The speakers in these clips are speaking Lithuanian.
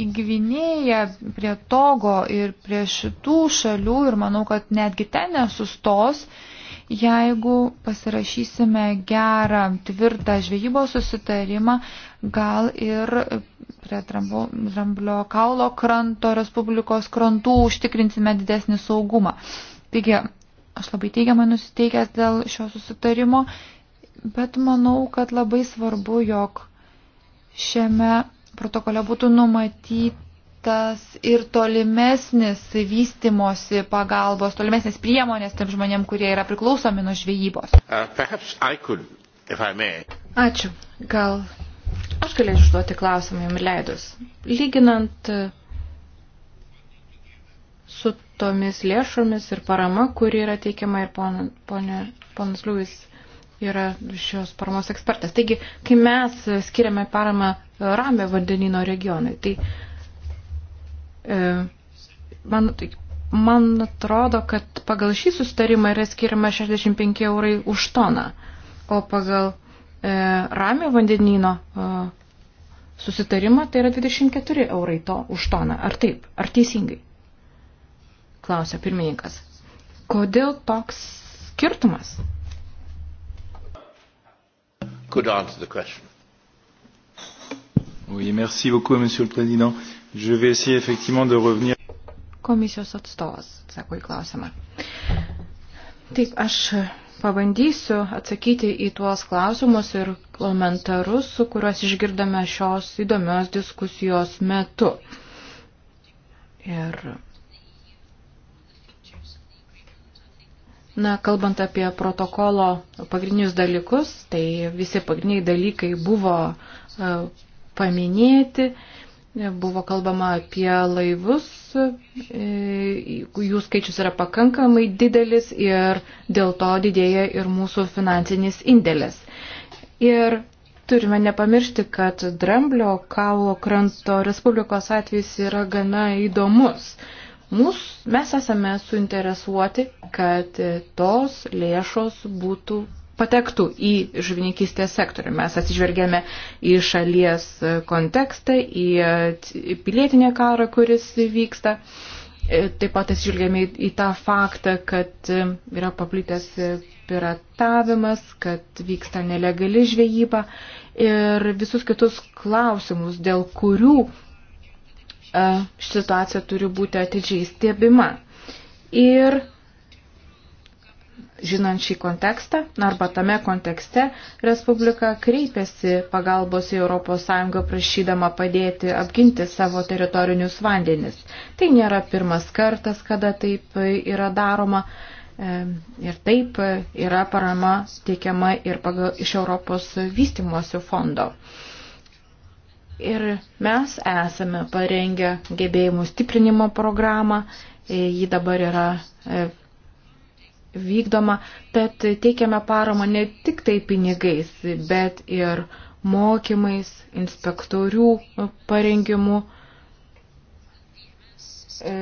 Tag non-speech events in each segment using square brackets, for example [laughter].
į Gvinėją, prie Togo ir prie šitų šalių ir manau, kad netgi ten nesustos, jeigu pasirašysime gerą, tvirtą žvejybos susitarimą, gal ir prie Trambo, Dramblio kaulo kranto Respublikos krantų užtikrinsime didesnį saugumą. Taigi, aš labai teigiamai nusiteikęs dėl šio susitarimo, bet manau, kad labai svarbu, jog šiame protokole būtų numatytas ir tolimesnis vystimosi pagalbos, tolimesnis priemonės tiem žmonėm, kurie yra priklausomi nuo žvejybos. Uh, could, Ačiū. Gal aš galėčiau užduoti klausimą jums leidus. Lyginant uh, su tomis lėšomis ir parama, kuri yra teikiama ir pon, ponė, ponas Liūvis yra šios paramos ekspertas. Taigi, kai mes skiriame paramą ramio vandenino regionui, tai e, man, tai, man atrodo, kad pagal šį sustarimą yra skiriama 65 eurai už toną, o pagal e, ramio vandenino e, susitarimą tai yra 24 eurai to už toną. Ar taip? Ar teisingai? Klausia pirmininkas. Kodėl toks skirtumas? could answer the question. Oui, merci beaucoup, Monsieur le Président. Je vais essayer effectivement de revenir. Komisijos atstovas atsako į klausimą. Taip, aš pabandysiu atsakyti į tuos klausimus ir komentarus, kuriuos išgirdome šios įdomios diskusijos metu. Ir Na, kalbant apie protokolo pagrindinius dalykus, tai visi pagrindiniai dalykai buvo e, paminėti, buvo kalbama apie laivus, e, jų skaičius yra pakankamai didelis ir dėl to didėja ir mūsų finansinis indėlis. Ir turime nepamiršti, kad Dramblio kaulo kranto Respublikos atvejs yra gana įdomus. Mūs, mes esame suinteresuoti, kad tos lėšos būtų patektų į žuvininkystės sektorių. Mes atsižvelgėme į šalies kontekstą, į pilietinę karą, kuris vyksta. Taip pat atsižvelgėme į tą faktą, kad yra paplitęs piratavimas, kad vyksta nelegali žvejyba ir visus kitus klausimus, dėl kurių E, situacija turi būti atidžiai stebima. Ir žinant šį kontekstą, arba tame kontekste, Respublika kreipėsi pagalbos į ES prašydama padėti apginti savo teritorinius vandenis. Tai nėra pirmas kartas, kada taip yra daroma. E, ir taip yra parama teikiama ir pagal, iš Europos vystimosi fondo. Ir mes esame parengę gebėjimų stiprinimo programą, e, ji dabar yra e, vykdoma, tad teikiame paramą ne tik tai pinigais, bet ir mokymais, inspektorių parengimu, e,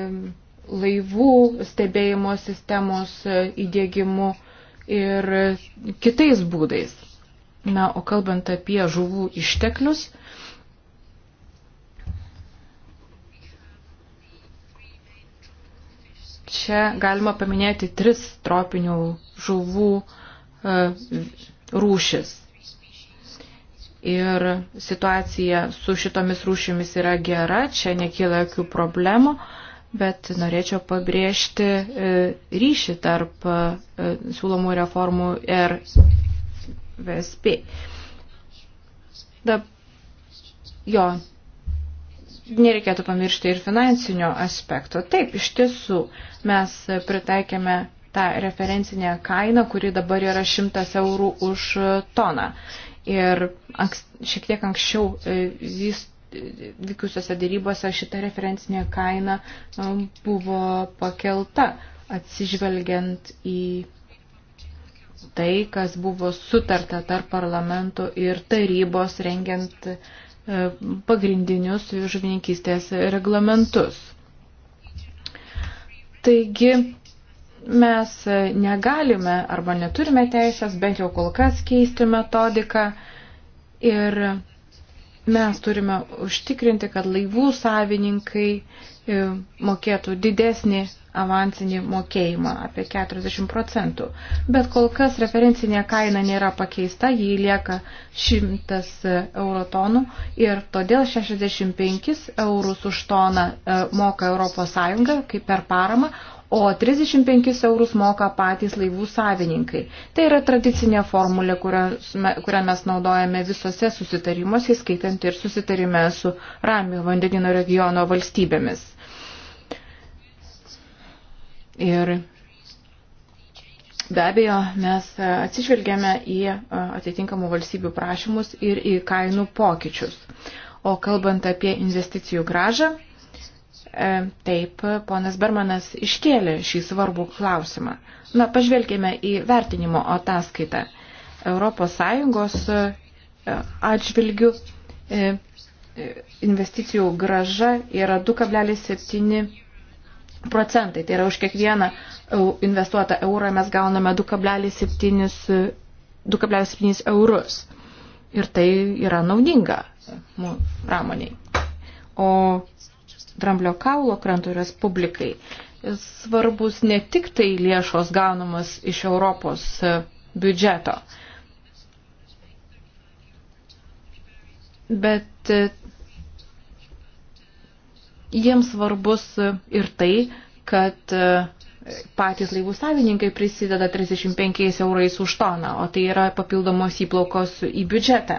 laivų stebėjimo sistemos įdėgimu ir kitais būdais. Na, o kalbant apie žuvų išteklius, Čia galima paminėti tris tropinių žuvų e, rūšis. Ir situacija su šitomis rūšimis yra gera, čia nekyla jokių problemų, bet norėčiau pabrėžti e, ryšį tarp e, siūlomų reformų ir VSP. Dab, jo, nereikėtų pamiršti ir finansinio aspekto. Taip, iš tiesų, mes pritaikėme tą referencinę kainą, kuri dabar yra 100 eurų už toną. Ir šiek tiek anksčiau e, e, vykusiuose dėrybose šita referencinė kaina e, buvo pakelta atsižvelgiant į tai, kas buvo sutarta tarp parlamento ir tarybos rengiant uh, E, pagrindinius žuvininkystės reglamentus. Taigi mes negalime arba neturime teisės, bent jau kol kas keisti metodiką ir mes turime užtikrinti, kad laivų savininkai e, mokėtų didesnį avansinį mokėjimą apie 40 procentų. Bet kol kas referencinė kaina nėra pakeista, jį lieka 100 e, eurotonų ir todėl 65 eurus už toną e, moka ES kaip per paramą, o 35 eurus moka patys laivų savininkai. Tai yra tradicinė formulė, kurią mes naudojame visose susitarimuose, skaitant ir susitarime su Ramio vandenino regiono valstybėmis. Ir be abejo, mes atsižvelgėme į e, atitinkamų valstybių prašymus ir į kainų pokyčius. O kalbant apie investicijų gražą, e, taip, ponas Bermanas iškėlė šį svarbų klausimą. Na, pažvelgėme į vertinimo ataskaitą. Europos Sąjungos e, atžvilgių investicijų graža yra 2,7 procentai. Tai yra už kiekvieną investuotą eurą mes gauname 2,7 eurus. Ir tai yra naudinga pramoniai. O dramblio kaulo krantų respublikai svarbus ne tik tai lėšos gaunamas iš Europos biudžeto, bet Jiems svarbus ir tai, kad e, patys laivų savininkai prisideda 35 eurais už toną, o tai yra papildomos įplaukos į biudžetą,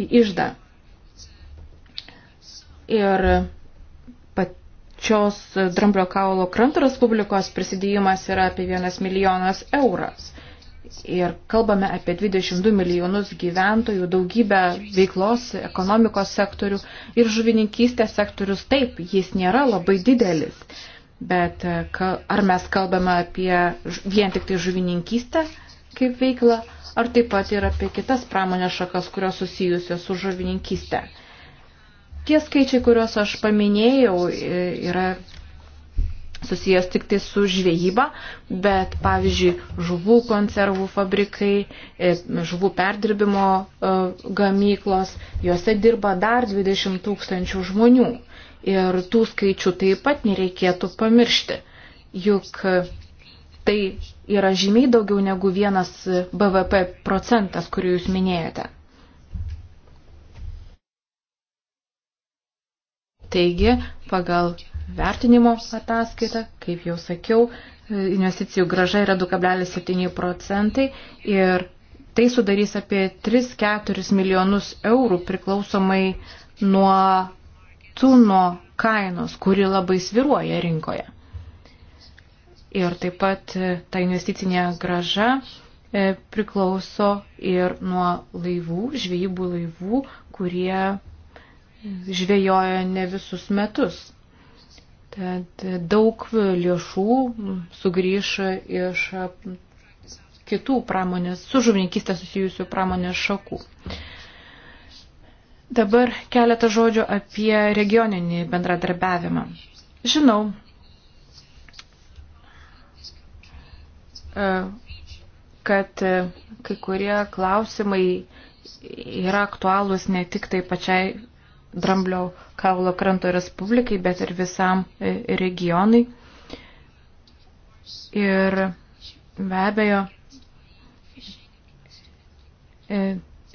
į išdą. Ir pačios Dramblio kaulo kranto respublikos prisidėjimas yra apie 1 milijonas euras ir kalbame apie 22 milijonus gyventojų, daugybę veiklos, ekonomikos sektorių ir žuvininkystės sektorius. Taip, jis nėra labai didelis, bet e, ar mes kalbame apie vien tik tai žuvininkystę kaip veiklą, ar taip pat ir apie kitas pramonės šakas, kurios susijusios su žuvininkystė. Tie skaičiai, kuriuos aš paminėjau, e, yra susijęs tik tai su žvejyba, bet pavyzdžiui žuvų konservų fabrikai, e, žuvų perdirbimo e, gamyklos, juose dirba dar 20 tūkstančių žmonių. Ir tų skaičių taip pat nereikėtų pamiršti, juk tai yra žymiai daugiau negu vienas BVP procentas, kurį jūs minėjote. Taigi, pagal vertinimo ataskaitą, kaip jau sakiau, investicijų graža yra 2,7 procentai ir tai sudarys apie 3-4 milijonus eurų priklausomai nuo tuno kainos, kuri labai sviruoja rinkoje. Ir taip pat e, ta investicinė graža e, priklauso ir nuo laivų, žvejybų laivų, kurie žvejoja ne visus metus. Tad daug lėšų sugrįž iš kitų pramonės, su žuvininkystė susijusių pramonės šakų. Dabar keletą žodžių apie regioninį bendradarbiavimą. Žinau, e, kad kai kurie klausimai yra aktualūs ne tik tai pačiai Dramblio kaulo kranto Respublikai, bet ir visam e, regionui. Ir be abejo, e,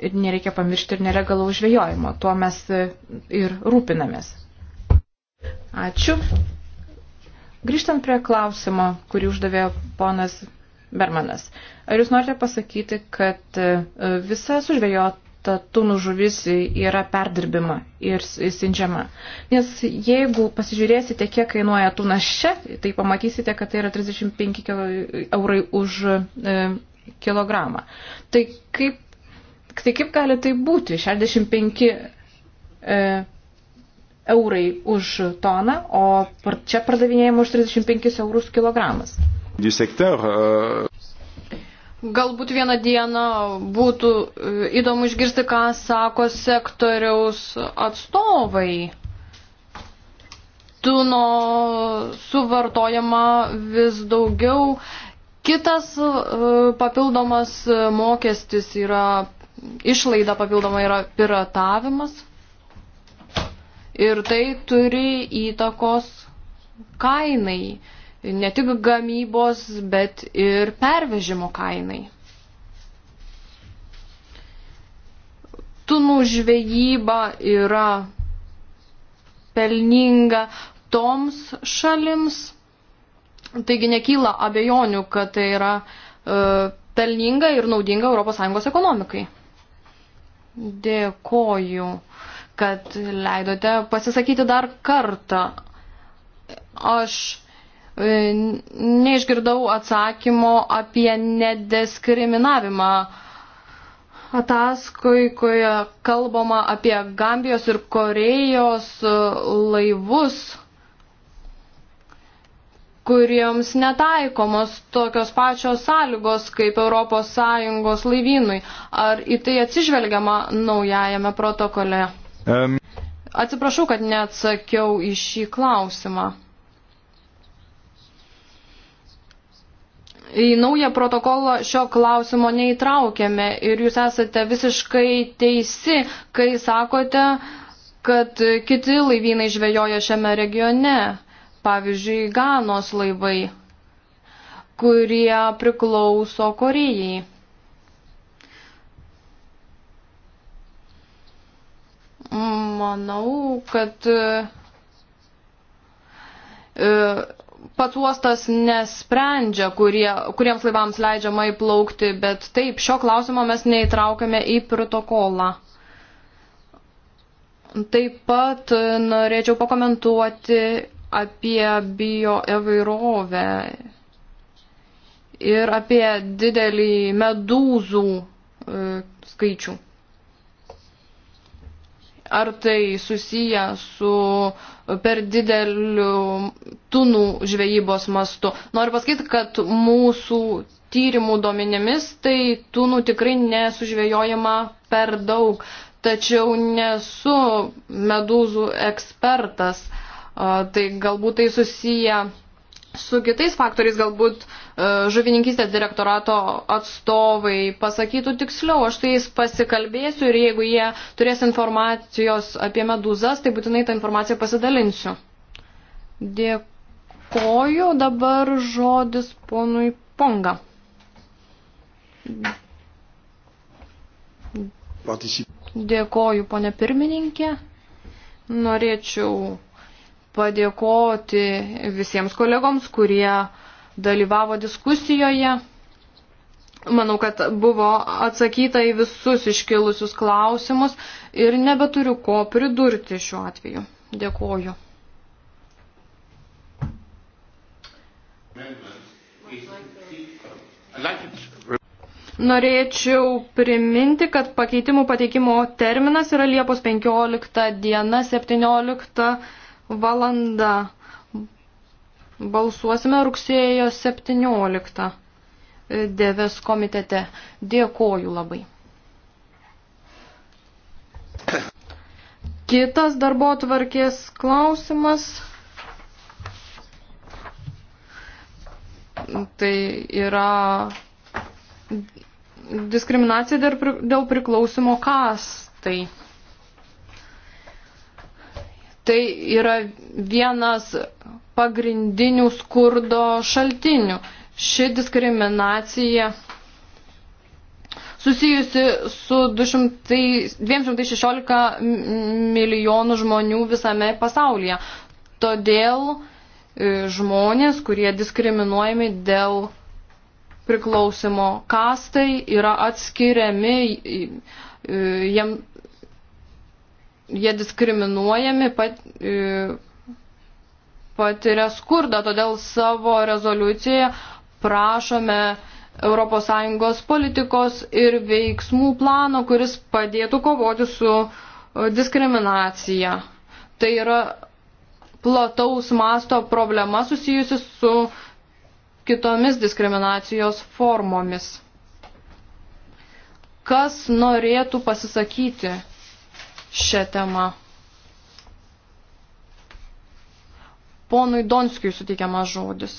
ir nereikia pamiršti ir nelegalaus žvejojimo. Tuo mes e, ir rūpinamės. Ačiū. Grįžtant prie klausimo, kurį uždavė ponas Bermanas. Ar jūs norite pasakyti, kad visa sužvėjot ta tunų žuvis yra perdirbima ir įsinčiama. Nes jeigu pasižiūrėsite, kiek kainuoja tunas čia, tai pamatysite, kad tai yra 35 eurai už e, kilogramą. Tai kaip, tai kaip gali tai būti? 65 e, eurai už toną, o čia pardavinėjama už 35 eurus kilogramas. Du secteur, euh... Galbūt vieną dieną būtų e, įdomu išgirsti, ką sako sektoriaus atstovai. Tuno suvartojama vis daugiau. Kitas e, papildomas mokestis yra, išlaida papildoma yra piratavimas. Ir tai turi įtakos kainai ne tik gamybos, bet ir pervežimo kainai. Tunų žvejyba yra pelninga toms šalims, taigi nekyla abejonių, kad tai yra e, pelninga ir naudinga ES ekonomikai. Dėkoju, kad leidote pasisakyti dar kartą. Aš E, neišgirdau atsakymo apie nediskriminavimą ataskoikoje kalbama apie Gambijos ir Korejos e, laivus, kuriems netaikomos tokios pačios sąlygos kaip ES laivynui. Ar į tai atsižvelgiama naujajame protokole? Um. Atsiprašau, kad neatsakiau į šį klausimą. į naują protokolą šio klausimo neįtraukėme ir jūs esate visiškai teisi, kai sakote, kad kiti laivynai žvejoja šiame regione, pavyzdžiui, Ganos laivai, kurie priklauso Korejai. Manau, kad e, pats uostas nesprendžia, kurie, kuriems laivams leidžiama įplaukti, bet taip, šio klausimo mes neįtraukiame į protokolą. Taip pat e, norėčiau pakomentuoti apie bioįvairovę ir apie didelį medūzų e, skaičių. Ar tai susiję su uh, per dideliu tunų žvejybos mastu. Noriu pasakyti, kad mūsų tyrimų duomenimis tai tunų tikrai nesužvejojama per daug, tačiau nesu medūzų ekspertas, tai galbūt tai susiję su kitais faktoriais galbūt e, žuvininkystės direktorato atstovai pasakytų tiksliau, aš tai jais pasikalbėsiu ir jeigu jie turės informacijos apie medūzas, tai būtinai tą informaciją pasidalinsiu. Dėkoju, dabar žodis ponui Ponga. Dėkoju, ponė pirmininkė. Norėčiau padėkoti visiems kolegoms, kurie dalyvavo diskusijoje. Manau, kad buvo atsakyta į visus iškilusius klausimus ir nebeturiu ko pridurti šiuo atveju. Dėkuoju. Norėčiau priminti, kad pakeitimų pateikimo terminas yra Liepos 15 diena 17 valanda. Balsuosime rugsėjo 17 e, dėves komitete. Dėkoju labai. Kitas darbo tvarkės klausimas. Tai yra diskriminacija dėl priklausimo kastai tai yra vienas pagrindinių skurdo šaltinių. Ši diskriminacija susijusi su 200, 216 milijonų žmonių visame pasaulyje. Todėl e, žmonės, kurie diskriminuojami dėl priklausimo kastai, yra atskiriami, e, jiem jie diskriminuojami, pat, e, patiria skurdą, todėl savo rezoliucijoje prašome ES politikos ir veiksmų plano, kuris padėtų kovoti su e, diskriminacija. Tai yra plataus masto problema susijusi su kitomis diskriminacijos formomis. Kas norėtų pasisakyti? šią temą. Ponui Donskijui suteikiamas žodis.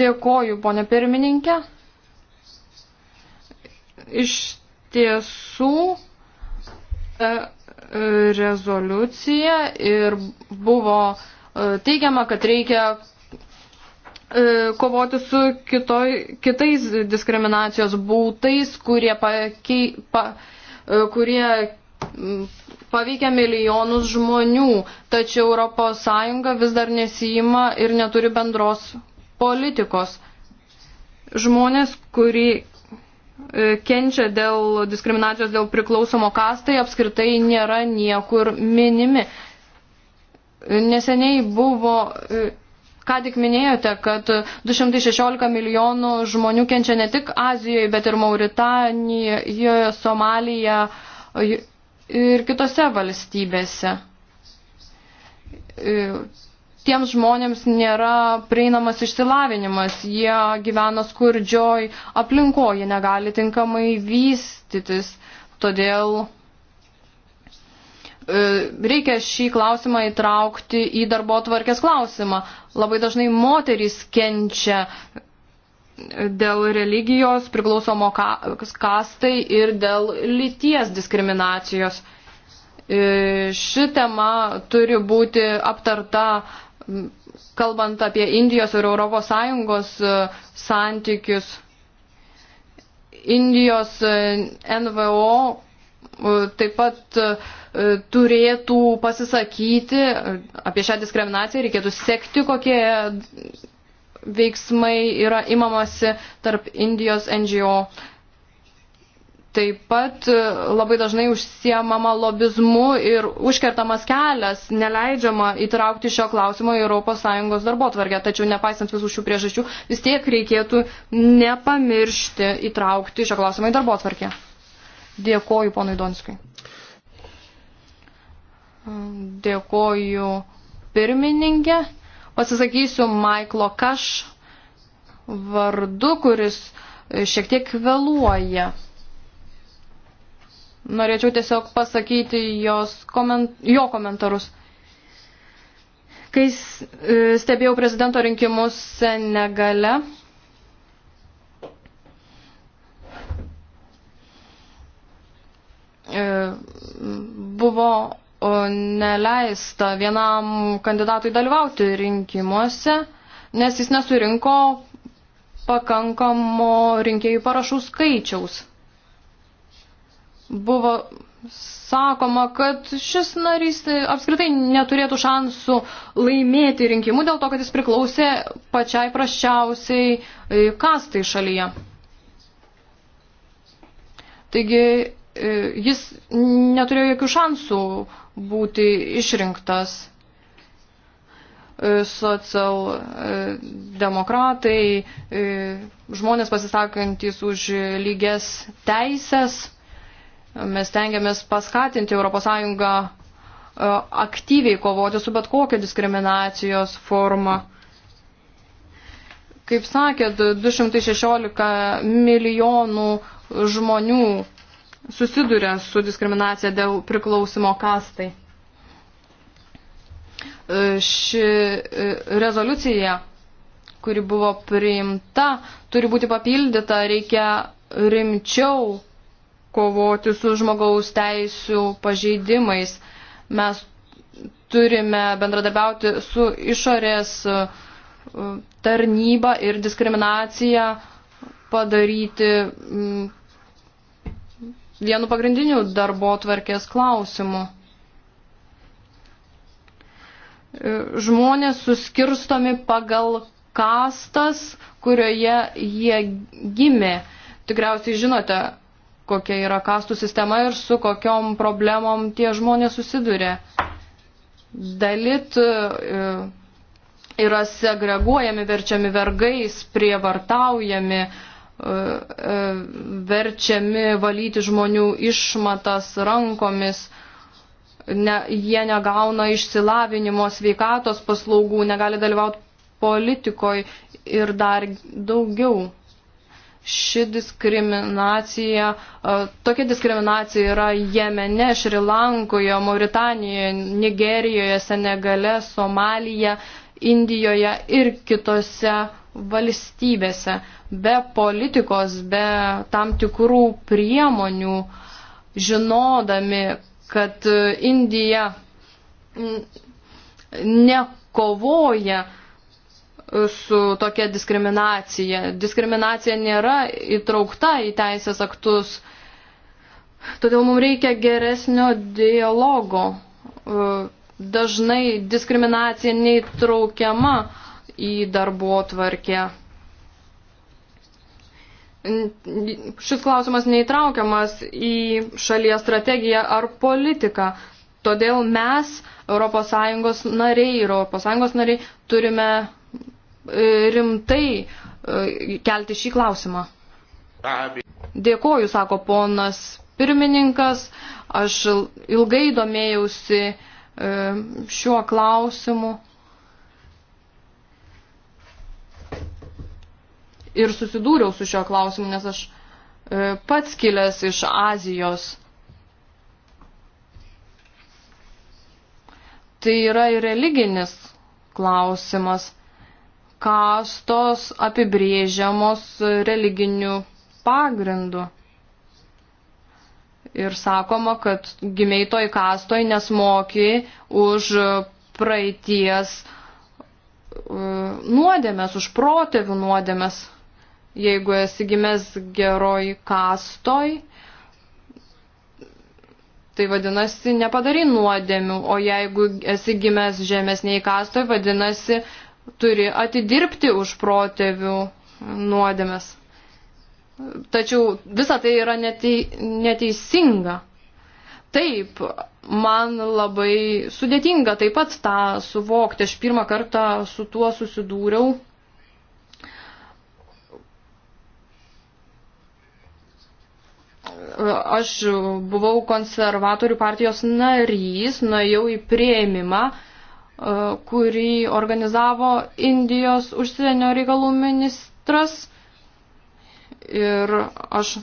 Dėkoju, ponė pirmininkė. Iš tiesų e, e, rezoliucija ir buvo e, teigiama, kad reikia E, kovoti su kitoj, kitais diskriminacijos būtais, kurie, pakei, pa, e, kurie paveikia milijonus žmonių, tačiau ES vis dar nesijima ir neturi bendros politikos. Žmonės, kurie kenčia dėl diskriminacijos dėl priklausomo kastai, apskritai nėra niekur minimi. Neseniai buvo e, Ką tik minėjote, kad 216 milijonų žmonių kenčia ne tik Azijoje, bet ir Mauritanijoje, Somalija ir kitose valstybėse. Tiems žmonėms nėra prieinamas išsilavinimas, jie gyvena skurdžioj aplinkoje, negali tinkamai vystytis, todėl E, reikia šį klausimą įtraukti į darbo tvarkės klausimą. Labai dažnai moterys kenčia dėl religijos priklausomo kastai ir dėl lyties diskriminacijos. E, ši tema turi būti aptarta, kalbant apie Indijos ir Europos Sąjungos e, santykius. Indijos NVO taip pat e, turėtų pasisakyti e, apie šią diskriminaciją, reikėtų sekti, kokie e, veiksmai yra imamasi tarp Indijos NGO. Taip pat labai dažnai užsiemama lobizmu ir užkertamas kelias, neleidžiama įtraukti šio klausimo į ES darbo tvarkę. Tačiau nepaisant visų šių priežasčių, vis tiek reikėtų nepamiršti įtraukti šio klausimo į darbo tvarkę. Dėkoju ponui Donskui. Dėkoju pirmininkė. Pasisakysiu Maiklo Kaš vardu, kuris šiek tiek vėluoja. Norėčiau tiesiog pasakyti jos koment, jo komentarus. Kai stebėjau prezidento rinkimus Senegale, E, buvo e, neleista vienam kandidatui dalyvauti rinkimuose, nes jis nesurinko pakankamo rinkėjų parašų skaičiaus. Buvo sakoma, kad šis narys apskritai neturėtų šansų laimėti rinkimų dėl to, kad jis priklausė pačiai praščiausiai e, kastai šalyje. Taigi E, jis neturėjo jokių šansų būti išrinktas. E, socialdemokratai, e, žmonės pasisakantis už lygias teisės, mes tengiamės paskatinti ES aktyviai kovoti su bet kokia diskriminacijos forma. Kaip sakėt, 216 milijonų žmonių susiduria su diskriminacija dėl priklausimo kastai. E, ši e, rezoliucija, kuri buvo priimta, turi būti papildyta, reikia rimčiau kovoti su žmogaus teisų pažeidimais. Mes turime bendradarbiauti su išorės e, tarnyba ir diskriminacija padaryti vienu pagrindiniu darbo tvarkės klausimu. E, žmonės suskirstomi pagal kastas, kurioje jie gimė. Tikriausiai žinote, kokia yra kastų sistema ir su kokiom problemom tie žmonės susiduria. Dalit e, yra segreguojami, verčiami vergais, prievartaujami, uh, E, e, verčiami valyti žmonių išmatas rankomis, ne, jie negauna išsilavinimo sveikatos paslaugų, negali dalyvauti politikoje ir dar daugiau. Ši diskriminacija, e, tokia diskriminacija yra Jemene, Šrilankoje, Mauritanijoje, Nigerijoje, Senegale, Somalija, Indijoje ir kitose valstybėse. Be politikos, be tam tikrų priemonių, žinodami, kad e, Indija nekovoja e, su tokia diskriminacija. Diskriminacija nėra įtraukta į teisės aktus. Todėl mums reikia geresnio dialogo. E, dažnai diskriminacija neįtraukiama į darbo tvarkę. Šis klausimas neįtraukiamas į šalies strategiją ar politiką. Todėl mes, ES nariai ir ES nariai, turime e, rimtai e, kelti šį klausimą. Dėkoju, sako ponas pirmininkas, aš ilgai domėjausi e, šiuo klausimu. ir susidūriau su šio klausimu, nes aš e, pats kilęs iš Azijos. Tai yra ir religinis klausimas. Kastos apibrėžiamos religiniu pagrindu. Ir sakoma, kad gimiai toj kastoj nes moki už praeities e, nuodėmės, už protėvių nuodėmės jeigu esi gimęs geroj kastoj, tai vadinasi nepadari nuodėmių, o jeigu esi gimęs žemesniai kastoj, vadinasi turi atidirbti už protėvių nuodėmes. Tačiau visa tai yra netei, neteisinga. Taip, man labai sudėtinga taip pat tą suvokti. Aš pirmą kartą su tuo susidūriau Aš buvau konservatorių partijos narys, nuėjau į prieimimą, e, kurį organizavo Indijos užsienio reikalų ministras. Ir aš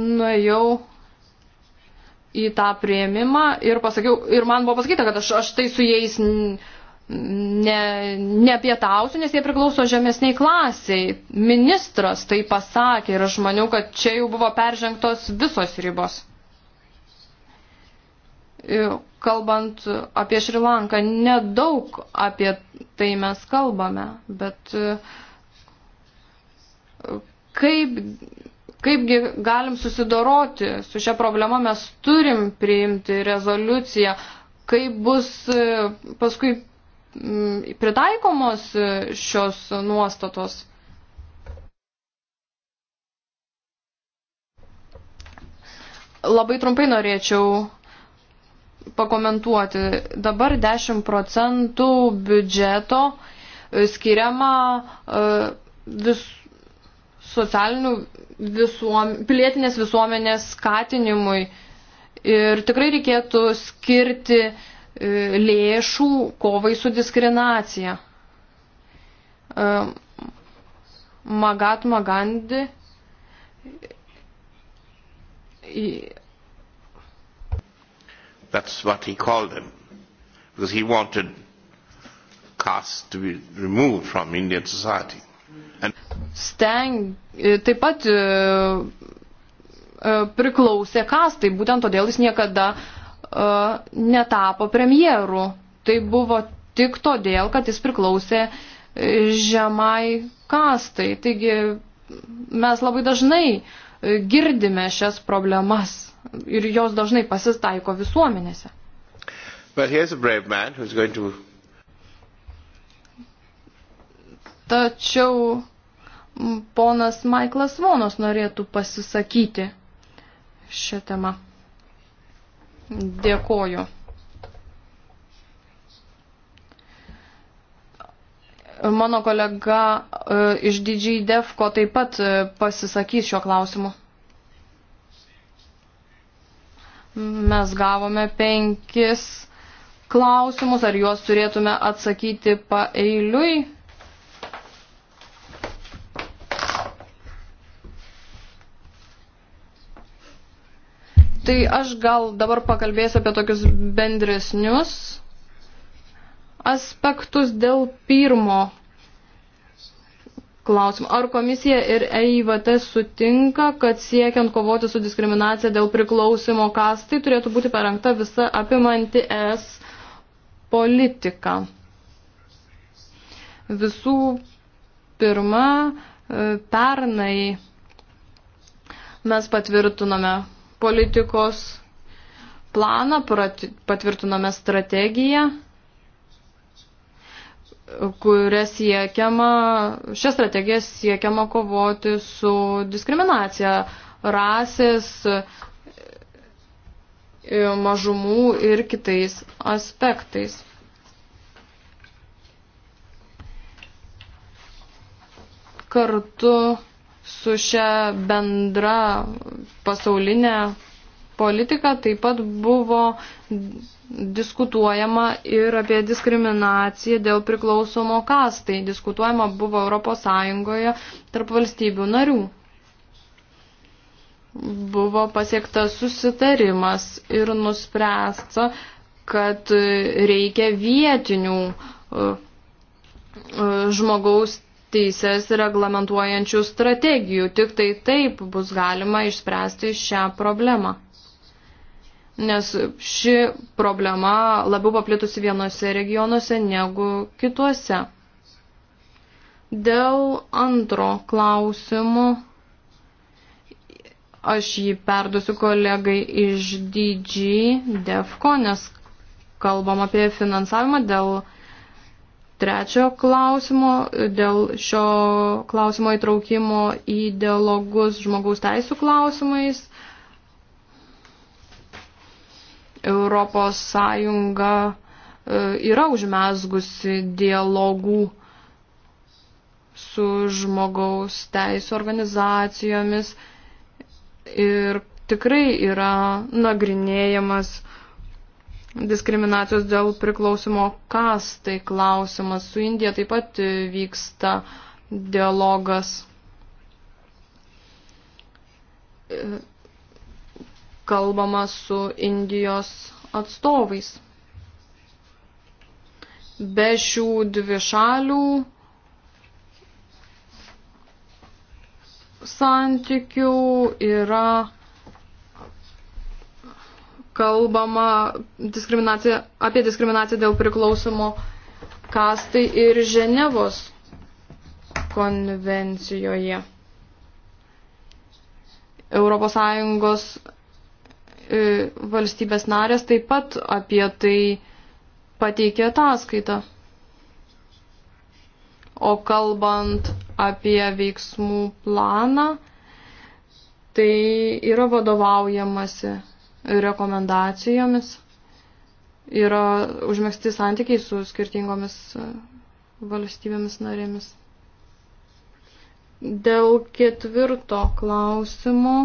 nuėjau į tą prieimimą ir pasakiau, ir man buvo pasakyta, kad aš, aš tai su jais ne, nepietausiu, nes jie priklauso žemesniai klasiai. Ministras tai pasakė ir aš maniau, kad čia jau buvo peržengtos visos ribos. E, kalbant apie Šrilanką, nedaug apie tai mes kalbame, bet e, kaip, kaipgi galim susidoroti su šia problema, mes turim priimti rezoliuciją, kaip bus e, paskui Mm, pritaikomos šios nuostatos. Labai trumpai norėčiau pakomentuoti. Dabar 10 procentų biudžeto e, skiriama e, vis, socialinių visuom, pilietinės visuomenės skatinimui. Ir tikrai reikėtų skirti uh, E, lėšų kovai su diskriminacija. E, Magatma Gandhi That's what he called them, because he wanted caste to be removed from Indian society. And Steng, e, taip pat priklausė kastai, būtent todėl jis niekada uh, E, netapo premjeru. Tai buvo tik todėl, kad jis priklausė e, žemai kastai. Taigi mes labai dažnai e, girdime šias problemas ir jos dažnai pasistaiko visuomenėse. Well, to... Tačiau ponas Maiklas Vonas norėtų pasisakyti šią temą. Dėkoju. Mano kolega e, iš DJ Defko taip pat e, pasisakys šiuo klausimu. Mes gavome penkis klausimus, ar juos turėtume atsakyti paeiliui. Tai aš gal dabar pakalbėsiu apie tokius bendresnius aspektus dėl pirmo klausimą. Ar komisija ir EIVT sutinka, kad siekiant kovoti su diskriminacija dėl priklausimo kastai turėtų būti parengta visa apimanti ES politika? Visų pirma, e, pernai mes patvirtinome politikos planą, patvirtinome strategiją, kuria siekiama, šią strategiją siekiama kovoti su diskriminacija rasės, e, mažumų ir kitais aspektais. Kartu su šia bendra pasaulinė politika taip pat buvo diskutuojama ir apie diskriminaciją dėl priklausomo kastai. Diskutuojama buvo Europos Sąjungoje tarp valstybių narių. Buvo pasiektas susitarimas ir nuspręsta, kad reikia vietinių e, e, žmogaus teises reglamentuojančių strategijų. Tik tai taip bus galima išspręsti šią problemą. Nes ši problema labiau paplitusi vienose regionuose negu kituose. Dėl antro klausimo aš jį perduosiu kolegai iš DG DEFCO, nes kalbam apie finansavimą dėl trečio klausimo, dėl šio klausimo įtraukimo į dialogus žmogaus teisų klausimais. Europos Sąjunga e, yra užmesgusi dialogų su žmogaus teisų organizacijomis ir tikrai yra nagrinėjamas uh, diskriminacijos dėl priklausimo kastai klausimas. Su Indija taip pat vyksta dialogas. Kalbama su Indijos atstovais. Be šių dvi šalių santykių yra kalbama diskriminacija, apie diskriminaciją dėl priklausomo kastai ir Ženevos konvencijoje. Europos Sąjungos e, valstybės narės taip pat apie tai pateikė ataskaitą. O kalbant apie veiksmų planą, tai yra vadovaujamasi rekomendacijomis yra užmėgsti santykiai su skirtingomis e, valstybėmis narėmis. Dėl ketvirto klausimo.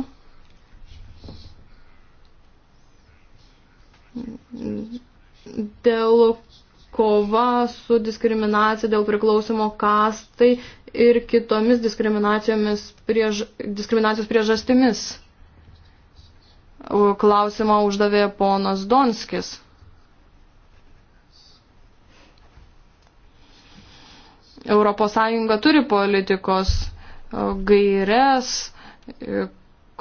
Dėl kova su diskriminacija, dėl priklausimo kastai ir kitomis diskriminacijomis priež, diskriminacijos priežastimis. Klausimą uždavė ponas Donskis. Europos Sąjunga turi politikos gairias,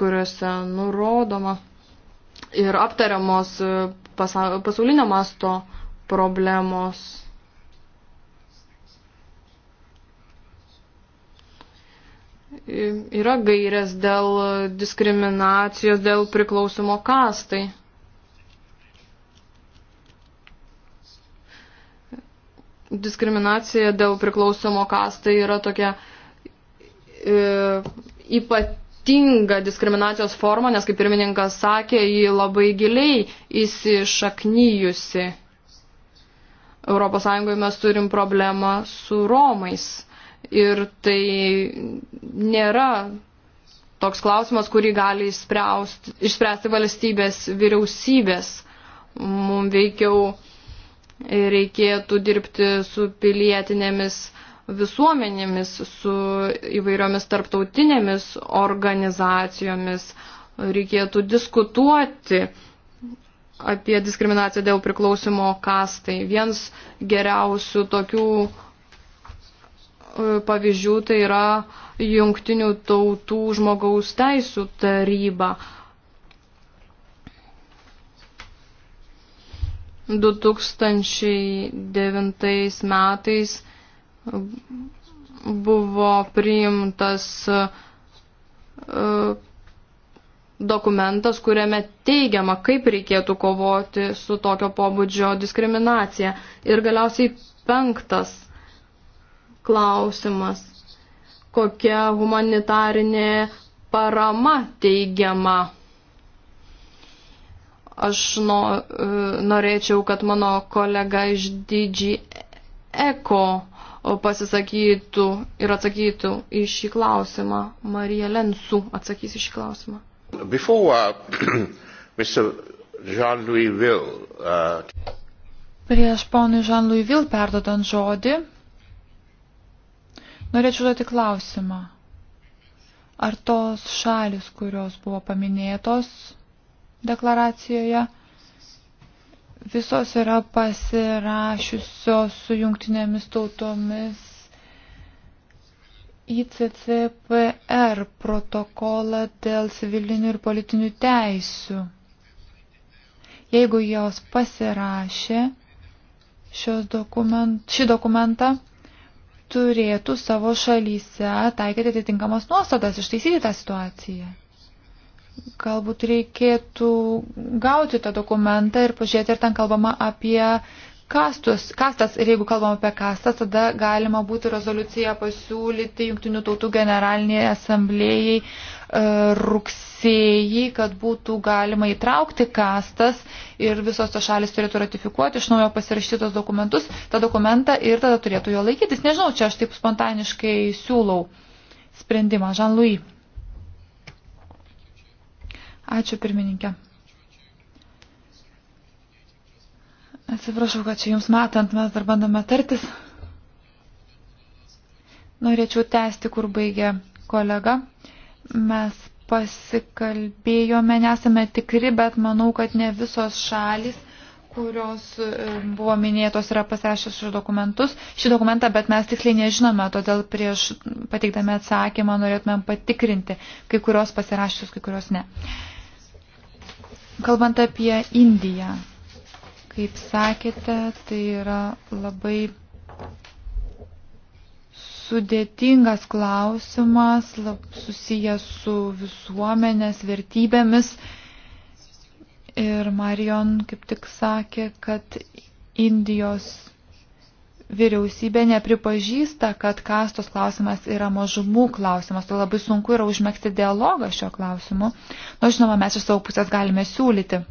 kuriuose nurodoma ir aptariamos pasaulinio masto problemos yra gairės dėl diskriminacijos, dėl priklausimo kastai. Diskriminacija dėl priklausomo kastai yra tokia e, ypatinga diskriminacijos forma, nes kaip pirmininkas sakė, ji labai giliai įsišaknyjusi. Europos Sąjungoje mes turim problemą su Romais ir tai nėra toks klausimas, kurį gali išspręsti valstybės vyriausybės. Mums veikiau reikėtų dirbti su pilietinėmis visuomenėmis, su įvairiomis tarptautinėmis organizacijomis. Reikėtų diskutuoti apie diskriminaciją dėl priklausimo kastai. Vienas geriausių tokių E, pavyzdžių tai yra jungtinių tautų žmogaus teisų taryba. 2009 metais buvo priimtas e, dokumentas, kuriame teigiama, kaip reikėtų kovoti su tokio pobūdžio diskriminacija. Ir galiausiai penktas klausimas, kokia humanitarinė parama teigiama. Aš no, e, norėčiau, kad mano kolega iš DG Eko pasisakytų ir atsakytų į šį klausimą. Marija Lensu atsakys į šį klausimą. Before, uh, [clears throat] Mr. Jean-Louis Will, uh... Prieš ponui Jean-Louis Will perdodant žodį, Norėčiau duoti klausimą. Ar tos šalis, kurios buvo paminėtos deklaracijoje, visos yra pasirašiusios su jungtinėmis tautomis ICCPR protokolą dėl civilinių ir politinių teisių. Jeigu jos pasirašė dokument, šį dokumentą, turėtų savo šalyse taikyti atitinkamas nuostatas, ištaisyti tą situaciją. Galbūt reikėtų gauti tą dokumentą ir pažiūrėti, ar ten kalbama apie kastus, kastas. Ir jeigu kalbam apie kastas, tada galima būtų rezoliuciją pasiūlyti Junktinių tautų generaliniai asamblėjai E, rugsėjį, kad būtų galima įtraukti kastas ir visos tos šalis turėtų ratifikuoti iš naujo pasirašyti tos dokumentus, tą dokumentą ir tada turėtų jo laikytis. Nežinau, čia aš taip spontaniškai siūlau sprendimą. Žan-Louis. Ačiū pirmininkė. Atsiprašau, kad čia jums matant mes dar bandome tartis. Norėčiau tęsti, kur baigė kolega. Mes pasikalbėjome, nesame tikri, bet manau, kad ne visos šalis kurios buvo minėtos yra pasirašęs šį dokumentus, šį dokumentą, bet mes tiksliai nežinome, todėl prieš pateikdami atsakymą norėtumėm patikrinti, kai kurios pasirašęs, kai kurios ne. Kalbant apie Indiją, kaip sakėte, tai yra labai sudėtingas klausimas, lab, susijęs su visuomenės vertybėmis. Ir Marion kaip tik sakė, kad Indijos vyriausybė nepripažįsta, kad kastos klausimas yra mažumų klausimas. Tai labai sunku yra užmėgti dialogą šio klausimu. Na, nu, žinoma, mes iš savo pusės galime siūlyti.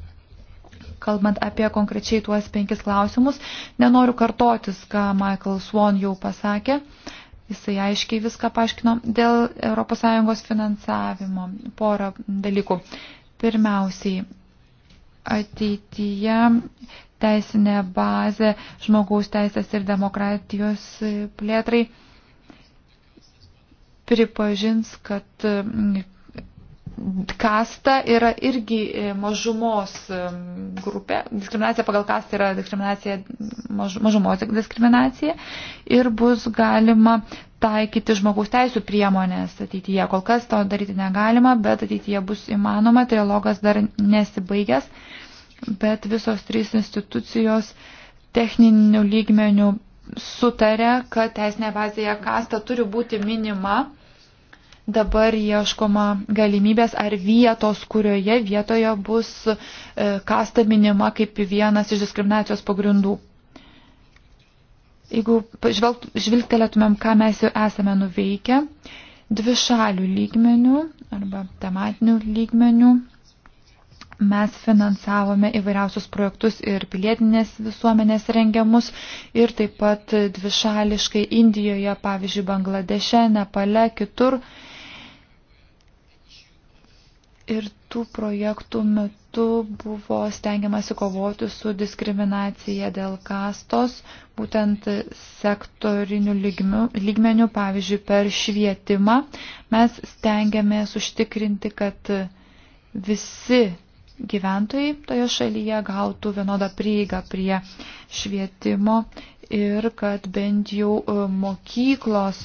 Kalbant apie konkrečiai tuos penkis klausimus, nenoriu kartotis, ką Michael Swan jau pasakė. Uh, Jisai aiškiai viską paaiškino dėl ES finansavimo. Porą dalykų. Pirmiausiai, ateityje teisinė bazė žmogaus teisės ir demokratijos plėtrai pripažins, kad kasta yra irgi e, mažumos e, grupė. Diskriminacija pagal kastą yra diskriminacija, maž, mažumos diskriminacija ir bus galima taikyti žmogaus teisų priemonės ateityje. Kol kas to daryti negalima, bet ateityje bus įmanoma, trialogas dar nesibaigęs, bet visos trys institucijos techninių lygmenių sutarė, kad teisinė bazėje kasta turi būti minima dabar ieškoma galimybės ar vietos, kurioje vietoje bus e, kasta minima kaip vienas iš diskriminacijos pagrindų. Jeigu žvilgtelėtumėm, ką mes jau esame nuveikę, dvi šalių lygmenių arba tematinių lygmenių mes finansavome įvairiausius projektus ir pilietinės visuomenės rengiamus ir taip pat dvišališkai Indijoje, pavyzdžiui, Bangladeše, Nepale, kitur. Uh, ir tų projektų metu buvo stengiamasi kovoti su diskriminacija dėl kastos, būtent sektorinių lygmenių, pavyzdžiui, per švietimą. Mes stengiamės užtikrinti, kad visi gyventojai toje šalyje gautų vienodą prieigą prie švietimo ir kad bent jau mokyklos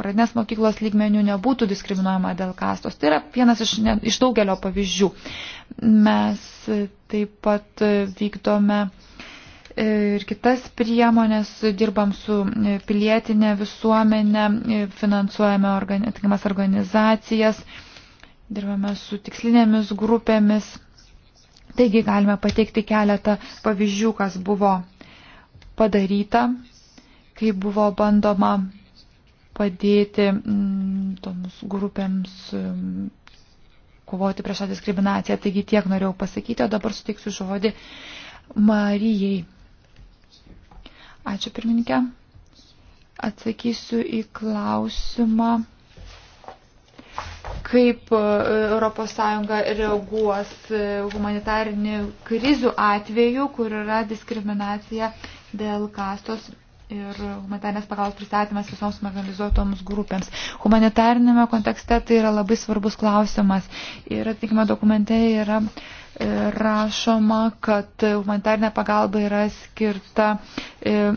pradinės mokyklos lygmenių nebūtų diskriminuojama dėl kastos. Tai yra vienas iš, ne, iš daugelio pavyzdžių. Mes taip pat vykdome e, ir kitas priemonės, dirbam su e, pilietinė visuomenė, e, finansuojame organizaciją, organizacijas, dirbame su tikslinėmis grupėmis. Taigi galime pateikti keletą pavyzdžių, kas buvo padaryta, kai buvo bandoma padėti m, mm, toms grupėms m, mm, kovoti prieš tą diskriminaciją. Taigi tiek norėjau pasakyti, o dabar suteiksiu žodį Marijai. Ačiū pirmininkė. Atsakysiu į klausimą, kaip ES reaguos e, humanitarinių krizių atveju, kur yra diskriminacija dėl kastos ir humanitarnės pagalbos pristatymas visoms organizuotoms grupėms. Humanitarinėme kontekste tai yra labai svarbus klausimas. Ir atvykime dokumente yra e, rašoma, kad humanitarinė pagalba yra skirta e,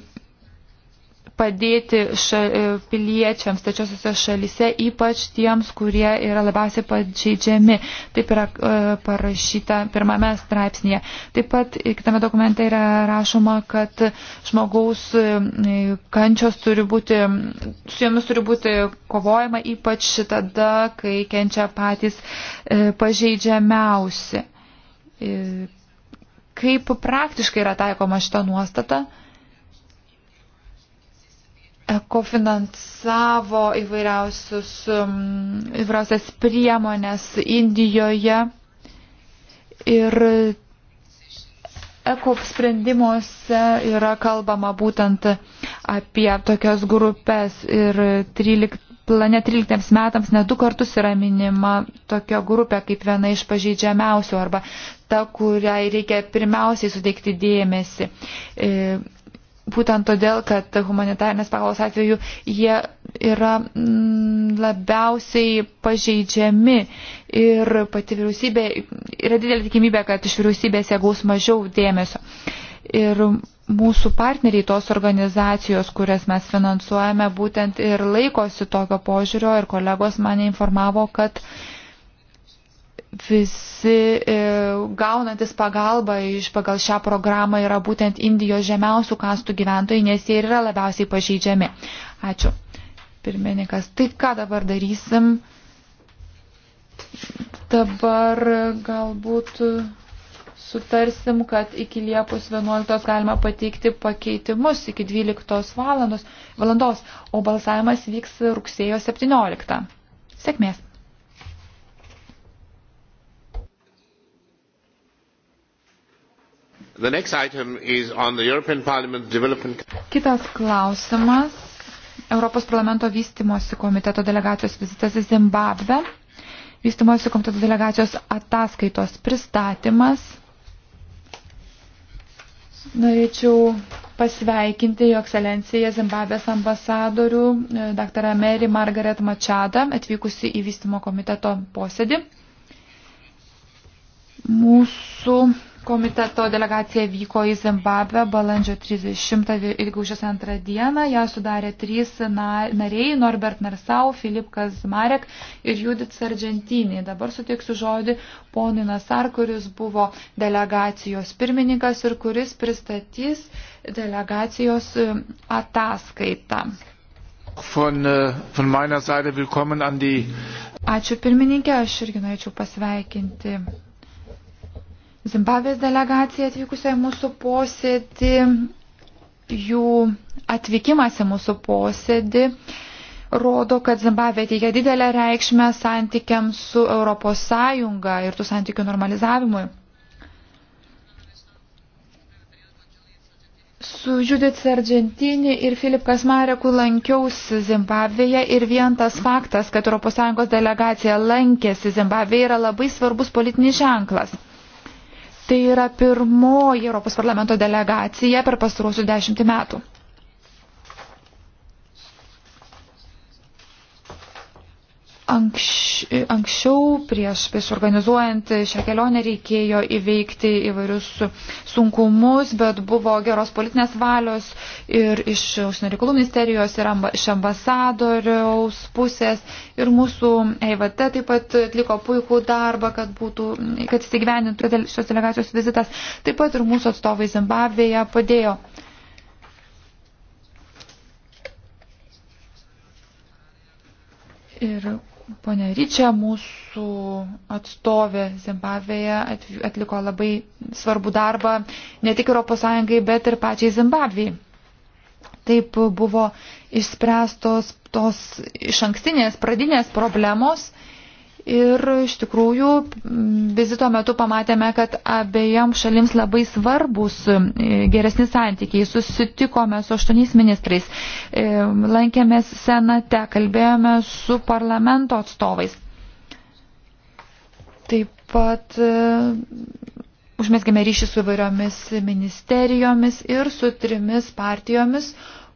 padėti ša, e, piliečiams tačiosiuose šalyse, ypač tiems, kurie yra labiausiai pažeidžiami. Taip yra e, parašyta pirmame straipsnėje. Taip pat kitame dokumente yra rašoma, kad žmogaus e, kančios turi būti, su jomis turi būti kovojama, ypač tada, kai kenčia patys pažeidžiamiausi. Kaip praktiškai yra taikoma šita nuostata? kofinansavo įvairiausius, um, įvairiausias priemonės Indijoje ir ECOP sprendimuose yra kalbama būtent apie tokias grupės ir 13, plane 13 metams net du kartus yra minima tokia grupė kaip viena iš pažeidžiamiausių arba ta, kuriai reikia pirmiausiai suteikti dėmesį. E, būtent todėl, kad humanitarnės pagalbos atveju jie yra mm, labiausiai pažeidžiami ir pati vyriausybė, yra didelė tikimybė, kad iš vyriausybės jie gaus mažiau dėmesio. Ir mūsų partneriai tos organizacijos, kurias mes finansuojame, būtent ir laikosi tokio požiūrio ir kolegos mane informavo, kad uh, visi e, gaunantis pagalbą iš pagal šią programą yra būtent Indijos žemiausių kastų gyventojai, nes jie yra labiausiai pažeidžiami. Ačiū. Pirmininkas, tai ką dabar darysim? Dabar galbūt sutarsim, kad iki Liepos 11 galima pateikti pakeitimus iki 12 valandos, valandos, o balsavimas vyks rugsėjo 17. Sėkmės! Kitas klausimas. Europos parlamento vystimosi komiteto delegacijos vizitas į Zimbabvę. Vystimosi komiteto delegacijos ataskaitos pristatymas. Norėčiau pasveikinti jo ekscelenciją Zimbabvės ambasadorių, e, dr. Mary Margaret Mačadą, atvykusi į vystimo komiteto posėdį. Mūsų komiteto delegacija vyko į Zimbabvę balandžio 30 ir gaužės antrą dieną. Ją sudarė trys nariai - Norbert Narsau, Filip Kazmarek ir Judith Sargentiniai. Dabar sutiksiu žodį ponui Nasar, kuris buvo delegacijos pirmininkas ir kuris pristatys delegacijos e, ataskaitą. Von, äh, von meiner Seite willkommen an die. Ačiū pirmininkė, aš irgi norėčiau pasveikinti Zimbabvės delegacija atvykusia į mūsų posėdį, jų atvykimas į mūsų posėdį rodo, kad Zimbabvė teikia didelę reikšmę santykiams su Europos Sąjunga ir tų santykių normalizavimui. Su Judith Sargentini ir Filip Kasmareku lankiausi Zimbabvėje ir vien tas faktas, kad ES delegacija lankėsi Zimbabvėje yra labai svarbus politinis ženklas. Tai yra pirmoji Europos parlamento delegacija per pastaruosius dešimtį metų. Anks, anksčiau prieš, prieš organizuojant šią kelionę reikėjo įveikti įvairius sunkumus, bet buvo geros politinės valios ir iš užsienio reikalų ministerijos ir amba, iš ambasadoriaus pusės ir mūsų EIVT taip pat atliko puikų darbą, kad, būtų, kad įsigyvenintų šios delegacijos vizitas. Taip pat ir mūsų atstovai Zimbabvėje padėjo. Ir Pone Ryčia, mūsų atstovė Zimbabvėje atliko labai svarbų darbą ne tik ES, bet ir pačiai Zimbabvėje. Taip buvo išspręstos tos iš ankstinės pradinės problemos Ir iš tikrųjų vizito metu pamatėme, kad abiejam šalims labai svarbus e, geresni santykiai. Susitikome su aštuoniais ministrais, e, lankėmės senate, kalbėjome su parlamento atstovais. Taip pat e, užmėsgėme ryšį su įvairiomis ministerijomis ir su trimis partijomis,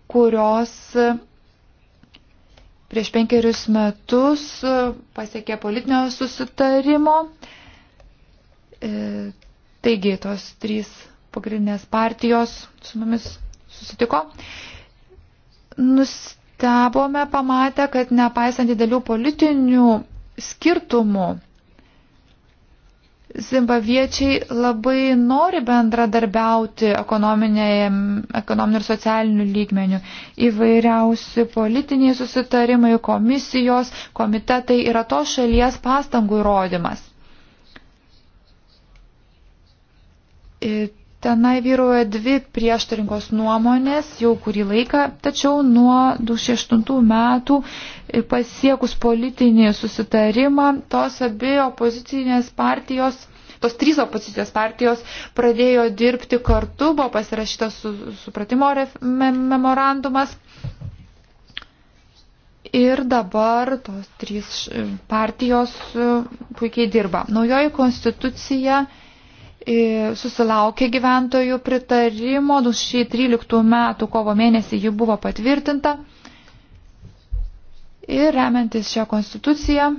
kurios prieš penkerius metus e, pasiekė politinio susitarimo. E, taigi tos trys pagrindinės partijos su mumis susitiko. Nustebome pamatę, kad nepaisant didelių politinių skirtumų Zimbabviečiai labai nori bendradarbiauti ekonominiu ir socialiniu lygmeniu. Įvairiausi politiniai susitarimai, komisijos, komitetai yra to šalies pastangų įrodymas. Ir Tenai vyruoja dvi prieštaringos nuomonės jau kurį laiką, tačiau nuo 2008 metų pasiekus politinį susitarimą, tos abi opozicinės partijos tos trys opozicijos partijos pradėjo dirbti kartu, buvo pasirašytas su, supratimo memorandumas. Ir dabar tos trys partijos e, puikiai dirba. Naujoji konstitucija susilaukė gyventojų pritarimo, 2013 metų kovo mėnesį ji buvo patvirtinta ir remiantis šią konstituciją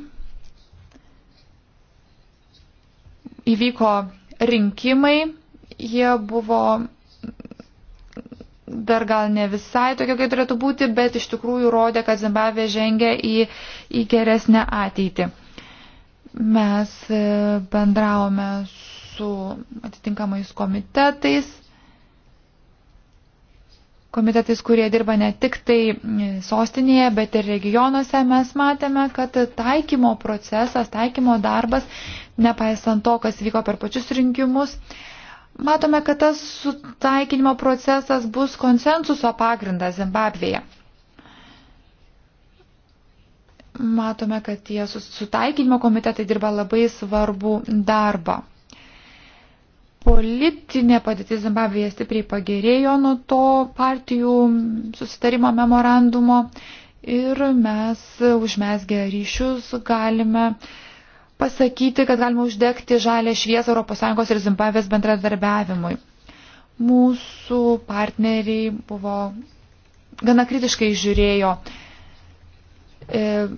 įvyko rinkimai, jie buvo dar gal ne visai tokia, kaip turėtų būti, bet iš tikrųjų rodė, kad Zimbabvė žengia į, į geresnę ateitį. Mes e, bendravome su atitinkamais komitetais, komitetais, kurie dirba ne tik tai sostinėje, bet ir regionuose, mes matėme, kad taikymo procesas, taikymo darbas, nepaisant to, kas vyko per pačius rinkimus, matome, kad tas sutaikinimo procesas bus konsensuso pagrindas Zimbabvėje. Matome, kad tie sutaikinimo komitetai dirba labai svarbu darbą politinė padėtis Zimbabvėje stipriai pagerėjo nuo to partijų susitarimo memorandumo ir mes užmesgę ryšius galime pasakyti, kad galime uždegti žalę šviesą ES ir Zimbabvės bendradarbiavimui. Mūsų partneriai buvo gana kritiškai žiūrėjo e,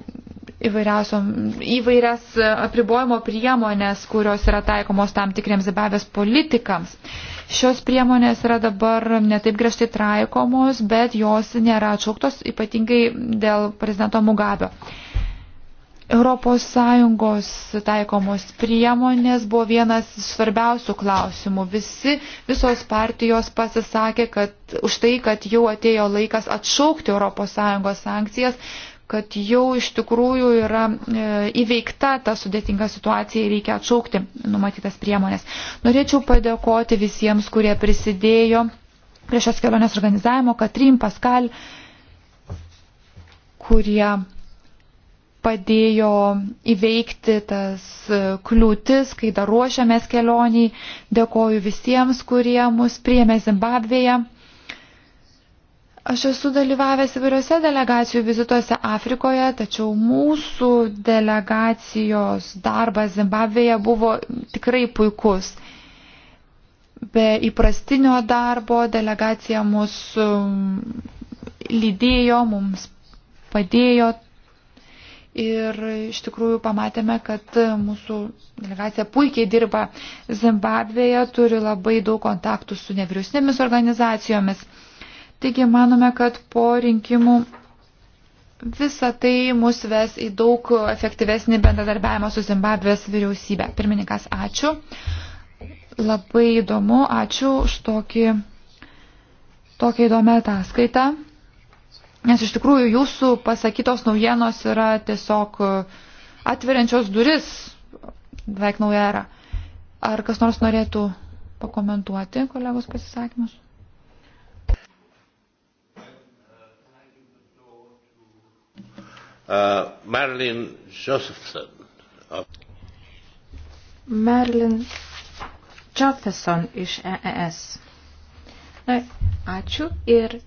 įvairias e, apribojimo priemonės, kurios yra taikomos tam tikriems Zimbabvės politikams. Šios priemonės yra dabar netaip griežtai taikomos, bet jos nėra atšauktos, ypatingai dėl prezidento Mugabio. ES taikomos priemonės buvo vienas svarbiausių klausimų. Visi, visos partijos pasisakė kad, už tai, kad jau atėjo laikas atšaukti ES sankcijas kad jau iš tikrųjų yra e, įveikta ta sudėtinga situacija ir reikia atšaukti numatytas priemonės. Norėčiau padėkoti visiems, kurie prisidėjo prie šios kelionės organizavimo, Katrin, Paskal, kurie padėjo įveikti tas e, kliūtis, kai dar ruošiamės kelioniai. Dėkoju visiems, kurie mus priėmė Zimbabvėje. Aš esu dalyvavęs įvairiose delegacijų vizituose Afrikoje, tačiau mūsų delegacijos darbas Zimbabvėje buvo tikrai puikus. Be įprastinio darbo delegacija mus um, lydėjo, mums padėjo ir iš tikrųjų pamatėme, kad mūsų delegacija puikiai dirba Zimbabvėje, turi labai daug kontaktų su nevyriausybėmis organizacijomis. Taigi manome, kad po rinkimų Visa tai mus ves į daug efektyvesnį bendradarbiavimą su Zimbabvės vyriausybė. Pirmininkas, ačiū. Labai įdomu, ačiū už tokį, tokią įdomią ataskaitą. Nes iš tikrųjų jūsų pasakytos naujienos yra tiesiog atveriančios duris, beveik nauja era. Ar kas nors norėtų pakomentuoti kolegos pasisakymus? Uh, Marilyn Josephson. Of... Marilyn Josephson iš EES. Na, ačiū ir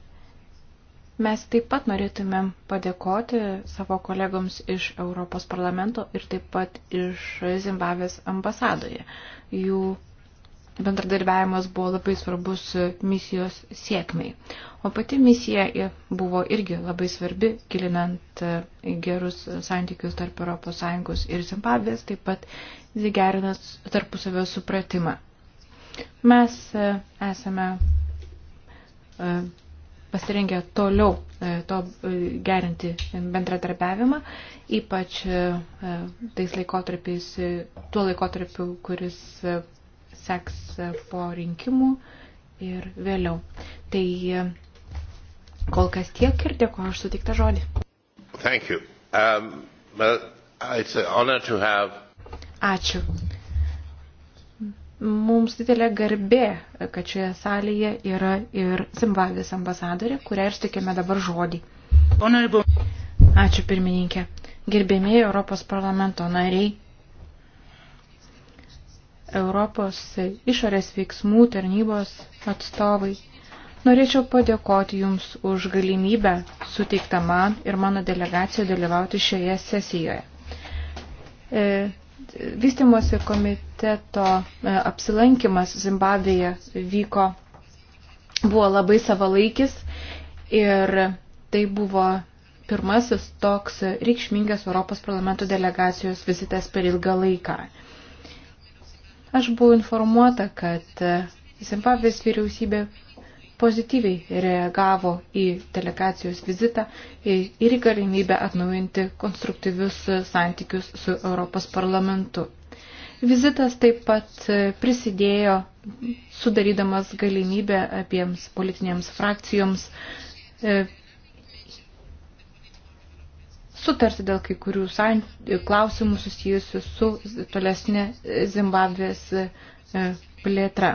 mes taip pat norėtumėm padėkoti savo kolegoms iš Europos parlamento ir taip pat iš Zimbabvės ambasadoje. Jų bendradarbiavimas buvo labai svarbus misijos sėkmei. O pati misija buvo irgi labai svarbi, gilinant e, gerus santykius tarp ES ir Zimbabvės, taip pat gerinant tarpusavio supratimą. Mes e, esame e, pasirengę toliau to gerinti bendradarbiavimą, ypač tais laikotarpiais, tuo laikotarpiu, kuris seks po rinkimų ir vėliau. Tai e, kol kas tiek ir dėkuoju už sutiktą žodį. Um, have... Ačiū. Mums didelė garbė, kad šioje salėje yra ir Zimbabvės ambasadorė, kurią ir sutikėme dabar žodį. Ačiū pirmininkė. Gerbėmiai Europos parlamento nariai, Europos išorės veiksmų tarnybos atstovai. Norėčiau padėkoti Jums už galimybę suteiktą man ir mano delegaciją dalyvauti šioje sesijoje. E, vystimosi komiteto e, apsilankimas Zimbabvėje vyko, buvo labai savalaikis ir tai buvo pirmasis toks reikšmingas Europos parlamento delegacijos vizitas per ilgą laiką. Aš buvau informuota, kad Zimbabvės vyriausybė pozityviai reagavo į delegacijos vizitą ir į galimybę atnaujinti konstruktyvius santykius su Europos parlamentu. Vizitas taip pat prisidėjo sudarydamas galimybę abiems politinėms frakcijoms e, sutarti dėl kai kurių klausimų susijusių su tolesnė Zimbabvės e, plėtra.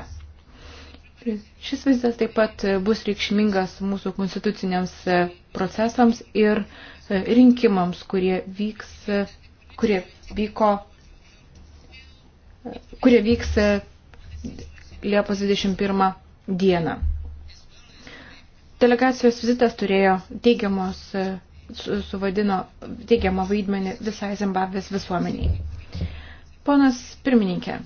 Šis vizitas taip pat bus reikšmingas mūsų konstituciniams e, procesams ir e, rinkimams, kurie, vyks, kurie, vyko, kurie vyks Liepos 21 dieną. Delegacijos vizitas turėjo teigiamos suvadino teigiamą vaidmenį visai Zimbabvės visuomeniai. Ponas pirmininkė,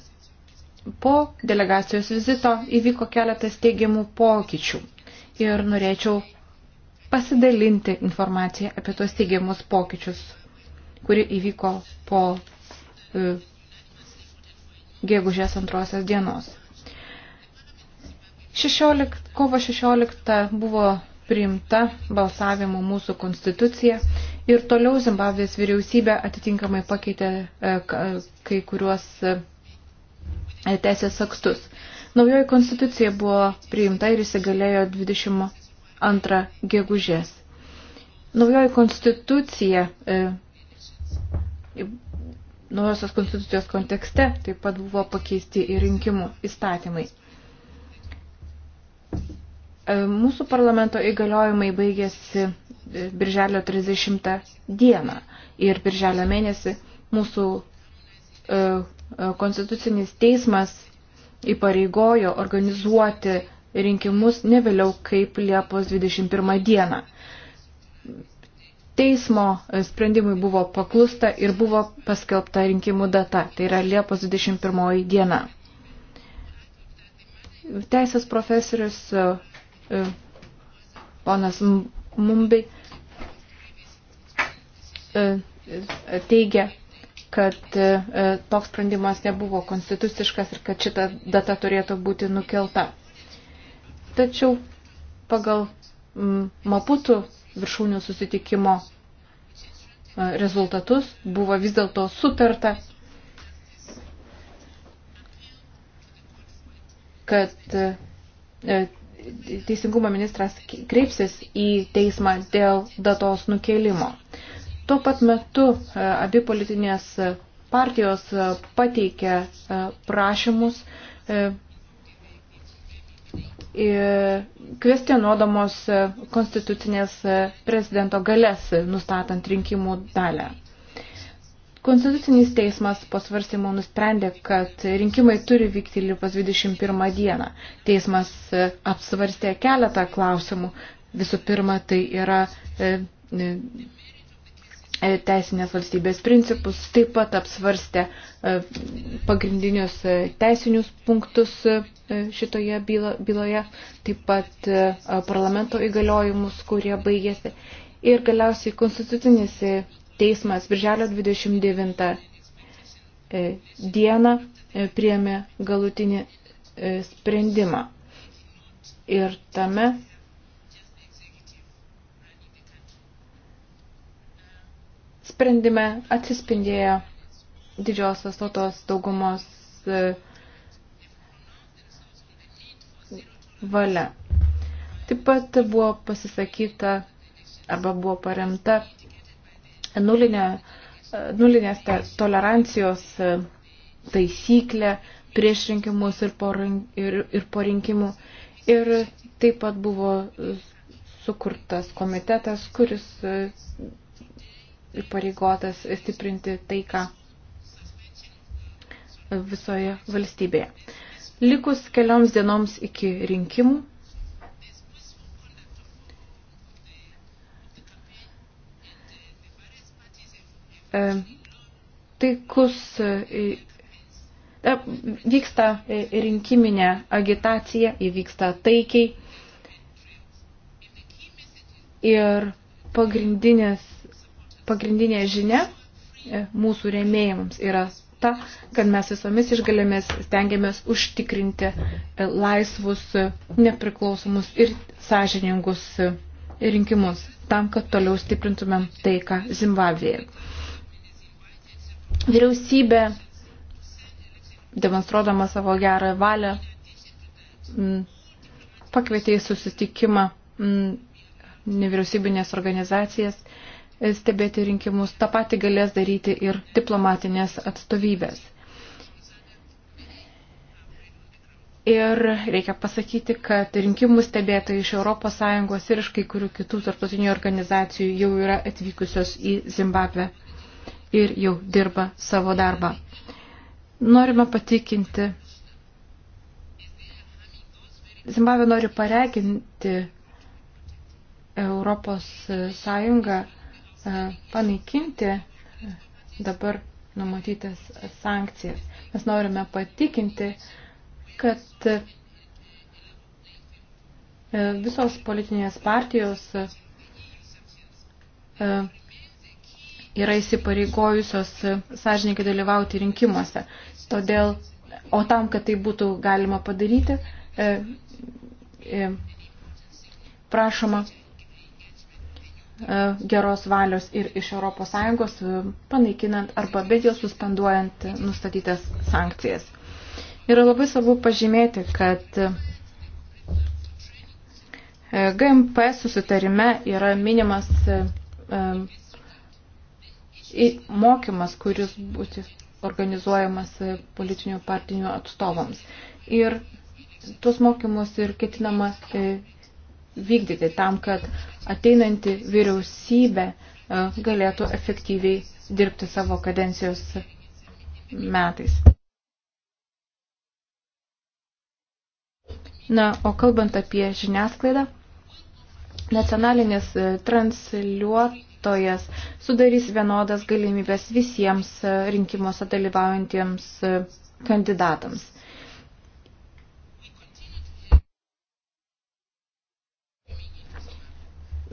po delegacijos vizito įvyko keletas teigiamų pokyčių ir norėčiau pasidalinti informaciją apie tos teigiamus pokyčius, kuri įvyko po uh, gegužės antrosios dienos. 16, kovo 16 buvo priimta balsavimu mūsų konstitucija ir toliau Zimbabvės vyriausybė atitinkamai pakeitė e, e, kai kuriuos e, teisės aktus. Naujoji konstitucija buvo priimta ir įsigalėjo 22 gegužės. Naujoji konstitucija, e, naujosios konstitucijos kontekste taip pat buvo pakeisti ir rinkimų įstatymai. E, mūsų parlamento įgaliojimai baigėsi e, birželio 30 dieną ir birželio mėnesį mūsų e, konstitucinis teismas įpareigojo organizuoti rinkimus ne vėliau kaip Liepos 21 dieną. Teismo sprendimui buvo paklusta ir buvo paskelbta rinkimų data, tai yra Liepos 21 diena. Teisės profesorius E, ponas Mumbi e, teigia, kad e, toks sprendimas nebuvo konstituciškas ir kad šita data turėtų būti nukelta. Tačiau pagal Maputų viršūnių susitikimo rezultatus buvo vis dėlto sutarta, kad teisingumo ministras kreipsis į teismą dėl datos nukelimo. Tuo pat metu e, abi politinės partijos e, pateikė e, prašymus kvestionuodamos konstitucinės prezidento galės nustatant rinkimų dalę. Konstitucinis teismas po svarstymo nusprendė, kad rinkimai turi vykti Liepos 21 dieną. Teismas e, apsvarstė keletą klausimų. Visų pirma, tai yra e, e, teisinės valstybės principus, taip pat apsvarstė pagrindinius teisinius punktus šitoje byloje, taip pat parlamento įgaliojimus, kurie baigėsi. Ir galiausiai konstitucinis teismas birželio 29 e, dieną e, priėmė galutinį e, sprendimą. Ir tame sprendime atsispindėjo didžiosios tautos daugumos valia. Taip pat buvo pasisakyta arba buvo paremta nulinė, nulinės tolerancijos e, taisyklė prieš rinkimus ir po, ir, ir po rinkimų. Ir taip pat buvo e, sukurtas komitetas, kuris e, pareigotas stiprinti taiką visoje valstybėje. Likus kelioms dienoms iki rinkimų E, taikus e, e, vyksta rinkiminė agitacija, įvyksta taikiai ir pagrindinės, pagrindinė žinia mūsų rėmėjams yra ta, kad mes visomis išgalėmis stengiamės užtikrinti laisvus, nepriklausomus ir sąžiningus rinkimus tam, kad toliau stiprintumėm taiką Zimbabvėje. Vyriausybė, demonstruodama savo gerą valią, mm, pakvietė į susitikimą mm, nevyriausybinės organizacijas e, stebėti rinkimus. Ta pati galės daryti ir diplomatinės atstovybės. Ir reikia pasakyti, kad rinkimų stebėtojai iš ES ir iš kai kurių kitų tarptautinių organizacijų jau yra atvykusios į Zimbabvę ir jau dirba savo darbą. Norime patikinti. Zimbabvė nori pareiginti Europos Sąjungą e, panaikinti dabar numatytas sankcijas. Mes norime patikinti, kad e, visos politinės partijos e, yra įsipareigojusios sąžininkai dalyvauti rinkimuose. Todėl, o tam, kad tai būtų galima padaryti, e, e, prašoma e, geros valios ir iš ES e, panaikinant arba bet jau suspenduojant nustatytas sankcijas. Yra labai svarbu pažymėti, kad e, GMP susitarime yra minimas mokymas, kuris būtų organizuojamas politinių partijų atstovams. Ir tuos mokymus ir ketinama e, vykdyti tam, kad ateinanti vyriausybė e, galėtų efektyviai dirbti savo kadencijos metais. Na, o kalbant apie žiniasklaidą, nacionalinis e, transliuotojas koordinuotojas sudarys vienodas galimybės visiems e, rinkimuose dalyvaujantiems e, kandidatams.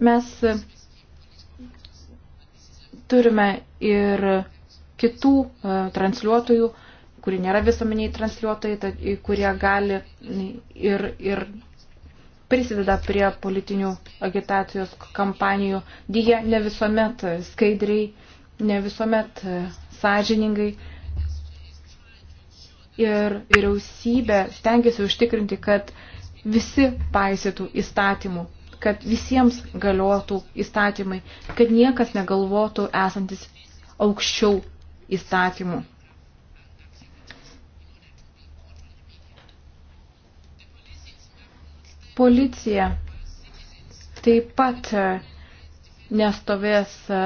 Mes e, turime ir kitų transliuotojų, kurie nėra visuomeniai transliuotojai, kurie gali ir, ir prisideda prie politinių agitacijos kampanijų. Dėja, ne visuomet skaidriai, ne visuomet sąžiningai. Ir vyriausybė stengiasi užtikrinti, kad visi paisytų įstatymų, kad visiems galiotų įstatymai, kad niekas negalvotų esantis aukščiau įstatymų. policija taip pat e, nestovės e,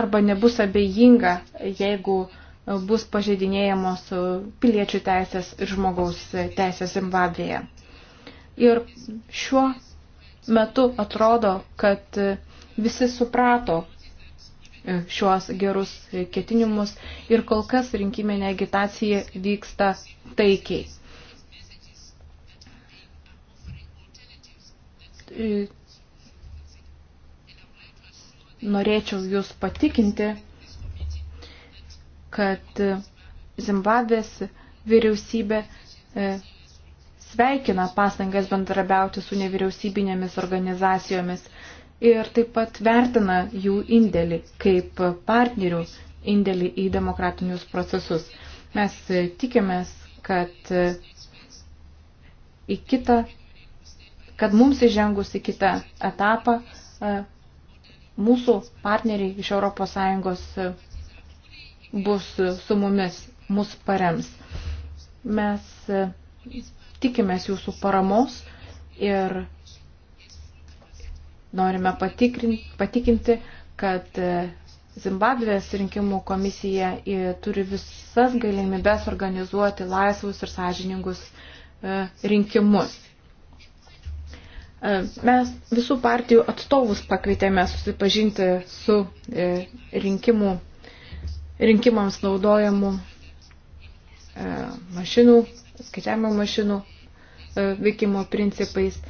arba nebus abejinga, jeigu e, bus pažeidinėjamos piliečių teisės ir žmogaus teisės Zimbabvėje. Ir šiuo metu atrodo, kad visi suprato šiuos gerus ketinimus ir kol kas rinkiminė agitacija vyksta taikiai. E, norėčiau Jūs patikinti, kad Zimbabvės vyriausybė e, sveikina pastangas bendrabiauti su nevyriausybinėmis organizacijomis ir taip pat vertina jų indėlį kaip partnerių indėlį į demokratinius procesus. Mes tikimės, kad į kitą kad mums įžengus į kitą etapą e, mūsų partneriai iš ES e, bus su mumis, mus parems. Mes e, tikimės jūsų paramos ir norime patikinti, kad Zimbabvės rinkimų komisija turi visas galimybės organizuoti laisvus ir sąžiningus rinkimus. E, mes visų partijų atstovus pakvietėme susipažinti su e, rinkimų, rinkimams naudojamų e, mašinų, skaičiavimo mašinų veikimo principais.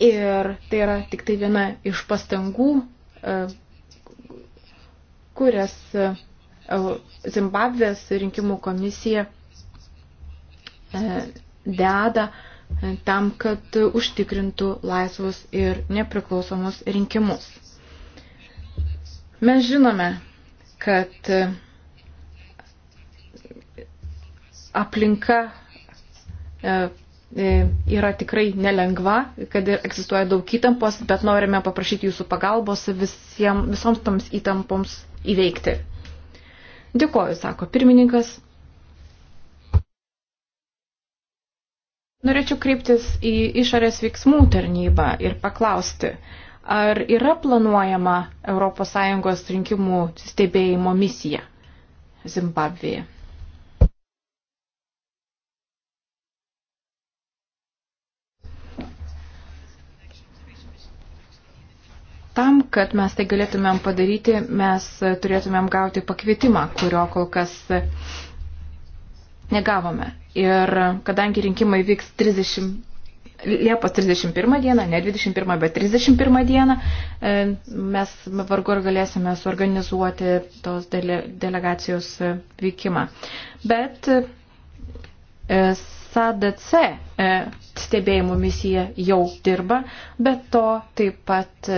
Ir tai yra tik tai viena iš pastangų, kurias Zimbabvės rinkimų komisija deda tam, kad užtikrintų laisvus ir nepriklausomus rinkimus. Mes žinome, kad aplinka e, e, yra tikrai nelengva, kad ir egzistuoja daug įtampos, bet norime paprašyti jūsų pagalbos visiems, visoms toms įtampoms įveikti. Dėkoju, sako pirmininkas. Norėčiau kreiptis į išorės veiksmų tarnybą ir paklausti, ar yra planuojama ES rinkimų stebėjimo misija Zimbabvėje. Tam, kad mes tai galėtumėm padaryti, mes turėtumėm gauti pakvietimą, kurio kol kas negavome. Ir kadangi rinkimai vyks 30, Liepos 31 dieną, ne 21, bet 31 dieną, e, mes vargu ar galėsime suorganizuoti tos dele, delegacijos vykimą. Bet e, SADC e, stebėjimų misija jau dirba, bet to taip pat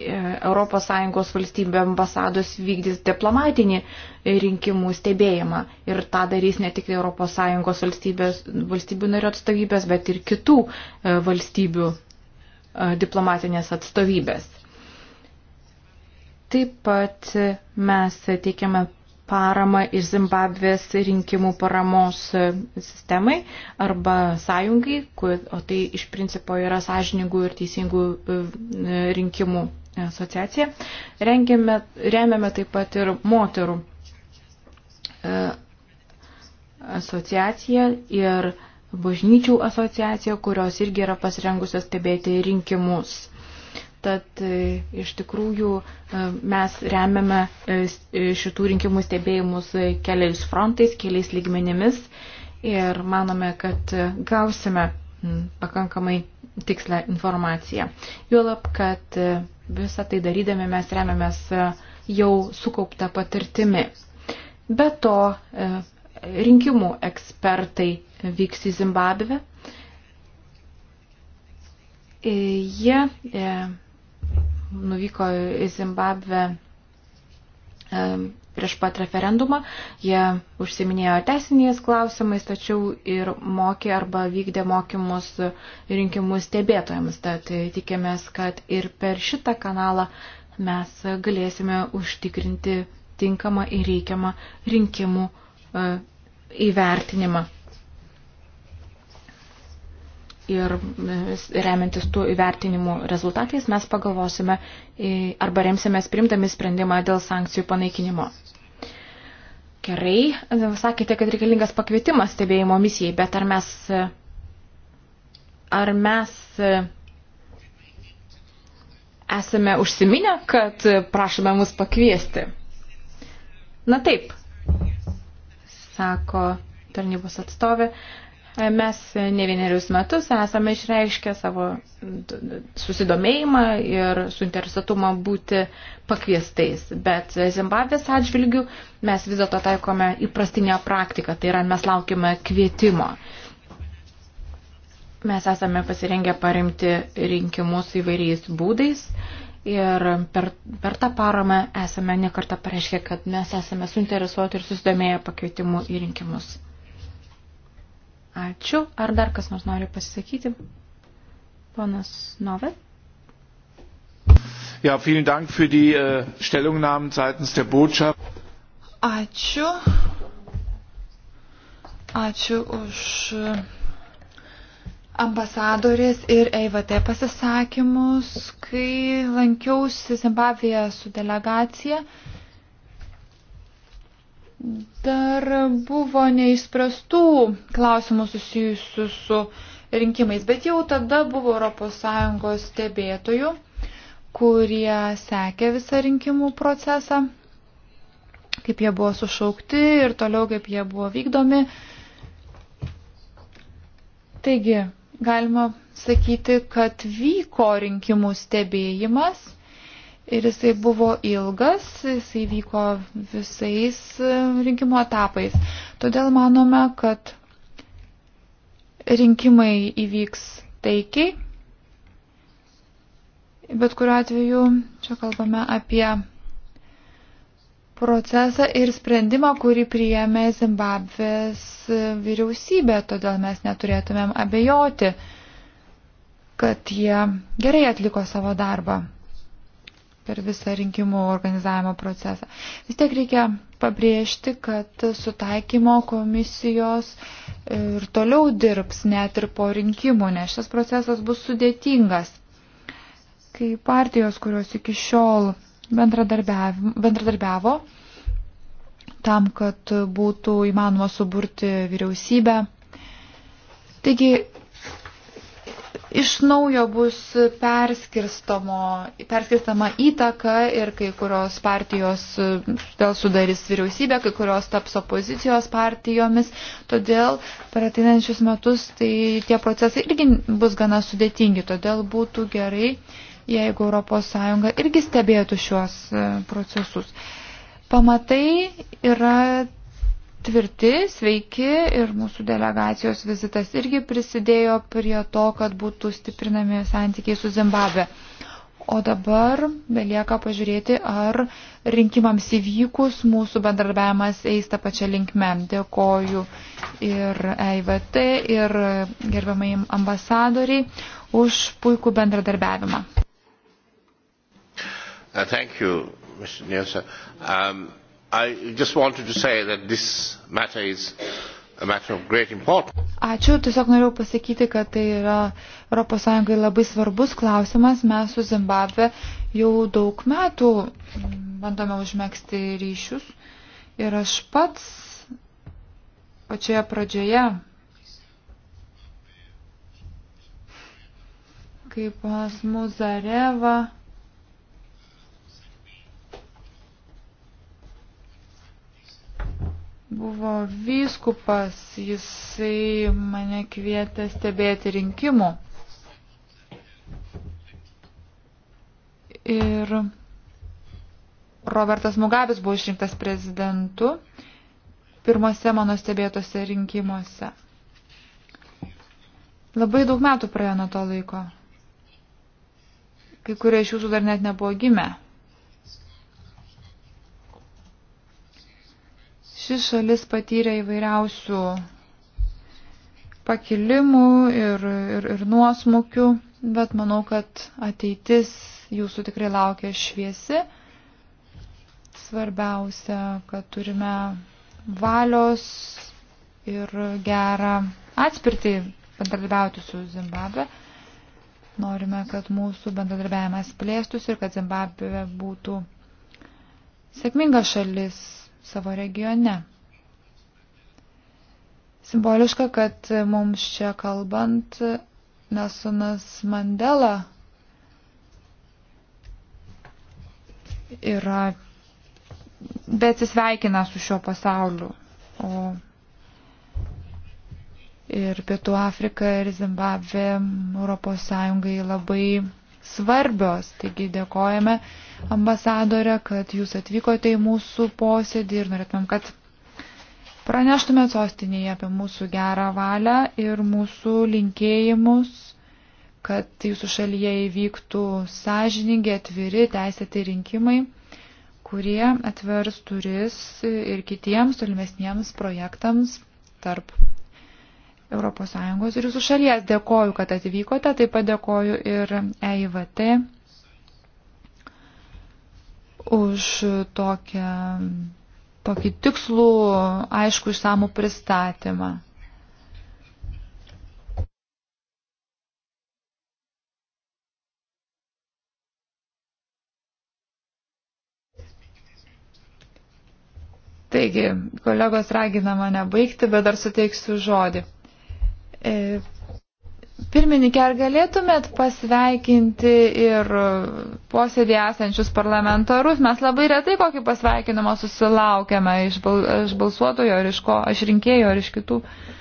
ES valstybė ambasados vykdys diplomatinį rinkimų stebėjimą ir tą darys ne tik ES valstybės, valstybių narių atstovybės, bet ir kitų e, valstybių e, diplomatinės atstovybės. Taip pat mes teikiame paramą ir Zimbabvės rinkimų paramos e, sistemai arba sąjungai, o tai iš principo yra sąžiningų ir teisingų rinkimų asociacija. Rengėme, remiame taip pat ir moterų e, asociaciją ir bažnyčių asociaciją, kurios irgi yra pasirengusios stebėti rinkimus. Tad e, iš tikrųjų e, mes remiame šitų rinkimų stebėjimus keliais frontais, keliais lygmenimis ir manome, kad gausime pakankamai tikslę informaciją. Juolab, kad Visą tai darydami mes remiamės e, jau sukauptą patirtimi. Be to, e, rinkimų ekspertai vyks į Zimbabvę. E, jie nuvyko į Zimbabvę prieš pat referendumą. Jie užsiminėjo teisiniais klausimais, tačiau ir mokė arba vykdė mokymus rinkimų stebėtojams. Tad tikėmės, kad ir per šitą kanalą mes galėsime užtikrinti tinkamą ir reikiamą rinkimų e, įvertinimą ir e, remiantis tų įvertinimų rezultatais mes pagalvosime e, arba remsimės primdami sprendimą dėl sankcijų panaikinimo. Gerai, sakėte, kad reikalingas pakvietimas stebėjimo misijai, bet ar mes, ar mes esame užsiminę, kad prašome mus pakviesti? Na taip, sako tarnybos atstovė, Mes ne vienerius metus esame išreiškę savo susidomėjimą ir suinteresatumą būti pakviestais, bet Zimbabvės atžvilgių mes vis dėlto taikome įprastinę praktiką, tai yra mes laukime kvietimo. Mes esame pasirengę paremti rinkimus įvairiais būdais ir per, per tą paramą esame nekartą pareiškę, kad mes esame suinteresuoti ir susidomėję pakvietimu į rinkimus. Ačiū. Ar dar kas nors nori pasisakyti? Ponas Nove. Ja, vielen Dank für die äh, Stellungnahmen seitens der Botschaft. Ačiū. Ačiū už äh, ambasadorės ir EIVT pasisakymus, kai lankiausi Zimbabvėje su delegacija. Uh, Dar buvo neįspręstų klausimų susijusių su rinkimais, bet jau tada buvo ES stebėtojų, kurie sekė visą rinkimų procesą, kaip jie buvo sušaukti ir toliau kaip jie buvo vykdomi. Taigi, galima sakyti, kad vyko rinkimų stebėjimas Ir jisai buvo ilgas, jisai vyko visais e, rinkimo etapais. Todėl manome, kad rinkimai įvyks taikiai. Bet kuriuo atveju čia kalbame apie procesą ir sprendimą, kurį priėmė Zimbabvės e, vyriausybė, todėl mes neturėtumėm abejoti, kad jie gerai atliko savo darbą per visą rinkimų organizavimo procesą. Vis tiek reikia pabrėžti, kad sutaikymo komisijos ir toliau dirbs net ir po rinkimų, nes šis procesas bus sudėtingas. Kai partijos, kurios iki šiol bendradarbiavo tam, kad būtų įmanoma suburti vyriausybę, Taigi iš naujo bus perskirstama įtaka ir kai kurios partijos e, vėl sudarys vyriausybę, kai kurios taps opozicijos partijomis. Todėl per ateinančius metus tai tie procesai irgi bus gana sudėtingi. Todėl būtų gerai, jeigu ES irgi stebėtų šiuos e, procesus. Pamatai yra tvirti, sveiki ir mūsų delegacijos vizitas irgi prisidėjo prie to, kad būtų stiprinami santykiai su Zimbabve. O dabar belieka pažiūrėti, ar rinkimams įvykus mūsų bendradarbiavimas eis tą pačią linkmę. Dėkoju ir EIVT, ir gerbiamai ambasadoriai už puikų bendradarbiavimą. Uh, thank you, Mr. Nielsen. Um, I just wanted to say that this matter is a matter of great importance. Ačiū, tiesiog norėjau pasakyti, kad tai yra ES labai svarbus klausimas. Mes su Zimbabve jau daug metų bandome užmėgsti ryšius. Ir aš pats pačioje pradžioje, kaip pas Muzareva, buvo vyskupas, jisai mane kvietė stebėti rinkimų. Ir Robertas Mugabis buvo išrinktas prezidentu pirmose mano stebėtose rinkimuose. Labai daug metų praėjo nuo to laiko. Kai kurie iš jūsų dar net nebuvo gimę. Ši šalis patyrė įvairiausių pakilimų ir, ir, ir nuosmukių, bet manau, kad ateitis jūsų tikrai laukia šviesi. Svarbiausia, kad turime valios ir gerą atspirtį bendradarbiauti su Zimbabve. Norime, kad mūsų bendradarbiavimas plėstųsi ir kad Zimbabve būtų sėkminga šalis savo regione. Simboliška, kad mums čia kalbant Nesunas Mandela yra bet atsisveikina su šiuo pasauliu. O ir Pietų Afrika, ir Zimbabvė Europos Sąjungai labai svarbios. Taigi dėkojame ambasadorė, kad jūs atvykote į mūsų posėdį ir norėtumėm, kad praneštumėt sostinėje apie mūsų gerą valią ir mūsų linkėjimus, kad jūsų šalyje įvyktų sąžiningi, atviri, teisėti rinkimai kurie atvers turis ir kitiems tolimesniems projektams tarp ES ir jūsų šalies. Dėkoju, kad atvykote, taip pat dėkoju ir EIVT už tokią, tokį tikslų, aišku, išsamų pristatymą. Taigi, kolegos ragina mane baigti, bet dar suteiksiu žodį. E, pirmininkė, ar galėtumėt pasveikinti ir posėdį esančius parlamentarus? Mes labai retai kokį pasveikinimą susilaukiame iš balsuotojo, ar iš, ko, iš rinkėjo, ar iš kitų. Uh,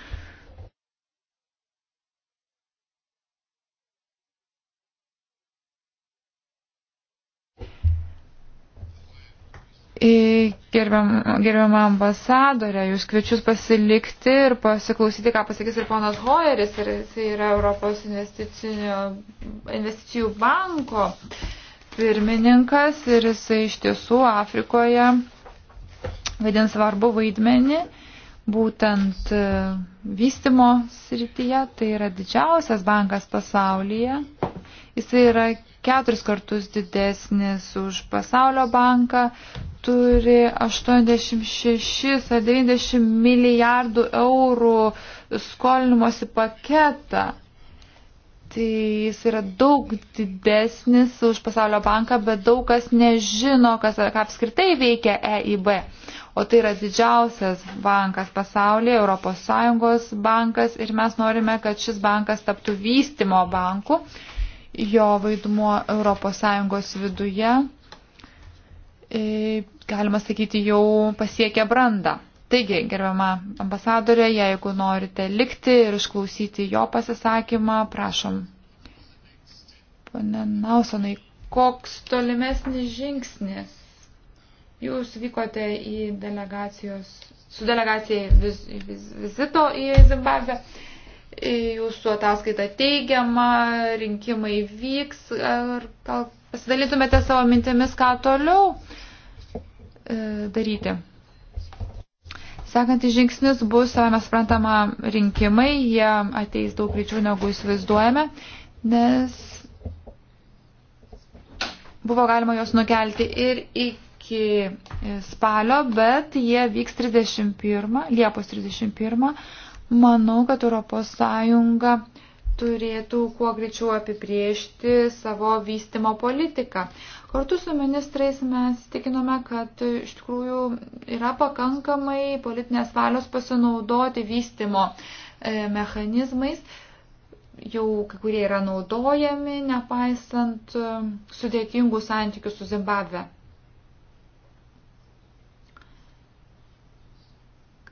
Gerbiam, gerbiamą ambasadorę, jūs kviečius pasilikti ir pasiklausyti, ką pasakys ir ponas Hoeris, ir jis yra Europos investicijų banko pirmininkas ir jisai iš tiesų Afrikoje vaidins svarbu vaidmenį būtent e, vystimo srityje, tai yra didžiausias bankas pasaulyje. Jis yra keturis kartus didesnis už pasaulio banką, turi 86 ar 90 milijardų eurų skolinimuose paketą. Tai jis yra daug didesnis už pasaulio banką, bet daug kas nežino, kas, ką apskritai veikia EIB. O tai yra didžiausias bankas pasaulyje, ES bankas ir mes norime, kad šis bankas taptų vystimo banku. Uh, jo vaidmuo ES viduje, e, galima sakyti, jau pasiekė brandą. Taigi, gerbiama ambasadorė, jeigu norite likti ir išklausyti jo pasisakymą, prašom. Pane Nausonai, koks tolimesnis žingsnis? Jūs vykote į delegacijos, su delegacija viz, viz, vizito į Zimbabvę jūsų ataskaita teigiama, rinkimai vyks, ar gal pasidalytumėte savo mintimis, ką toliau e, daryti. Sekantis žingsnis bus, savame suprantama, rinkimai, jie ateis daug greičiau negu įsivaizduojame, nes buvo galima juos nukelti ir iki spalio, bet jie vyks 31, Liepos 31 Manau, kad ES turėtų kuo greičiau apibriežti savo vystimo politiką. Kartu su ministrais mes tikinome, kad iš tikrųjų yra pakankamai politinės valios pasinaudoti vystimo e, mechanizmais. Jau kai kurie yra naudojami, nepaisant e, sudėtingų santykių su Zimbabve.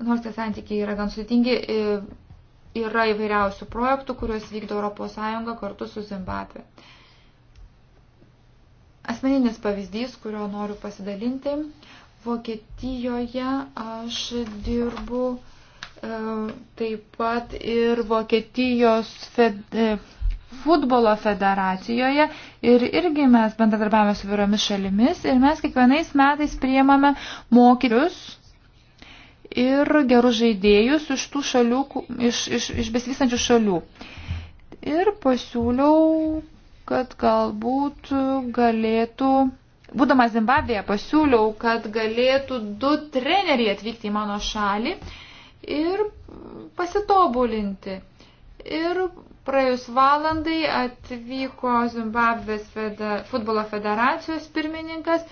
nors tie santykiai yra gan sudėtingi, yra įvairiausių projektų, kuriuos vykdo ES kartu su Zimbabve. Asmeninis pavyzdys, kurio noriu pasidalinti. Vokietijoje aš dirbu e, taip pat ir Vokietijos fed, e, futbolo federacijoje ir irgi mes bendradarbiavame su vyromis šalimis ir mes kiekvienais metais priemame mokyrius ir gerus žaidėjus iš tų šalių, iš, iš, iš besivystančių šalių. Ir pasiūliau, kad galbūt galėtų, būdama Zimbabvėje, pasiūliau, kad galėtų du treneriai atvykti į mano šalį ir pasitobulinti. Ir praėjus valandai atvyko Zimbabvės feda, futbolo federacijos pirmininkas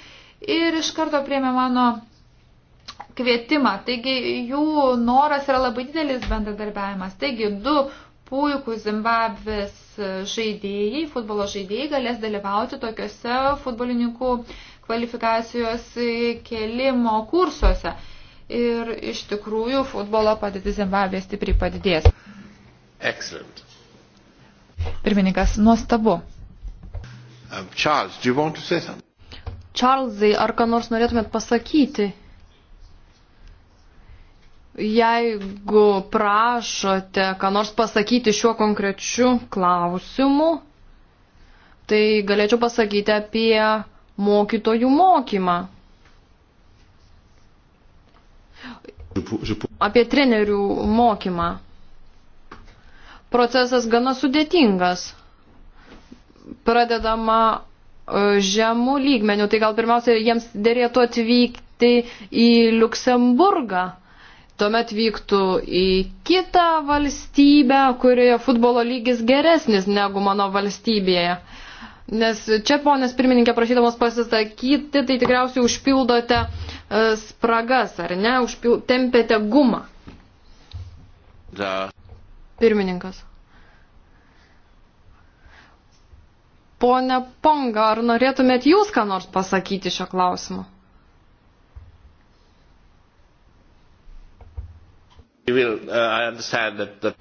ir iš karto priemė mano kvietimą. Taigi jų noras yra labai didelis bendradarbiavimas. Taigi du puikų Zimbabvės žaidėjai, futbolo žaidėjai galės dalyvauti tokiuose futbolininkų kvalifikacijos kelimo kursuose. Ir iš tikrųjų futbolo padėtis Zimbabvės stipriai padidės. Excellent. Pirmininkas, nuostabu. Um, Charles, Čarlzai, ar ką nors norėtumėt pasakyti? Jeigu prašote, ką nors pasakyti šiuo konkrečiu klausimu, tai galėčiau pasakyti apie mokytojų mokymą. Apie trenerių mokymą. Procesas gana sudėtingas. Pradedama e, žemų lygmenių, tai gal pirmiausia jiems dėrėtų atvykti į Luksemburgą tuomet vyktų į kitą valstybę, kurioje futbolo lygis geresnis negu mano valstybėje. Nes čia, ponės pirmininkė, prašydamos pasisakyti, tai tikriausiai užpildote e, spragas, ar ne? Užpil... Tempėte gumą. Da. Pirmininkas. Pone Ponga, ar norėtumėt jūs ką nors pasakyti šio klausimu? Will, uh, the...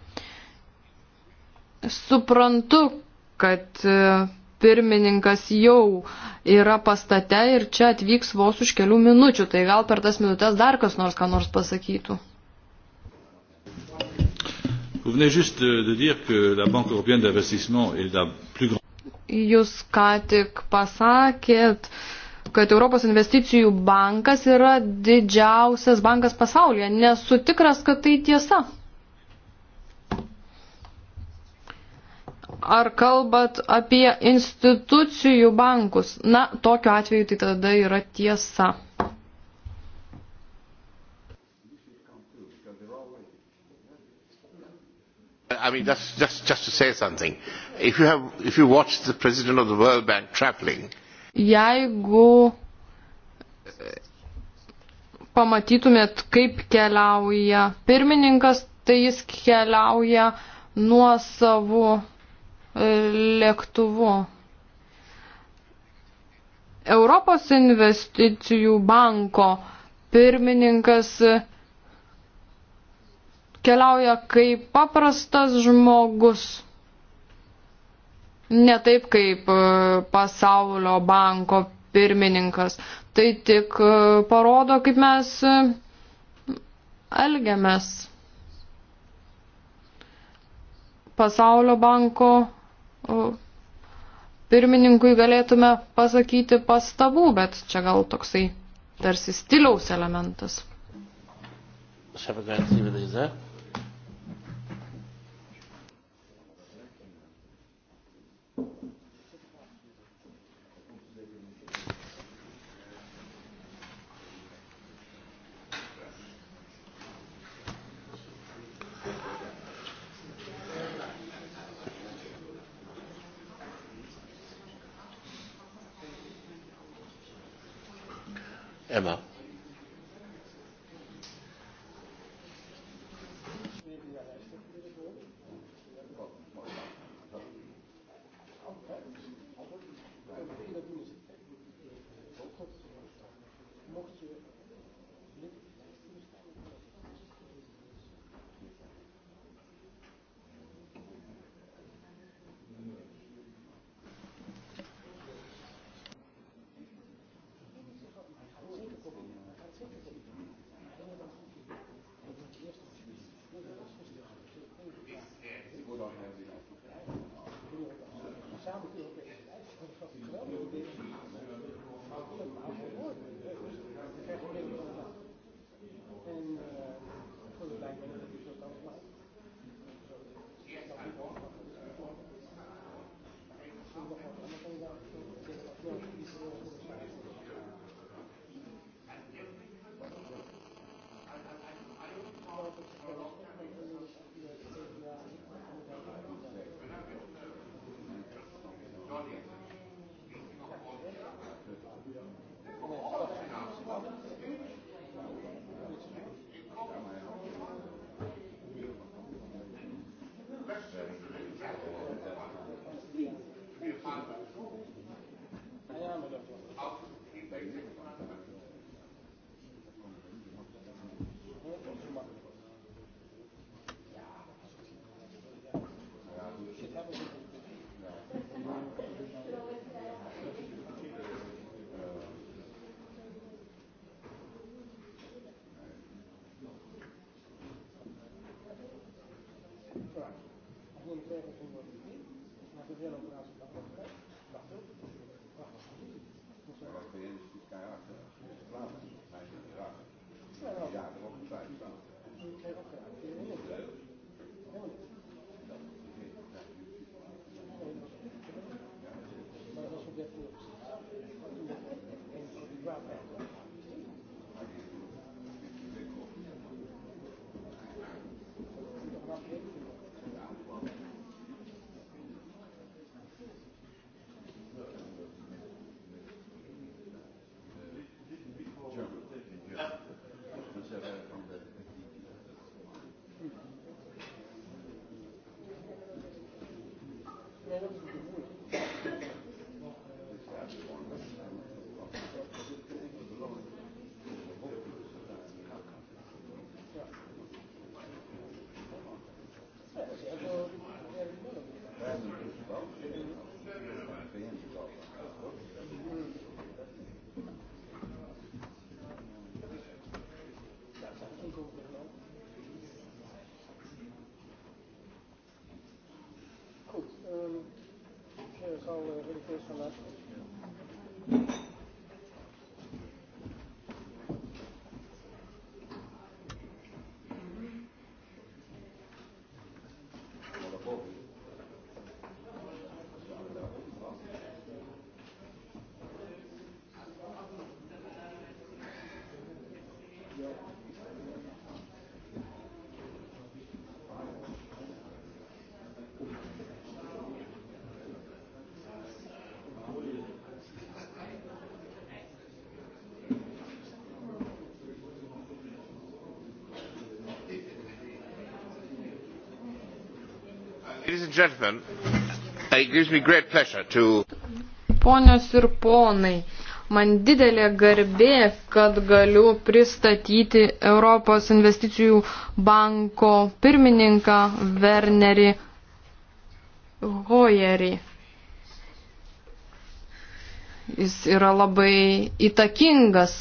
Suprantu, kad uh, pirmininkas jau yra pastate ir čia atvyks vos už kelių minučių, tai gal per tas minutės dar kas nors ką nors pasakytų. Vous venez juste de dire que la Banque européenne d'investissement est la plus grande. Jūs ką tik pasakėt, kad Europos investicijų bankas yra didžiausias bankas pasaulyje. Nesu tikras, kad tai tiesa. Ar kalbat apie institucijų bankus? Na, tokiu atveju tai tada yra tiesa. I mean, that's just, just to say something. If you, have, if you watch the president of the World Bank traveling, uh, Jeigu e, pamatytumėt, kaip keliauja pirmininkas, tai jis keliauja nuo savo e, lėktuvu. Europos investicijų banko pirmininkas e, keliauja kaip paprastas žmogus ne taip kaip e, pasaulio banko pirmininkas. Tai tik e, parodo, kaip mes e, elgiamės. Pasaulio banko pirmininkui galėtume pasakyti pastabų, bet čia gal toksai tarsi stiliaus elementas. Šia, emma. Ponios ir ponai, man didelė garbė, kad galiu pristatyti Europos investicijų banko pirmininką Wernerį Hoyerį. Jis yra labai įtakingas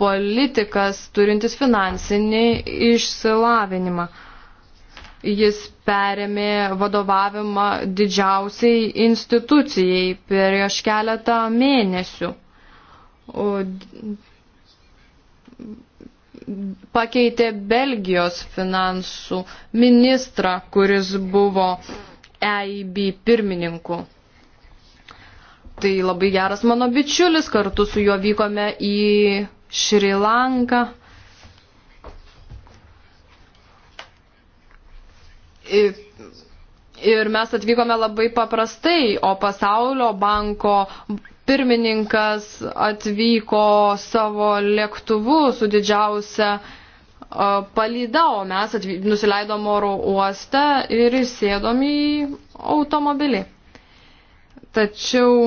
politikas, turintis finansinį išsilavinimą jis perėmė vadovavimą didžiausiai institucijai prieš keletą mėnesių. O pakeitė Belgijos finansų ministrą, kuris buvo EIB pirmininku. Tai labai geras mano bičiulis, kartu su juo vykome į Šri Lanką. Ir mes atvykome labai paprastai, o pasaulio banko pirmininkas atvyko savo lėktuvu su didžiausia palyda, o mes atvyk, nusileidom oro uostą ir įsėdom į automobilį. Tačiau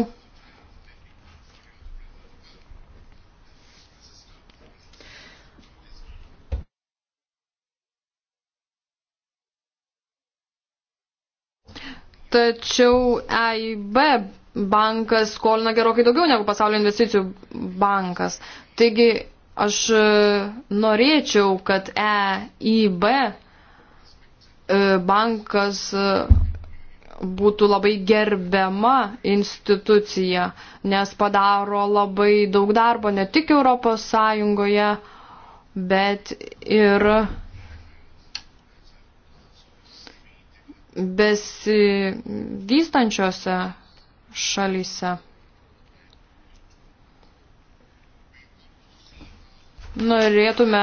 Tačiau AIB bankas skolina gerokai daugiau negu pasaulio investicijų bankas. Taigi aš e, norėčiau, kad EIB e, bankas e, būtų labai gerbiama institucija, nes padaro labai daug darbo ne tik Europos Sąjungoje, bet ir besivystančiose šalyse. Norėtume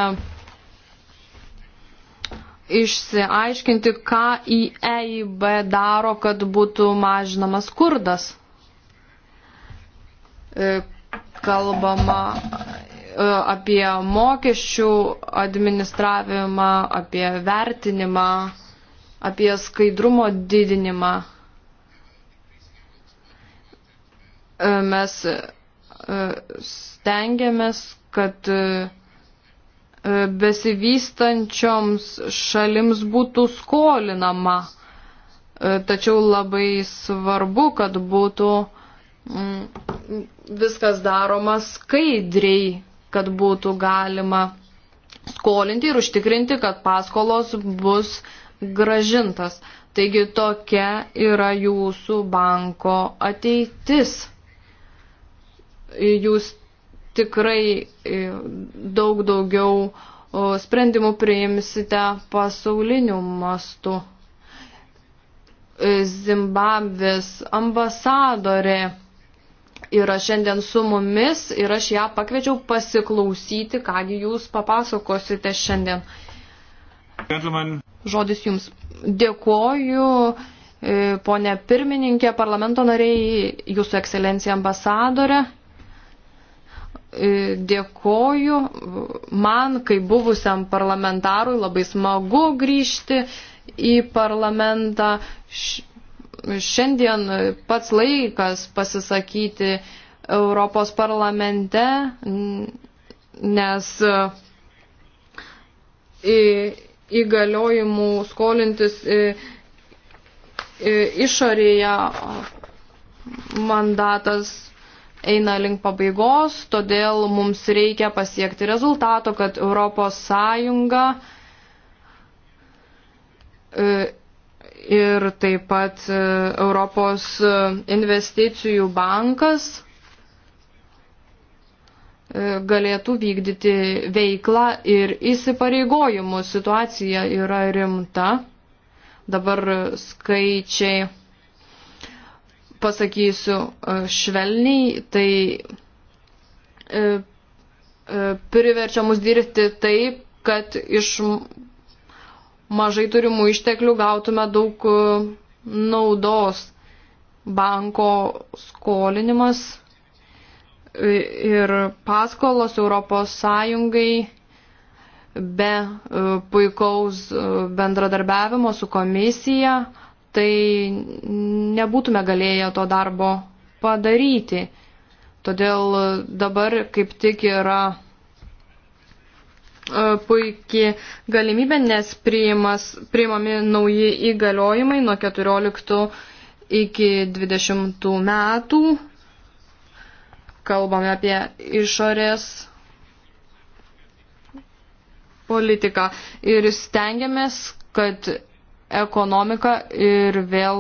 išsiaiškinti, ką į EIB daro, kad būtų mažinamas skurdas. E, kalbama e, apie mokesčių administravimą, apie vertinimą apie skaidrumo didinimą. E, mes e, stengiamės, kad e, besivystančioms šalims būtų skolinama. Tačiau labai svarbu, kad būtų mm, viskas daroma skaidriai, kad būtų galima skolinti ir užtikrinti, kad paskolos bus uh, gražintas. Taigi tokia yra jūsų banko ateitis. Jūs tikrai e, daug daugiau sprendimų priimsite pasauliniu mastu. E, Zimbabvės ambasadorė yra šiandien su mumis ir aš ją pakviečiau pasiklausyti, kągi jūs papasakosite šiandien. Gentlemen žodis jums. Dėkoju, e, ponė pirmininkė, parlamento nariai, jūsų ekscelencija ambasadorė. E, dėkoju, man, kaip buvusiam parlamentarui, labai smagu grįžti į parlamentą. Šiandien pats laikas pasisakyti Europos parlamente, nes e, įgaliojimų skolintis e, e, išorėje mandatas eina link pabaigos, todėl mums reikia pasiekti rezultato, kad Europos Sąjunga e, ir taip pat Europos investicijų bankas E, galėtų vykdyti veiklą ir įsipareigojimus. Situacija yra rimta. Dabar skaičiai pasakysiu e, švelniai, tai e, priverčia mus dirbti taip, kad iš mažai turimų išteklių gautume daug naudos. Banko skolinimas ir paskolos Europos Sąjungai be e, puikaus e, bendradarbiavimo su komisija, tai nebūtume galėję to darbo padaryti. Todėl dabar kaip tik yra e, puikiai galimybė, nes priimas, priimami nauji įgaliojimai nuo 14 iki 20 metų kalbame apie išorės politiką ir stengiamės, kad ekonomika ir vėl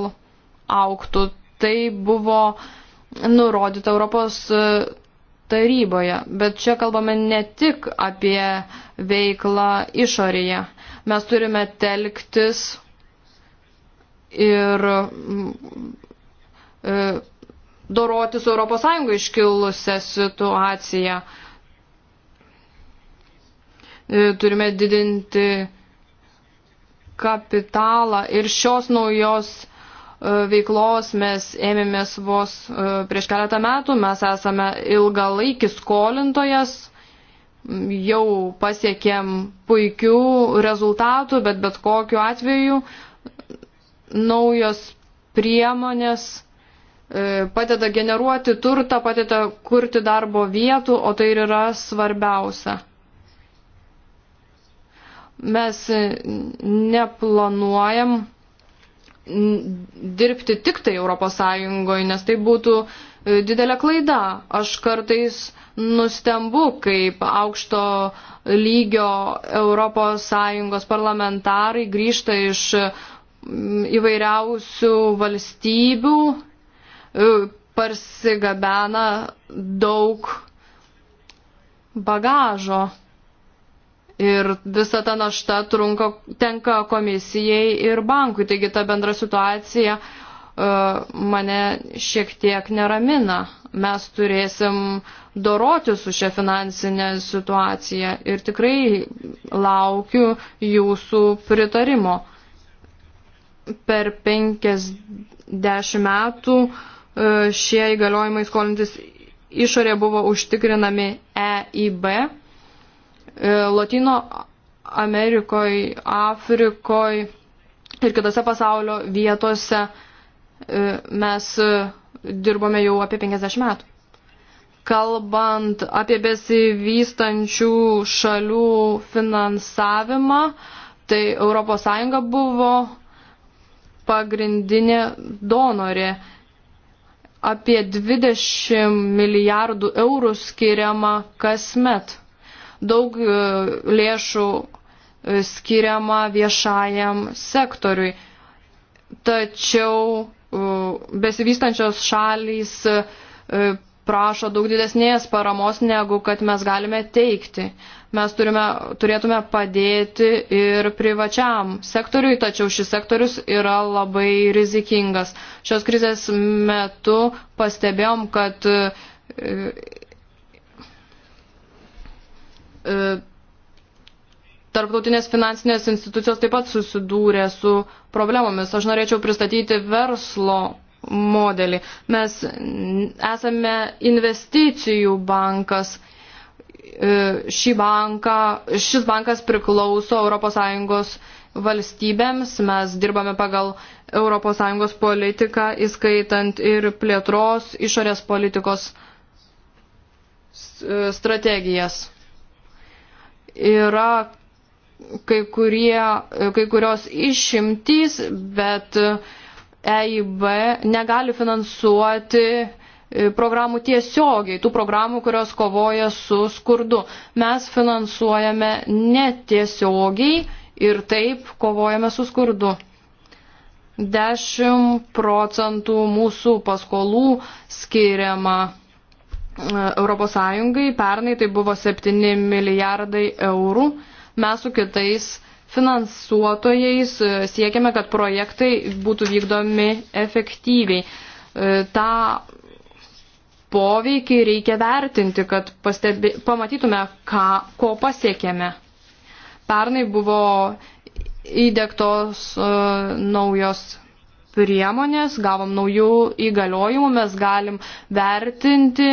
auktų. Tai buvo nurodyta Europos taryboje, bet čia kalbame ne tik apie veiklą išorėje. Mes turime telktis ir e, doroti su ES iškilusią situaciją. E, turime didinti kapitalą ir šios naujos e, veiklos mes ėmėmės vos e, prieš keletą metų. Mes esame ilgalaikis skolintojas, jau pasiekėm puikių rezultatų, bet bet kokiu atveju naujos priemonės E, padeda generuoti turtą, padeda kurti darbo vietų, o tai ir yra svarbiausia. Mes neplanuojam dirbti tik tai Europos Sąjungoje, nes tai būtų e, didelė klaida. Aš kartais nustembu, kaip aukšto lygio Europos Sąjungos parlamentarai grįžta iš įvairiausių valstybių E, parsigabena daug bagažo. Ir visa ta našta trunka, tenka komisijai ir bankui. Taigi ta bendra situacija e, mane šiek tiek neramina. Mes turėsim doroti su šia finansinė situacija ir tikrai laukiu jūsų pritarimo. Per 50 metų uh, E, šie įgaliojimai skolintis išorė buvo užtikrinami EIB. E, Latino Amerikoje, Afrikoje ir kitose pasaulio vietose e, mes dirbome jau apie 50 metų. Kalbant apie besivystančių šalių finansavimą, tai ES buvo pagrindinė donorė apie 20 milijardų eurų skiriama kasmet. Daug e, lėšų e, skiriama viešajam sektoriui. Tačiau e, besivystančios šalys prašo daug didesnės paramos, negu kad mes galime teikti mes turime, turėtume padėti ir privačiam sektoriui, tačiau šis sektorius yra labai rizikingas. Šios krizės metu pastebėjom, kad e, e, Tarptautinės finansinės institucijos taip pat susidūrė su problemomis. Aš norėčiau pristatyti verslo modelį. Mes esame investicijų bankas E, šį banką, šis bankas priklauso ES valstybėms, mes dirbame pagal ES politiką, įskaitant ir plėtros išorės politikos e, strategijas. Yra kai, kurie, e, kai kurios išimtys, bet EIB negali finansuoti E, programų tiesiogiai, tų programų, kurios kovoja su skurdu. Mes finansuojame netiesiogiai ir taip kovojame su skurdu. 10 procentų mūsų paskolų skiriama ES, pernai tai buvo 7 milijardai eurų. Mes su kitais finansuotojais e, siekiame, kad projektai būtų vykdomi efektyviai. E, Ta poveikį reikia vertinti, kad pastebė, pamatytume, ką, ko pasiekėme. Pernai buvo įdėktos uh, naujos priemonės, gavom naujų įgaliojimų, mes galim vertinti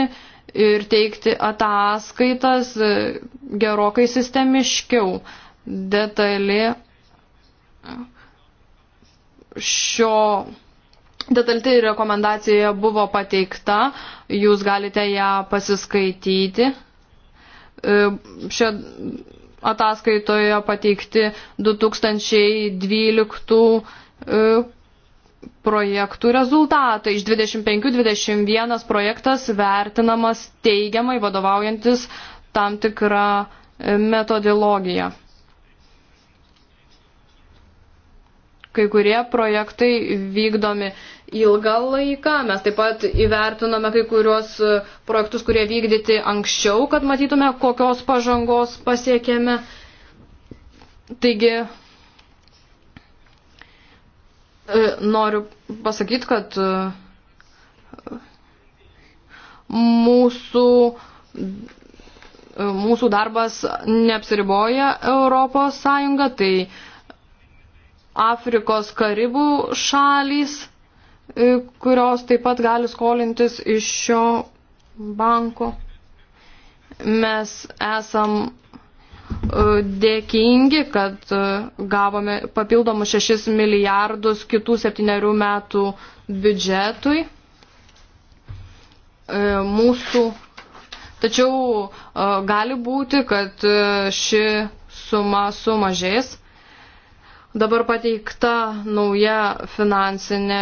ir teikti ataskaitas e, gerokai sistemiškiau, detali e, šio Detalti rekomendacija buvo pateikta, jūs galite ją pasiskaityti. E, šio ataskaitoje pateikti 2012 e, projektų rezultatai. Iš 25-21 projektas vertinamas teigiamai vadovaujantis tam tikrą e, metodologiją. Kai kurie projektai vykdomi ilgą laiką. Mes taip pat įvertinome kai kuriuos e, projektus, kurie vykdyti anksčiau, kad matytume, kokios pažangos pasiekėme. Taigi, e, noriu pasakyti, kad e, mūsų, mūsų darbas neapsiriboja Europos Sąjunga, tai Afrikos Karibų šalys E, kurios taip pat gali skolintis iš šio banko. Mes esam e, dėkingi, kad e, gavome papildomus 6 milijardus kitų septyniarių metų biudžetui. Mūsų. Tačiau gali būti, kad ši suma sumažės. Dabar pateikta nauja finansinė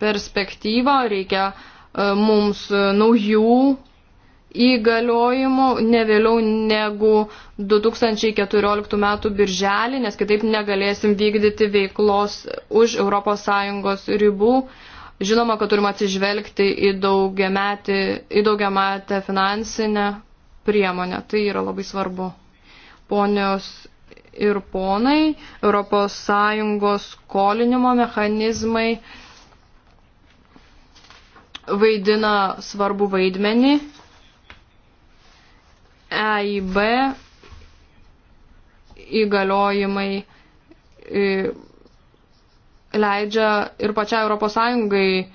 perspektyvą, reikia e, mums e, naujų įgaliojimų ne vėliau negu 2014 m. birželį, nes kitaip negalėsim vykdyti veiklos už ES ribų. Žinoma, kad turime atsižvelgti į daugiametį, į daugiametę finansinę priemonę. Tai yra labai svarbu. Ponios ir ponai, ES skolinimo mechanizmai vaidina svarbu vaidmenį. EIB įgaliojimai e, leidžia ir pačiai ES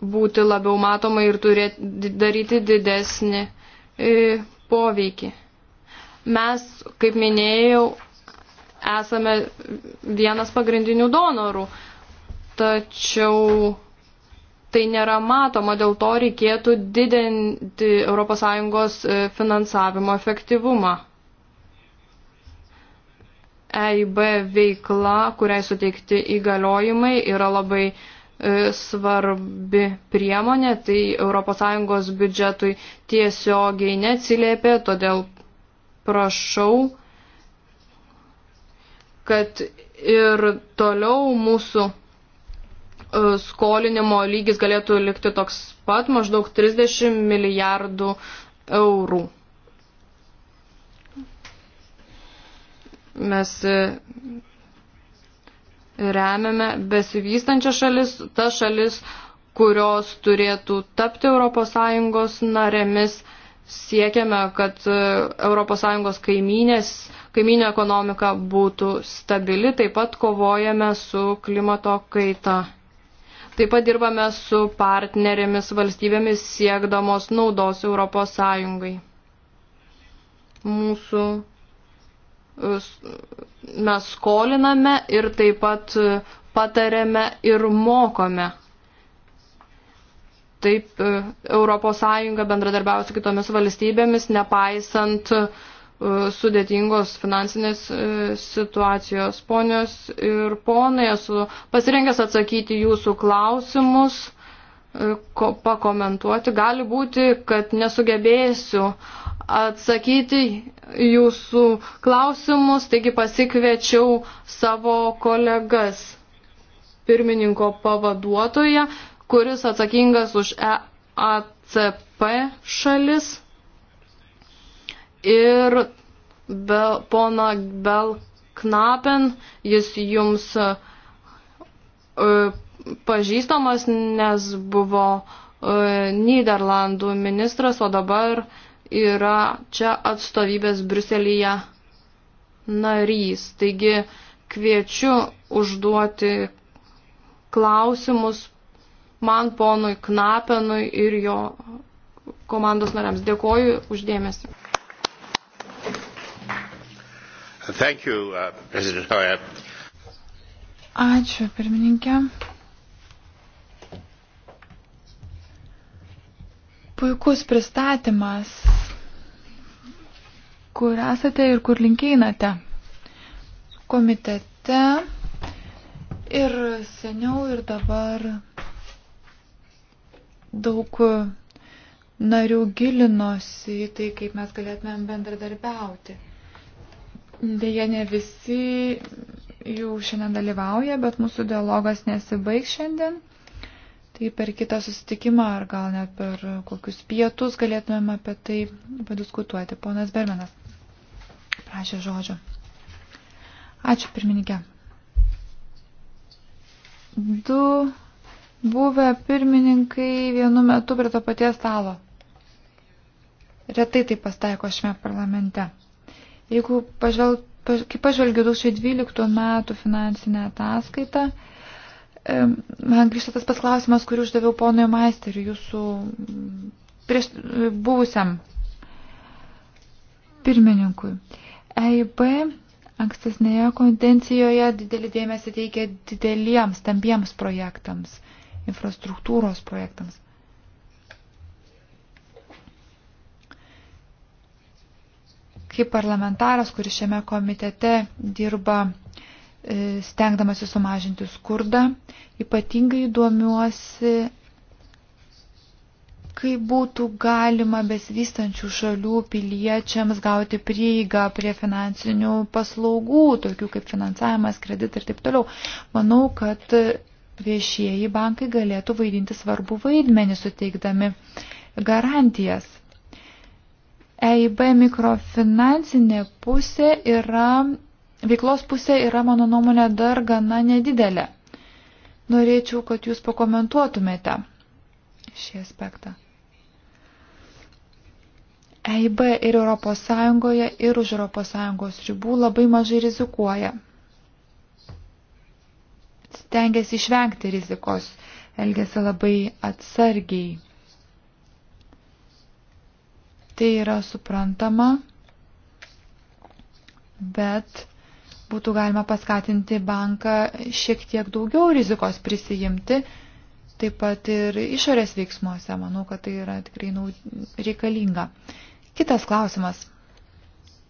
būti labiau matomai ir turėti daryti didesnį e, poveikį. Mes, kaip minėjau, esame vienas pagrindinių donorų, tačiau tai nėra matoma, dėl to reikėtų didinti ES e, finansavimo efektyvumą. EIB veikla, kuriai suteikti įgaliojimai, yra labai e, svarbi priemonė, tai ES biudžetui tiesiogiai neatsiliepia, todėl prašau, kad ir toliau mūsų E, skolinimo lygis galėtų likti toks pat, maždaug 30 milijardų eurų. Mes e, remiame besivystančią šalis, ta šalis, kurios turėtų tapti ES narėmis, siekiame, kad ES kaimynės, kaiminė ekonomika būtų stabili, taip pat kovojame su klimato kaita. Taip pat dirbame su partnerėmis valstybėmis siekdamos naudos Europos Sąjungai. Mūsų mes skoliname ir taip pat patarėme ir mokome. Taip ES bendradarbiavo su kitomis valstybėmis, nepaisant uh, sudėtingos finansinės e, situacijos. Ponios ir ponai, esu pasirengęs atsakyti jūsų klausimus, e, ko, pakomentuoti. Gali būti, kad nesugebėsiu atsakyti jūsų klausimus, taigi pasikviečiau savo kolegas pirmininko pavaduotoje, kuris atsakingas už EACP šalis ir be, pona Belknapen, jis jums e, pažįstamas, nes buvo e, Niderlandų ministras, o dabar yra čia atstovybės Bruselėje narys. Taigi kviečiu užduoti klausimus man, ponui Knapenui ir jo komandos nariams. Dėkoju uždėmesi. Thank you, uh, President Hoyer. Ačiū, pirmininkė. Puikus pristatymas, kur esate ir kur linkeinate. Komitete ir seniau ir dabar daug narių gilinosi į tai, kaip mes galėtumėm bendradarbiauti. Deja, ne visi jau šiandien dalyvauja, bet mūsų dialogas nesibaig šiandien. Tai per kitą susitikimą ar gal net per kokius pietus galėtumėm apie tai padiskutuoti. Ponas Bermenas prašė žodžio. Ačiū, pirmininkė. Du buvę pirmininkai vienu metu prie to paties stalo. Retai tai pastaiko šiame parlamente. Jeigu pažvelg, paž, kaip pažvelgiu 2012 metų finansinę ataskaitą, man grįžta tas pasklausimas, kurį uždaviau ponui Maisteriu, jūsų prieš buvusiam pirmininkui. EIB ankstesnėje kondencijoje didelį dėmesį teikia dideliems, stambiems projektams, infrastruktūros projektams. kaip parlamentaras, kuris šiame komitete dirba e, stengdamasi sumažinti skurdą, ypatingai duomiuosi, kaip būtų galima besivystančių šalių piliečiams gauti prieigą prie finansinių paslaugų, tokių kaip finansavimas, kredit ir taip toliau. Manau, kad viešieji bankai galėtų vaidinti svarbų vaidmenį suteikdami garantijas EIB mikrofinansinė pusė yra, veiklos pusė yra, mano nuomonė, dar gana nedidelė. Norėčiau, kad jūs pakomentuotumėte šį aspektą. EIB ir ES ir už ES ribų labai mažai rizikuoja. Stengiasi išvengti rizikos, elgesi labai atsargiai. Tai yra suprantama, bet būtų galima paskatinti banką šiek tiek daugiau rizikos prisijimti, taip pat ir išorės veiksmuose. Manau, kad tai yra tikrai reikalinga. Kitas klausimas.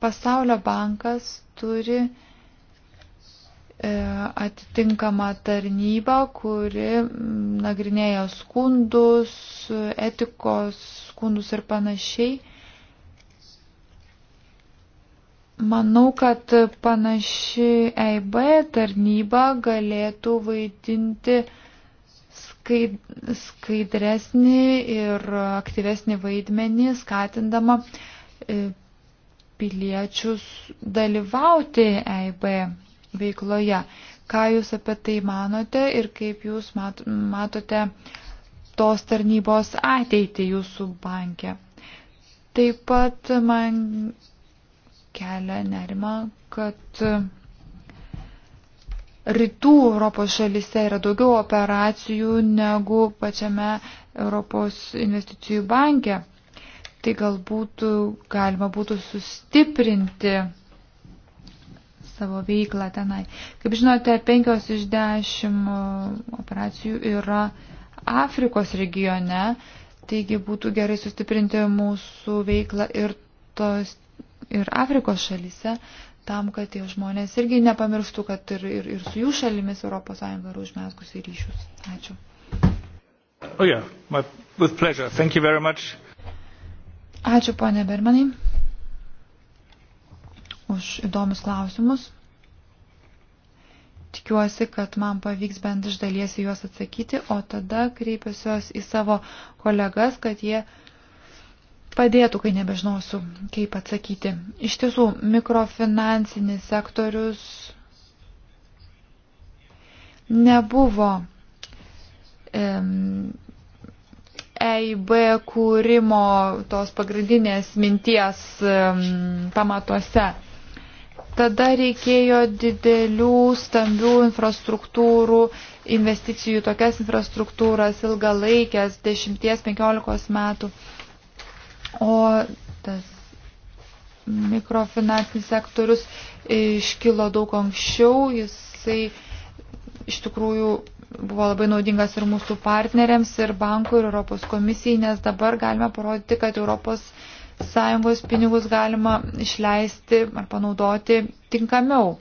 Pasaulio bankas turi e, atitinkama tarnyba, kuri nagrinėja skundus, etikos skundus ir panašiai. Manau, kad panaši EIB tarnyba galėtų vaidinti skaidresnį ir aktyvesnį vaidmenį, skatindama e, piliečius dalyvauti EIB veikloje. Ką Jūs apie tai manote ir kaip Jūs matote tos tarnybos ateitį Jūsų banke? Taip pat man kelia nerima, kad rytų Europos šalise yra daugiau operacijų negu pačiame Europos investicijų banke. Tai galbūt galima būtų sustiprinti savo veiklą tenai. Kaip žinote, penkios iš dešimt e, operacijų yra Afrikos regione, taigi būtų gerai sustiprinti mūsų veiklą ir tos ir Afrikos šalyse, tam, kad tie žmonės irgi nepamirštų, kad ir, ir, ir su jų šalimis ES yra užmesgusi ryšius. Ačiū. Oh yeah, my, with pleasure. Thank you very much. Ačiū, ponė Bermanai, už įdomius klausimus. Tikiuosi, kad man pavyks bent iš dalies juos atsakyti, o tada kreipiuosios į savo kolegas, kad jie uh, padėtų, kai nebežinosiu, kaip atsakyti. Iš tiesų, mikrofinansinis sektorius nebuvo um, EIB kūrimo tos pagrindinės minties um, pamatuose. Tada reikėjo didelių, stambių infrastruktūrų, investicijų tokias infrastruktūras ilgalaikės, 10-15 metų. O tas mikrofinansinis sektorius iškilo daug anksčiau, jisai iš tikrųjų buvo labai naudingas ir mūsų partneriams, ir bankų, ir Europos komisijai, nes dabar galime parodyti, kad Europos Sąjungos pinigus galima išleisti ar panaudoti tinkamiau.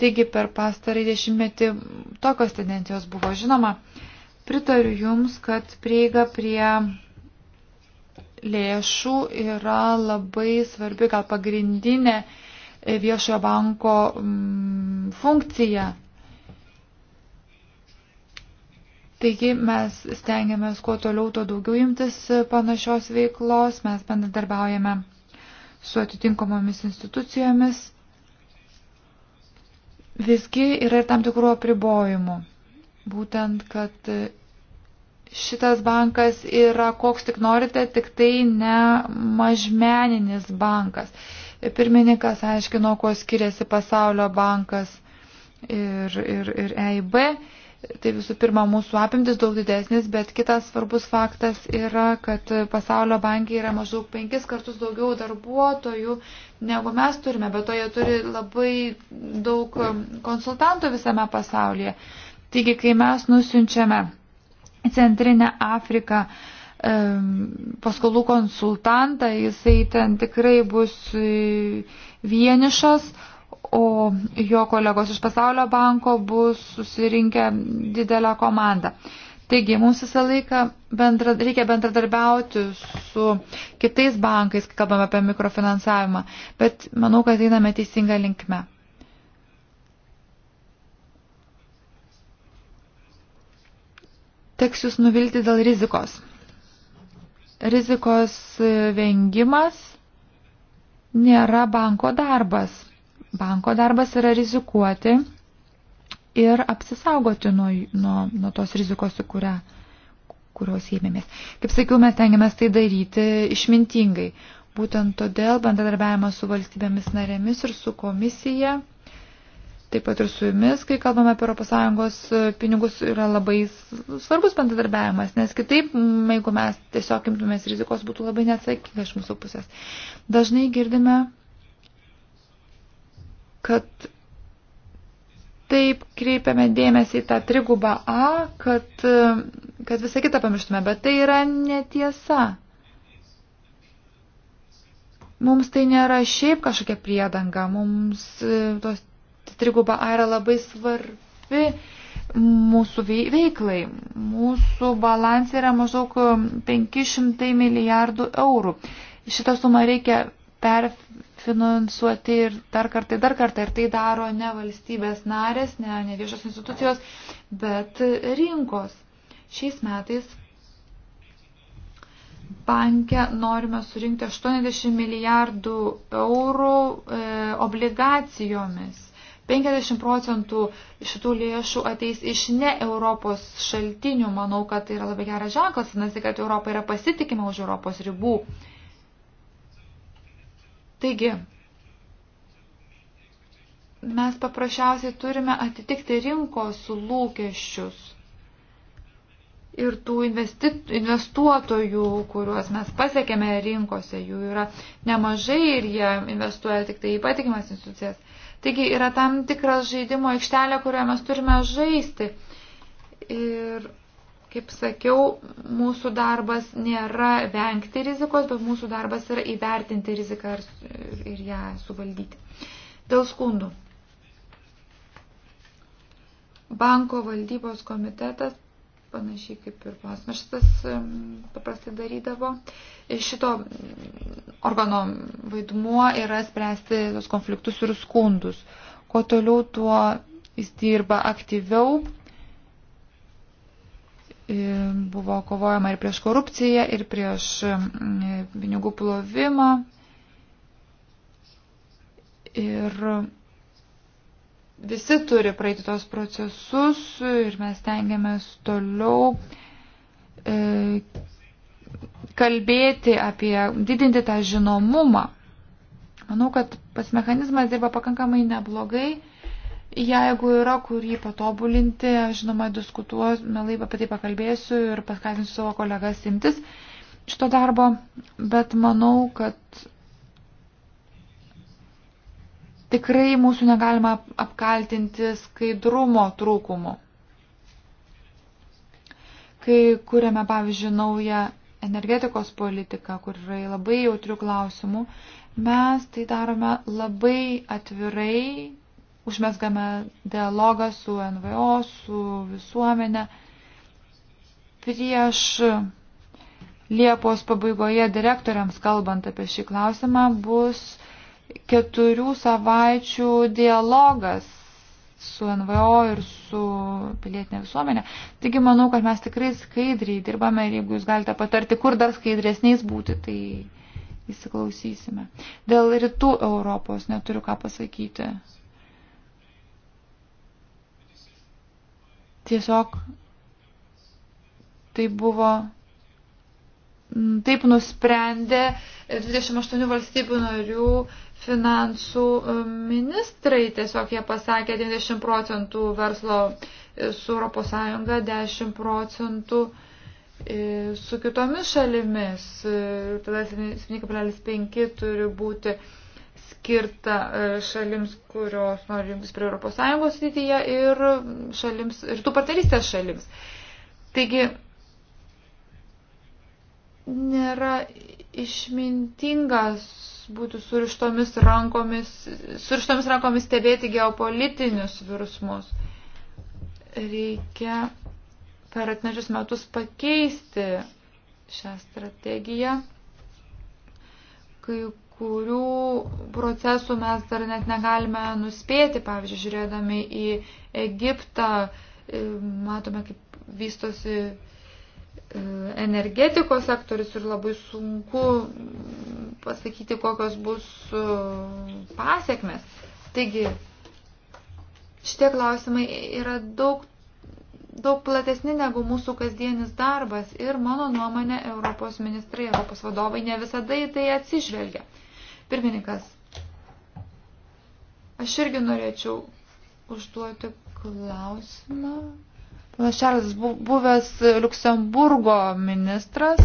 Taigi per pastarąjį dešimtmetį tokios tendencijos buvo žinoma. Pritariu Jums, kad prieiga prie lėšų yra labai svarbi, gal pagrindinė e, viešojo banko mm, funkcija. Taigi mes stengiamės kuo toliau, tuo daugiau imtis e, panašios veiklos, mes bendradarbiaujame su atitinkamomis institucijomis. Visgi yra ir tam tikrų apribojimų. Būtent, kad e, šitas bankas yra koks tik norite, tik tai ne mažmeninis bankas. Pirmininkas aiškino, kuo skiriasi pasaulio bankas ir, ir, ir EIB. Tai visų pirma, mūsų apimtis daug didesnis, bet kitas svarbus faktas yra, kad pasaulio bankiai yra maždaug penkis kartus daugiau darbuotojų, negu mes turime, bet to jie turi labai daug konsultantų visame pasaulyje. Taigi, kai mes nusinčiame Centrinę Afriką paskolų konsultantą, jisai ten tikrai bus e, vienišas, o jo kolegos iš pasaulio banko bus susirinkę didelę komandą. Taigi, mums visą laiką bendra, reikia bendradarbiauti su kitais bankais, kai kalbame apie mikrofinansavimą, bet manau, kad einame teisinga linkme. teks jūs nuvilti dėl rizikos. Rizikos vengimas nėra banko darbas. Banko darbas yra rizikuoti ir apsisaugoti nuo, nuo, nuo tos rizikos, kurią, kurios ėmėmės. Kaip sakiau, mes tengiamės tai daryti išmintingai. Būtent todėl bendradarbiavimas su valstybėmis narėmis ir su komisija taip pat ir su jumis, kai kalbame apie ES pinigus, yra labai svarbus bendradarbiavimas, nes kitaip, jeigu mes tiesiog imtumės rizikos, būtų labai neatsakinga iš mūsų pusės. Dažnai girdime, kad taip kreipiame dėmesį į tą trigubą A, kad, kad visą kitą pamirštume, bet tai yra netiesa. Mums tai nėra šiaip kažkokia priedanga, mums e, tos triguba A yra labai svarbi mūsų veiklai. Mūsų balansai yra maždaug 500 milijardų eurų. Šitą sumą reikia perfinansuoti ir dar kartą, dar kartą. Ir tai daro ne valstybės narės, ne, ne viešos institucijos, bet rinkos. Šiais metais banke norime surinkti 80 milijardų eurų e, obligacijomis. 50 procentų šitų lėšų ateis iš ne Europos šaltinių. Manau, kad tai yra labai geras ženklas, nes tai, kad Europa yra pasitikima už Europos ribų. Taigi, mes paprasčiausiai turime atitikti rinkos lūkesčius ir tų investuotojų, kuriuos mes pasiekėme rinkose, jų yra nemažai ir jie investuoja tik tai į patikimas institucijas. Taigi yra tam tikras žaidimo aikštelė, kurioje mes turime žaisti. Ir, kaip sakiau, mūsų darbas nėra vengti rizikos, bet mūsų darbas yra įvertinti riziką ir, ir ją suvaldyti. Dėl skundų. Banko valdybos komitetas panašiai kaip ir pas naštas paprastai darydavo. Šito mm, organo vaidmuo yra spręsti tos konfliktus ir skundus. Kuo toliau, tuo jis dirba aktyviau. E, buvo kovojama ir prieš korupciją, ir prieš mm, pinigų plovimą. Ir visi turi praeiti tos procesus ir mes tengiamės toliau e, kalbėti apie didinti tą žinomumą. Manau, kad pas mechanizmas dirba pakankamai neblogai. Jeigu yra kurį patobulinti, aš žinoma diskutuosiu, melai apie tai pakalbėsiu ir paskatinsiu savo kolegas imtis šito darbo, bet manau, kad Tikrai mūsų negalima apkaltinti skaidrumo trūkumu. Kai kuriame, pavyzdžiui, naują energetikos politiką, kur yra labai jautrių klausimų, mes tai darome labai atvirai, užmesgame dialogą su NVO, su visuomenė. Prieš Liepos pabaigoje direktoriams kalbant apie šį klausimą bus keturių savaičių dialogas su NVO ir su pilietinė visuomenė. Taigi manau, kad mes tikrai skaidriai dirbame ir jeigu jūs galite patarti, kur dar skaidresniais būti, tai įsiklausysime. Dėl rytų Europos neturiu ką pasakyti. Tiesiog tai buvo taip nusprendė 28 valstybių narių finansų e, ministrai. Tiesiog jie pasakė 90 procentų verslo e, su ES, 10 procentų e, su kitomis šalimis. Ir tada 7,5 turi būti skirta šalims, kurios nori jungtis prie ES srityje ir šalims, rytų partnerystės šalims. Taigi, nėra išmintingas būtų surištomis rankomis, surištomis rankomis stebėti geopolitinius virsmus. Reikia per atnežius metus pakeisti šią strategiją, kai kurių procesų mes dar net negalime nuspėti, pavyzdžiui, žiūrėdami į Egiptą, e, matome, kaip vystosi energetikos sektorius ir labai sunku pasakyti, kokios bus e, pasiekmes. Taigi, šitie klausimai yra daug, daug platesni negu mūsų kasdienis darbas ir mano nuomonė Europos ministrai, Europos vadovai ne visada į tai atsižvelgia. Pirmininkas, aš irgi norėčiau užduoti klausimą. Panas Šarlis buvęs Luksemburgo ministras.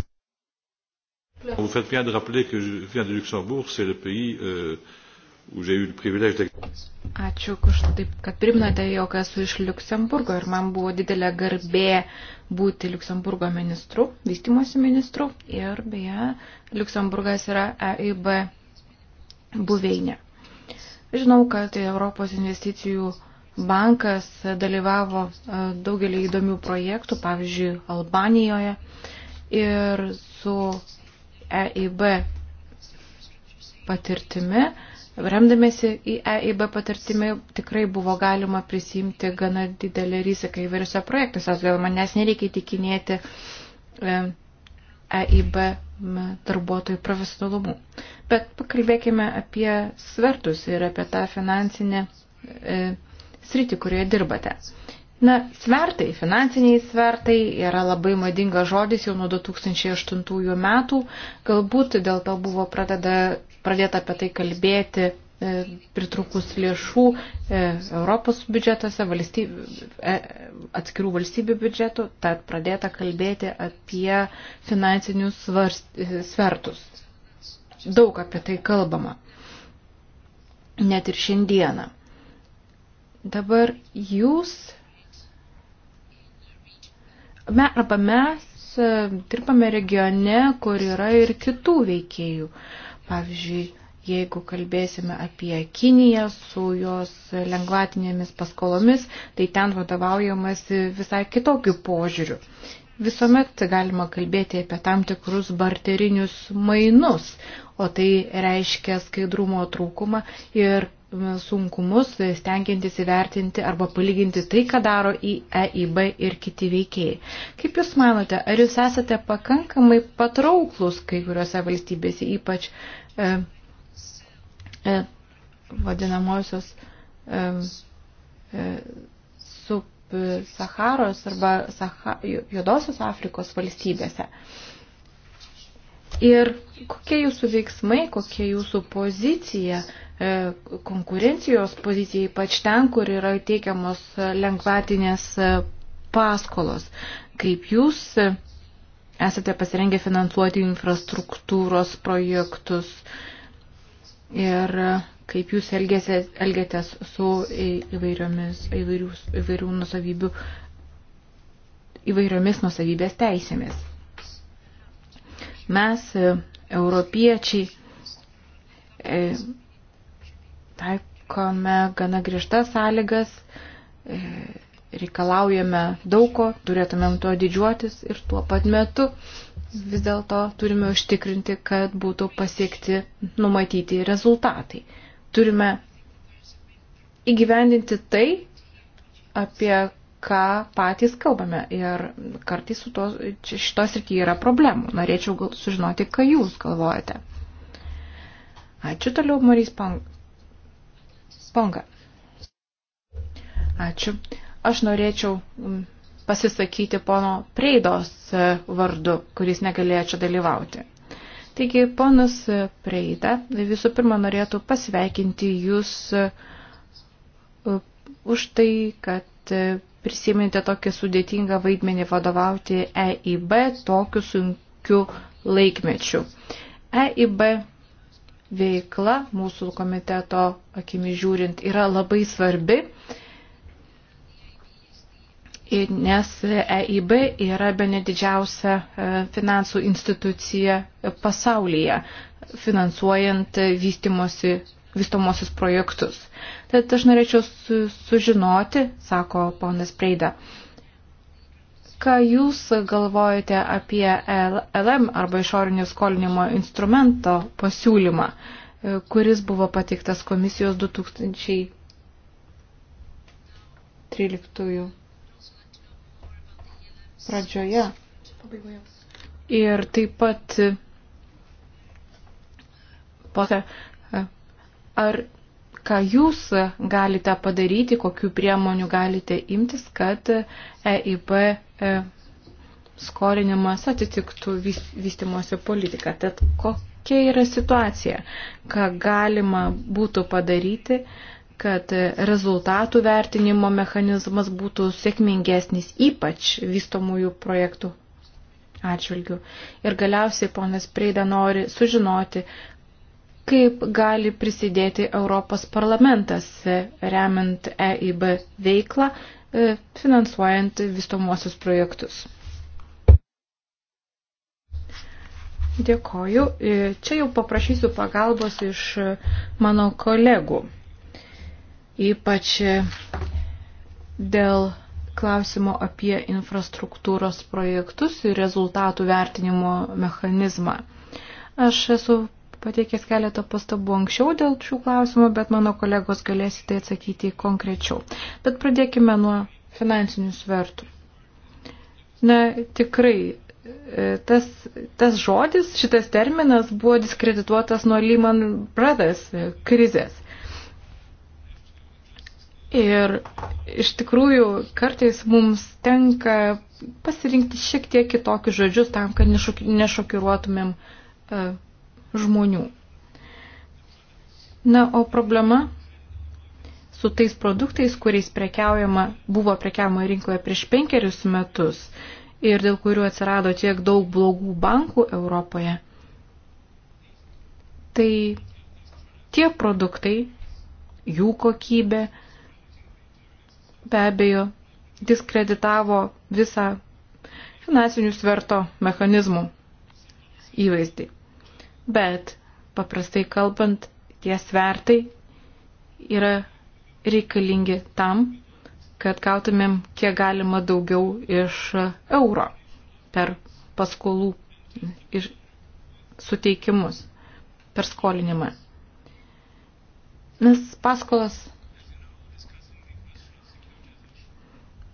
Vous faites bien de rappeler que je viens de Luxembourg, c'est le pays euh, où j'ai eu le privilège d'être. Ačiū, už taip, kad priminate, jog esu iš Luxemburgo ir man buvo didelė garbė būti Luxemburgo ministru, vystimosi ministru ir beje, Luxemburgas yra EIB buveinė. Žinau, kad Europos investicijų Bankas dalyvavo e, daugelį įdomių projektų, pavyzdžiui, Albanijoje ir su EIB patirtimi, remdamėsi į EIB patirtimi, tikrai buvo galima prisimti gana didelį riziką įvairiose projektuose, todėl manęs nereikia tikinėti EIB e darbuotojų profesionalumu. Bet pakalbėkime apie svertus ir apie tą finansinę e, sritį, kurioje dirbate. Na, svertai, finansiniai svertai yra labai madinga žodis jau nuo 2008 metų. Galbūt dėl to buvo pradeda, pradėta apie tai kalbėti e, pritrukus lėšų e, Europos biudžetuose, valstybių, e, atskirų valstybių biudžetų, tad pradėta kalbėti apie finansinius svarst, svertus. Daug apie tai kalbama. Net ir šiandieną. Dabar jūs me, arba mes e, dirbame regione, kur yra ir kitų veikėjų. Pavyzdžiui, jeigu kalbėsime apie Kiniją su jos lengvatinėmis paskolomis, tai ten vadovaujamas visai kitokių požiūrių. Visuomet galima kalbėti apie tam tikrus barterinius mainus, o tai reiškia skaidrumo trūkumą ir E, sunkumus, e, stengiantis įvertinti arba palyginti tai, ką daro į EIB ir kiti veikėjai. Kaip Jūs manote, ar Jūs esate pakankamai patrauklus kai kuriuose valstybėse, ypač e, e, vadinamosios e, e, subsaharos arba Saha, juodosios Afrikos valstybėse? Ir kokie jūsų veiksmai, kokia jūsų pozicija E, konkurencijos pozicijai, ypač ten, kur yra teikiamos lengvatinės e, paskolos. Kaip jūs e, esate pasirengę finansuoti infrastruktūros projektus ir kaip jūs elgėtės su įvairiomis, įvairių, įvairių nusavybių, įvairiomis nusavybės teisėmis. Mes, europiečiai, taikome gana griežtas sąlygas, e, reikalaujame daug ko, turėtumėm tuo didžiuotis ir tuo pat metu vis dėlto turime užtikrinti, kad būtų pasiekti numatyti rezultatai. Turime įgyvendinti tai, apie ką patys kalbame ir kartais su to, šitos rytyje yra problemų. Norėčiau sužinoti, ką jūs galvojate. Ačiū toliau, Marys Ponga. Ačiū. Aš norėčiau mm, pasisakyti pono Preidos e, vardu, kuris negalėjo čia dalyvauti. Taigi, ponas e, Preida visų pirma norėtų pasveikinti jūs e, už tai, kad prisiminti tokį sudėtingą vaidmenį vadovauti EIB tokiu sunkiu laikmečiu. EIB veikla mūsų komiteto akimi žiūrint yra labai svarbi, nes EIB yra be nedidžiausia e, finansų institucija pasaulyje, finansuojant vystimosi, vystomosius projektus. Tad aš norėčiau sužinoti, sako ponas Preida, Ką Jūs galvojate apie LM arba išorinio skolinimo instrumento pasiūlymą, e, kuris buvo pateiktas komisijos 2013 pradžioje? Ir taip pat, e, e, ar ką jūs galite padaryti, kokiu priemonių galite imtis, kad EIB e, skorinimas atitiktų vystimosi politiką. Tad kokia yra situacija, ką galima būtų padaryti, kad rezultatų vertinimo mechanizmas būtų sėkmingesnis, ypač vystomųjų projektų atžvilgių. Ir galiausiai ponas Preida nori sužinoti, kaip gali prisidėti Europos parlamentas, e, remiant EIB veiklą, e, finansuojant vystomuosius projektus. Dėkoju. E, čia jau paprašysiu pagalbos iš mano kolegų. Ypač dėl klausimo apie infrastruktūros projektus ir rezultatų vertinimo mechanizmą. Aš esu pateikęs keletą pastabų anksčiau dėl šių klausimų, bet mano kolegos galėsite tai atsakyti konkrečiau. Bet pradėkime nuo finansinių svertų. Na, tikrai, e, tas, tas žodis, šitas terminas buvo diskredituotas nuo Lehman Brothers e, krizės. Ir iš tikrųjų kartais mums tenka pasirinkti šiek tiek kitokius žodžius tam, kad nešokiruotumėm uh, žmonių. Na, o problema su tais produktais, kuriais prekiaujama, buvo prekiaujama rinkoje prieš penkerius metus ir dėl kurių atsirado tiek daug blogų bankų Europoje, tai tie produktai, jų kokybė be abejo diskreditavo visą finansinių sverto mechanizmų įvaizdį bet paprastai kalbant, tie svertai yra reikalingi tam, kad gautumėm kiek galima daugiau iš euro per paskolų ir suteikimus, per skolinimą. Nes paskolas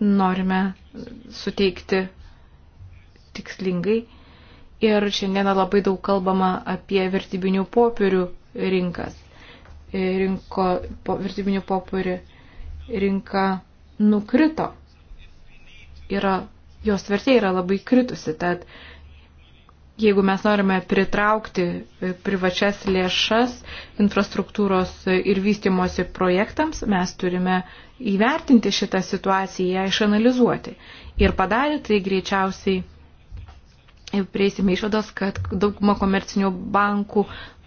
norime suteikti tikslingai Ir šiandieną labai daug kalbama apie vertybinių popierių rinkas. E, rinko, po, vertybinių popierių rinka nukrito. Yra, jos vertė yra labai kritusi, tad jeigu mes norime pritraukti e, privačias lėšas infrastruktūros ir vystimosi projektams, mes turime įvertinti šitą situaciją, ją išanalizuoti. Ir padarė tai greičiausiai prieisime išvados, kad dauguma komercinių bankų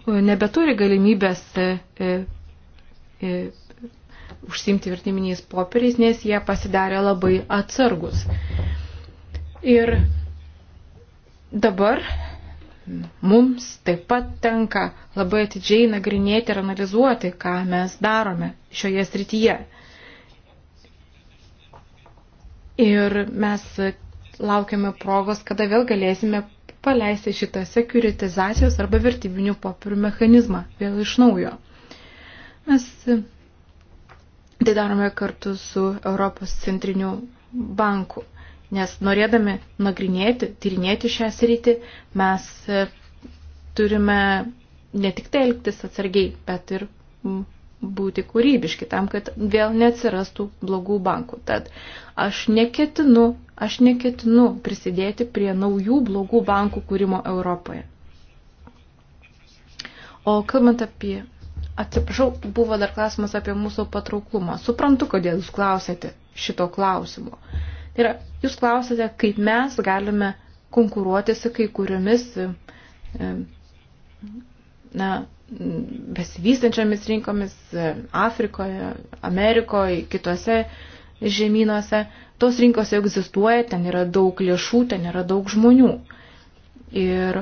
e, nebeturi galimybės e, e, užsimti vertiminiais popieriais, nes jie pasidarė labai atsargus. Ir dabar mums taip pat tenka labai atidžiai nagrinėti ir analizuoti, ką mes darome šioje srityje. Ir mes laukiame progos, kada vėl galėsime paleisti šitą sekuritizacijos arba vertybinių popierių mechanizmą vėl iš naujo. Mes e, tai darome kartu su Europos centriniu banku, nes norėdami nagrinėti, tyrinėti šią sritį, mes e, turime ne tik tai elgtis atsargiai, bet ir būti kūrybiški tam, kad vėl neatsirastų blogų bankų. Tad aš neketinu, aš neketinu prisidėti prie naujų blogų bankų kūrimo Europoje. O kalbant apie, atsiprašau, buvo dar klausimas apie mūsų patrauklumą. Suprantu, kodėl jūs klausėte šito klausimo. Tai yra, jūs klausėte, kaip mes galime konkuruoti su kai kuriomis e, na, besivystančiomis rinkomis e, Afrikoje, Amerikoje, kitose žemynuose. Tos rinkos egzistuoja, ten yra daug lėšų, ten yra daug žmonių. Ir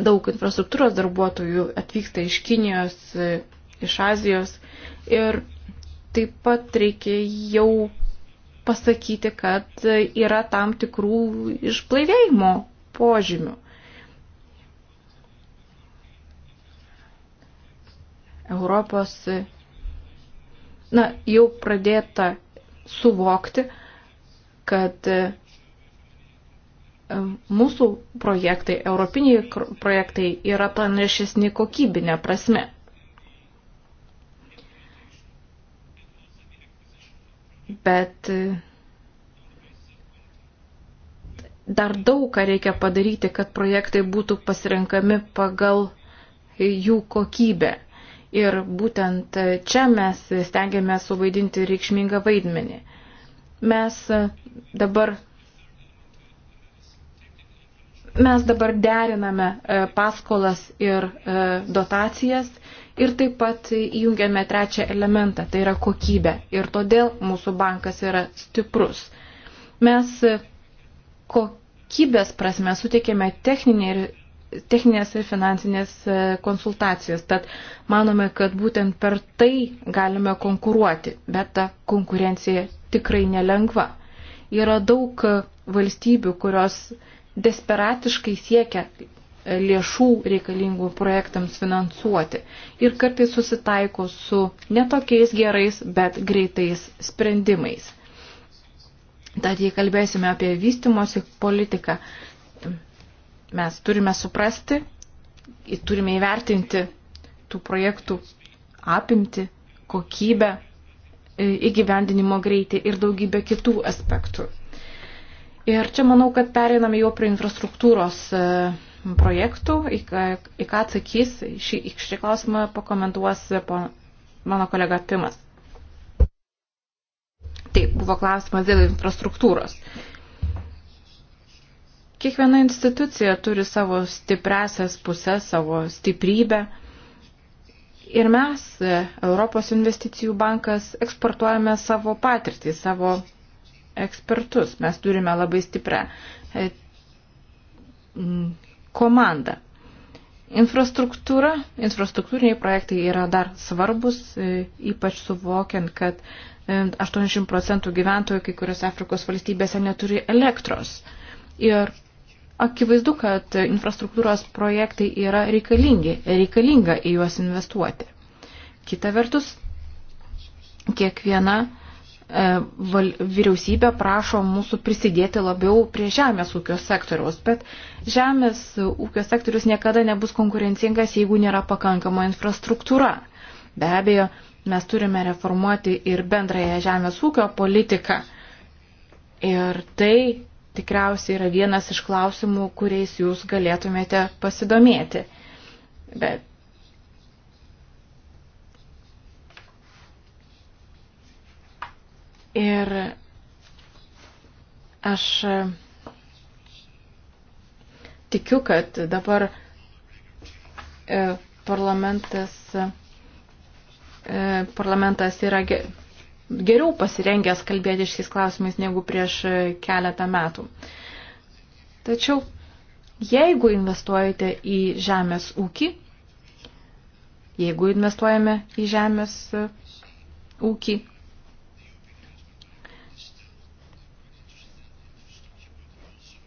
daug infrastruktūros darbuotojų atvyksta iš Kinijos, e, iš Azijos. Ir taip pat reikia jau pasakyti, kad yra tam tikrų išblaivėjimo požymių. Europos, na, jau pradėta suvokti, kad e, mūsų projektai, europiniai projektai yra panašesni kokybinė prasme. Bet e, dar daug ką reikia padaryti, kad projektai būtų pasirenkami pagal jų kokybę. Ir būtent čia mes stengiamės suvaidinti reikšmingą vaidmenį. Mes dabar, mes dabar deriname e, paskolas ir e, dotacijas ir taip pat įjungiame trečią elementą, tai yra kokybė. Ir todėl mūsų bankas yra stiprus. Mes kokybės prasme suteikėme techninę ir techninės ir finansinės e, konsultacijas. Tad manome, kad būtent per tai galime konkuruoti, bet ta konkurencija tikrai nelengva. Yra daug e, valstybių, kurios desperatiškai siekia e, lėšų reikalingų projektams finansuoti ir kartais susitaiko su netokiais gerais, bet greitais sprendimais. Tad jei kalbėsime apie vystimosi politiką, Mes turime suprasti, turime įvertinti tų projektų apimti, kokybę, įgyvendinimo greitį ir daugybę kitų aspektų. Ir čia manau, kad pereiname jau prie infrastruktūros e, projektų, į ką, į ką atsakys, šį, šį klausimą pakomentuos e, po mano kolega Pimas. Taip, buvo klausimas dėl infrastruktūros. Uh, Kiekviena institucija turi savo stipresias pusės, savo stiprybę. Ir mes, Europos investicijų bankas, eksportuojame savo patirtį, savo ekspertus. Mes turime labai stiprią e, komandą. Infrastruktūra, infrastruktūriniai projektai yra dar svarbus, e, ypač suvokiant, kad 80 e, procentų gyventojų kai kuriuose Afrikos valstybėse neturi elektros. Ir Akivaizdu, kad infrastruktūros projektai yra reikalingi, reikalinga į juos investuoti. Kita vertus, kiekviena e, vyriausybė prašo mūsų prisidėti labiau prie žemės ūkio sektoriaus, bet žemės ūkio sektorius niekada nebus konkurencingas, jeigu nėra pakankama infrastruktūra. Be abejo, mes turime reformuoti ir bendrąją žemės ūkio politiką. Ir tai tikriausiai yra vienas iš klausimų, kuriais jūs galėtumėte pasidomėti. Bet ir aš tikiu, kad dabar e, parlamentas, e, parlamentas yra geriau pasirengęs kalbėti šiais klausimais negu prieš keletą metų. Tačiau, jeigu investuojate į žemės ūkį, jeigu investuojame į žemės e, ūkį,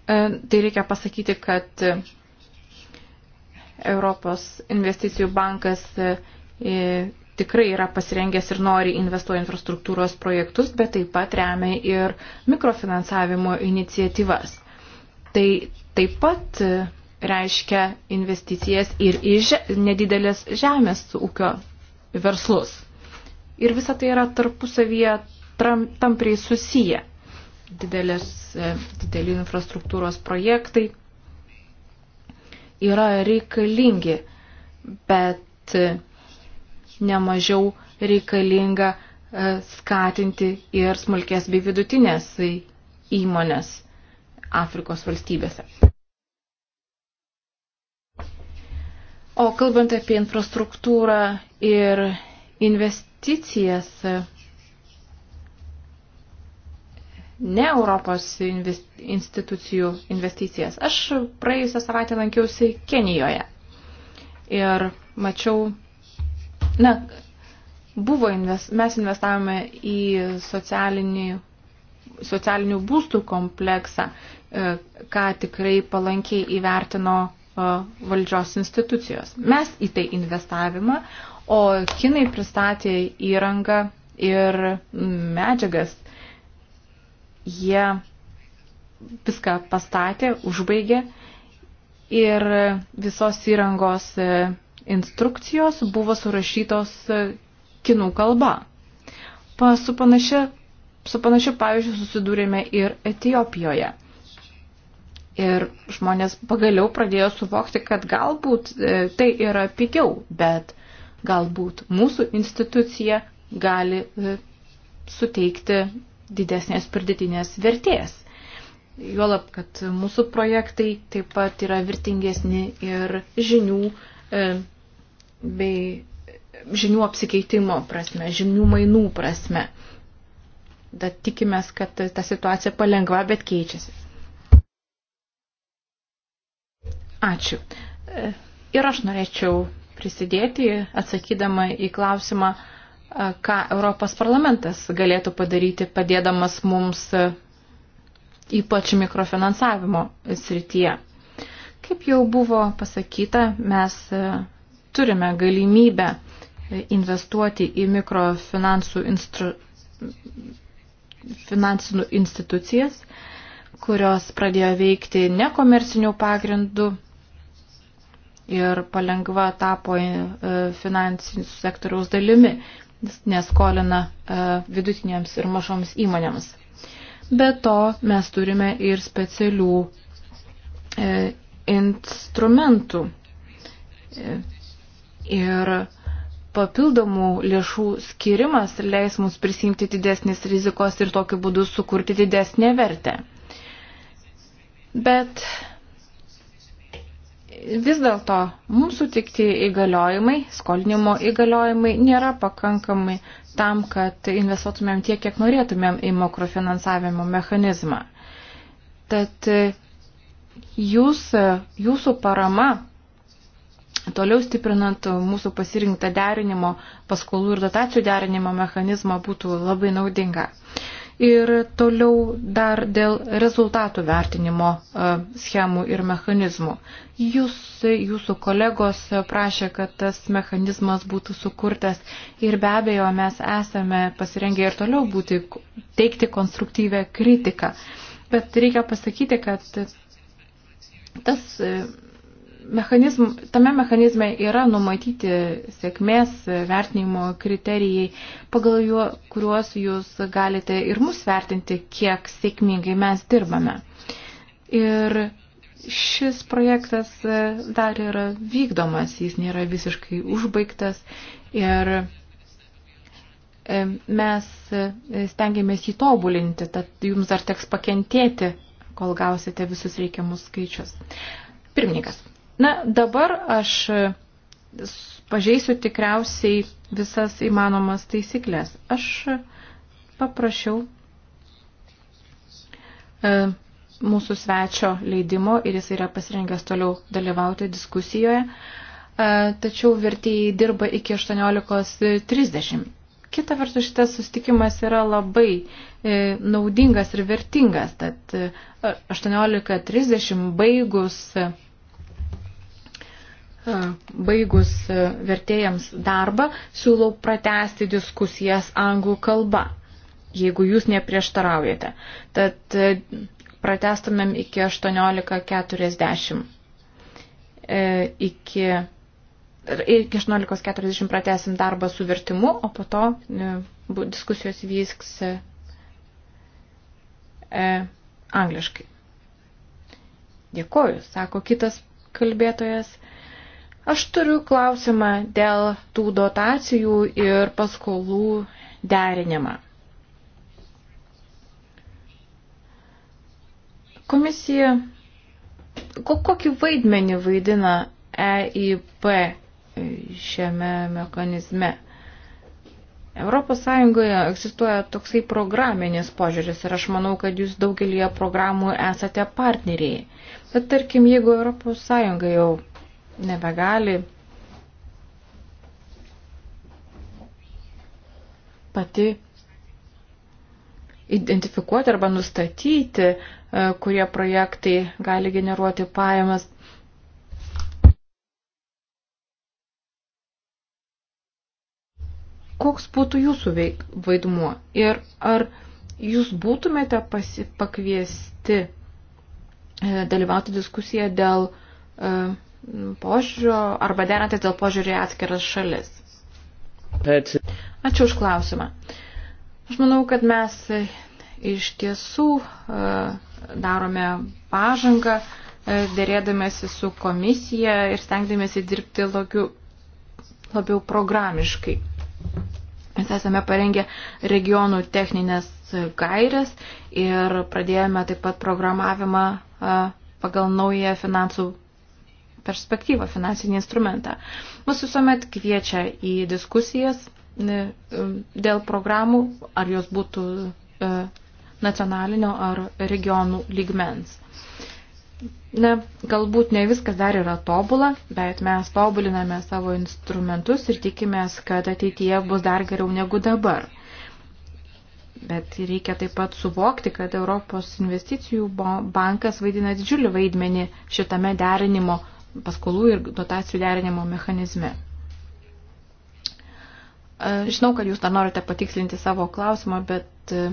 e, tai reikia pasakyti, kad Europos investicijų bankas e, tikrai yra pasirengęs ir nori investuoti infrastruktūros projektus, bet taip pat remia ir mikrofinansavimo iniciatyvas. Tai taip pat e, reiškia investicijas ir į že, nedidelės žemės ūkio verslus. Ir visa tai yra tarpusavyje tram, tampriai susiję. Didelės, e, dideli infrastruktūros projektai yra reikalingi, bet e, nemažiau reikalinga e, skatinti ir smulkės bei vidutinės įmonės Afrikos valstybėse. O kalbant apie infrastruktūrą ir investicijas, ne Europos invest, institucijų investicijas. Aš praėjusią savaitę lankiausi Kenijoje ir mačiau Na, buvo invest, mes investavome į socialinį, socialinių būstų kompleksą, e, ką tikrai palankiai įvertino e, valdžios institucijos. Mes į tai investavimą, o kinai pristatė įrangą ir medžiagas. Jie viską pastatė, užbaigė ir visos įrangos e, instrukcijos buvo surašytos e, kinų kalba. Pa, su panašia, su panašiu pavyzdžiu susidūrėme ir Etijopijoje. Ir žmonės pagaliau pradėjo suvokti, kad galbūt e, tai yra pigiau, bet galbūt mūsų institucija gali e, suteikti didesnės pridėtinės vertės. Juolab, kad mūsų projektai taip pat yra vertingesni ir žinių bei žinių apsikeitimo prasme, žinių mainų prasme. Tad tikimės, kad ta situacija palengva, bet keičiasi. Ačiū. Ir aš norėčiau prisidėti, atsakydama į klausimą, ką Europos parlamentas galėtų padaryti, padėdamas mums ypač mikrofinansavimo srityje. Kaip jau buvo pasakyta, mes turime galimybę investuoti į mikrofinansų instru... finansinų institucijas, kurios pradėjo veikti nekomercinių pagrindų ir palengva tapo e, finansinių sektoriaus dalimi, neskolina e, vidutinėms ir mažoms įmonėms. Be to mes turime ir specialių e, instrumentų Ir papildomų lėšų skirimas leis mums prisimti didesnės rizikos ir tokiu būdu sukurti didesnę vertę. Bet vis dėlto mums sutikti įgaliojimai, skolinimo įgaliojimai nėra pakankami tam, kad investuotumėm tiek, kiek norėtumėm į makrofinansavimo mechanizmą. Tad jūs, jūsų parama Toliau stiprinant mūsų pasirinktą derinimo, paskolų ir dotacijų derinimo mechanizmą būtų labai naudinga. Ir toliau dar dėl rezultatų vertinimo e, schemų ir mechanizmų. Jūs, jūsų kolegos prašė, kad tas mechanizmas būtų sukurtas ir be abejo mes esame pasirengę ir toliau būti, teikti konstruktyvę kritiką. Bet reikia pasakyti, kad tas mechanizm, tame mechanizme yra numatyti sėkmės vertinimo kriterijai, pagal juo, kuriuos jūs galite ir mus vertinti, kiek sėkmingai mes dirbame. Ir šis projektas dar yra vykdomas, jis nėra visiškai užbaigtas ir e, mes stengiamės jį tobulinti, tad jums dar teks pakentėti, kol gausite visus reikiamus skaičius. Pirmininkas. Na, dabar aš e, pažeisiu tikriausiai visas įmanomas taisyklės. Aš e, paprašiau e, mūsų svečio leidimo ir jis yra pasirengęs toliau dalyvauti diskusijoje, tačiau vertėjai dirba iki 18.30. Kita vertus šitas sustikimas yra labai naudingas ir vertingas, tad 18.30 baigus baigus vertėjams darbą, siūlau pratesti diskusijas anglų kalba, jeigu jūs neprieštaraujate. Tad pratestumėm iki 18.40. E, iki, iki 18.40 pratesim darbą su vertimu, o po to e, diskusijos vyks e, angliškai. Dėkoju, sako kitas kalbėtojas. Aš turiu klausimą dėl tų dotacijų ir paskolų derinimą. Komisija, kokį vaidmenį vaidina EIP šiame mechanizme? Europos Sąjungoje egzistuoja toksai programinis požiūris ir aš manau, kad jūs daugelie programų esate partneriai. Bet tarkim, jeigu Europos Sąjunga jau nebegali pati identifikuoti arba nustatyti, e, kurie projektai gali generuoti pajamas. Koks būtų jūsų vaidmuo ir ar jūs būtumėte pakviesti e, dalyvauti diskusiją dėl uh, požiūrio arba derantis dėl požiūrį atskiras šalis. Bet... Ačiū už klausimą. Aš manau, kad mes iš tiesų e, darome pažangą, e, dėrėdamėsi su komisija ir stengdamėsi dirbti labiau, labiau programiškai. Mes esame parengę regionų techninės gairės ir pradėjome taip pat programavimą e, pagal naują finansų perspektyvą, finansinį instrumentą. Mus visuomet kviečia į diskusijas e, e, dėl programų, ar jos būtų e, nacionalinio ar regionų lygmens. Na, galbūt ne viskas dar yra tobula, bet mes tobuliname savo instrumentus ir tikimės, kad ateityje bus dar geriau negu dabar. Bet reikia taip pat suvokti, kad Europos investicijų bankas vaidina didžiulį vaidmenį šitame derinimo paskolų ir dotacijų derinimo mechanizme. E, žinau, kad jūs dar norite patikslinti savo klausimą, bet e,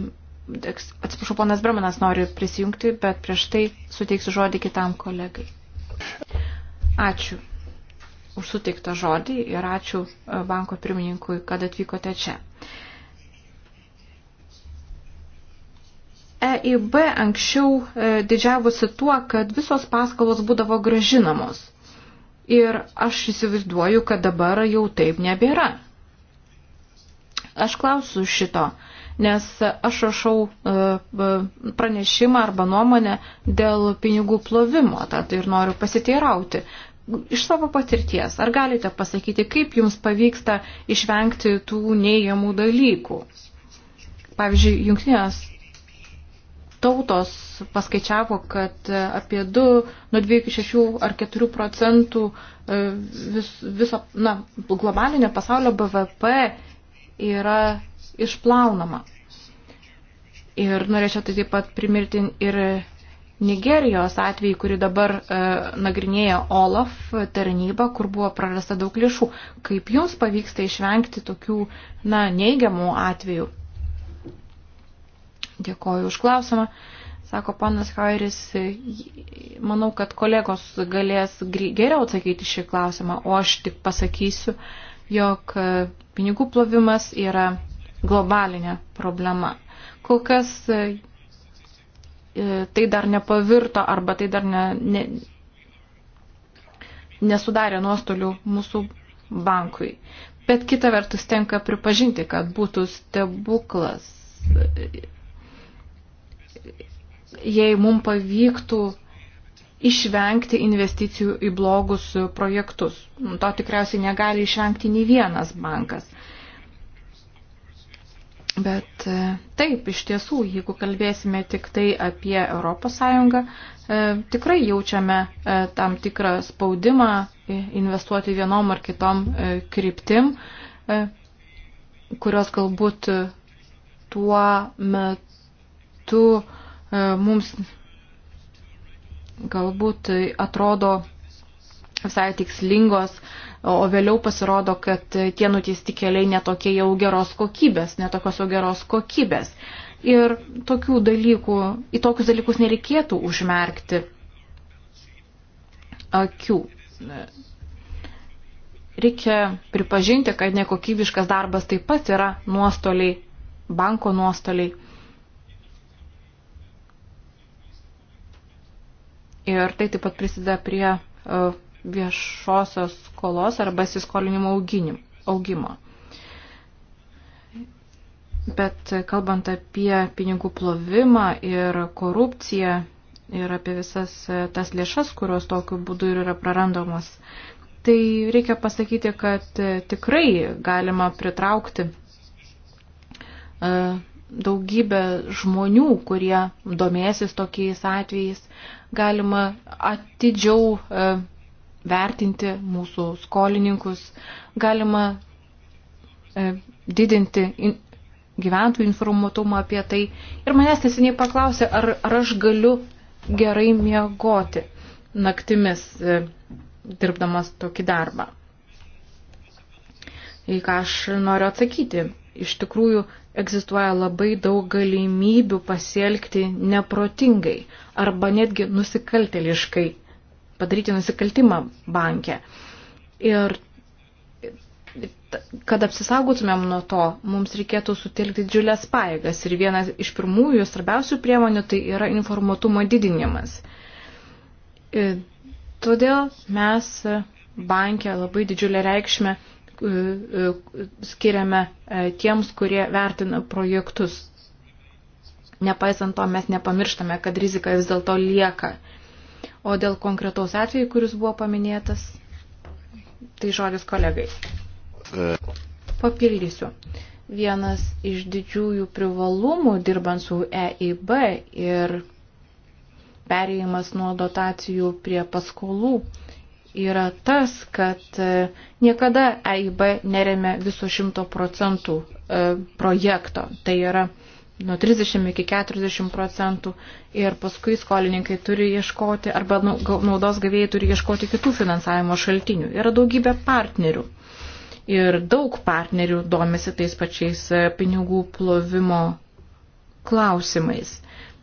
atsiprašau, ponas Bramanas nori prisijungti, bet prieš tai suteiksiu žodį kitam kolegai. Ačiū už suteiktą žodį ir ačiū e, banko pirmininkui, kad atvykote čia. EIB anksčiau e, didžiavosi tuo, kad visos paskolos būdavo gražinamos. Ir aš įsivaizduoju, kad dabar jau taip nebėra. Aš klausiu šito, nes aš rašau e, e, pranešimą arba nuomonę dėl pinigų plovimo, tad ir noriu pasiteirauti. Iš savo patirties, ar galite pasakyti, kaip jums pavyksta išvengti tų neįjamų dalykų? Pavyzdžiui, jungtinės tautos paskaičiavo, kad apie 2, nuo 2 iki 6 ar 4 procentų e, vis, viso na, globalinio pasaulio BVP yra išplaunama. Ir norėčiau tai taip pat primirti ir Nigerijos atvejį, kurį dabar e, nagrinėja OLAF tarnyba, kur buvo prarasta daug lėšų. Kaip jums pavyksta išvengti tokių na, neigiamų atvejų? Dėkoju už klausimą. Sako panas Hairis, manau, kad kolegos galės geriau atsakyti šį klausimą, o aš tik pasakysiu, jog e, pinigų plovimas yra globalinė problema. Kol kas e, e, tai dar nepavirto arba tai dar ne, ne, nesudarė nuostolių mūsų bankui. Bet kita vertus tenka pripažinti, kad būtų stebuklas jei mums pavyktų išvengti investicijų į blogus projektus. To tikriausiai negali išvengti nei vienas bankas. Bet e, taip, iš tiesų, jeigu kalbėsime tik tai apie ES, e, tikrai jaučiame e, tam tikrą spaudimą investuoti vienom ar kitom kryptim, kurios galbūt tuo metu metu e, mums galbūt atrodo visai tikslingos, o vėliau pasirodo, kad tie nuteisti keliai netokie jau geros kokybės, netokios jau geros kokybės. Ir tokių dalykų, į tokius dalykus nereikėtų užmerkti akių. Reikia pripažinti, kad nekokybiškas darbas taip pat yra nuostoliai, banko nuostoliai. ir tai taip pat prisideda prie e, viešosios skolos arba įsiskolinimo augimo. Bet kalbant apie pinigų plovimą ir korupciją ir apie visas e, tas lėšas, kurios tokiu būdu ir yra prarandamos, tai reikia pasakyti, kad e, tikrai galima pritraukti daugybę žmonių, kurie domėsis tokiais atvejais. Galima atidžiau e, vertinti mūsų skolininkus, galima e, didinti gyventojų informuotumą apie tai. Ir manęs tiesiog paklausė, ar, ar aš galiu gerai miegoti naktimis e, dirbdamas tokį darbą. Į ką aš noriu atsakyti. Iš tikrųjų, egzistuoja labai daug galimybių pasielgti neprotingai arba netgi nusikalteliškai, padaryti nusikaltimą bankę. Ir kad apsisaugotumėm nuo to, mums reikėtų sutelkti didžiulės paėgas ir vienas iš pirmųjų svarbiausių priemonių tai yra informatumo didinimas. Ir todėl mes bankė labai didžiulę reikšmę skiriame e, tiems, kurie vertina projektus. Nepaisant to, mes nepamirštame, kad rizika vis dėlto lieka. O dėl konkretaus atveju, kuris buvo paminėtas, tai žodis kolegai. E. Papildysiu. Vienas iš didžiųjų privalumų dirbant su EIB ir perėjimas nuo dotacijų prie paskolų yra tas, kad e, niekada EIB neremia viso 100 procentų e, projekto. Tai yra nuo 30 iki 40 procentų ir paskui skolininkai turi ieškoti arba nu, naudos gavėjai turi ieškoti kitų finansavimo šaltinių. Yra daugybė partnerių ir daug partnerių domisi tais pačiais e, pinigų plovimo klausimais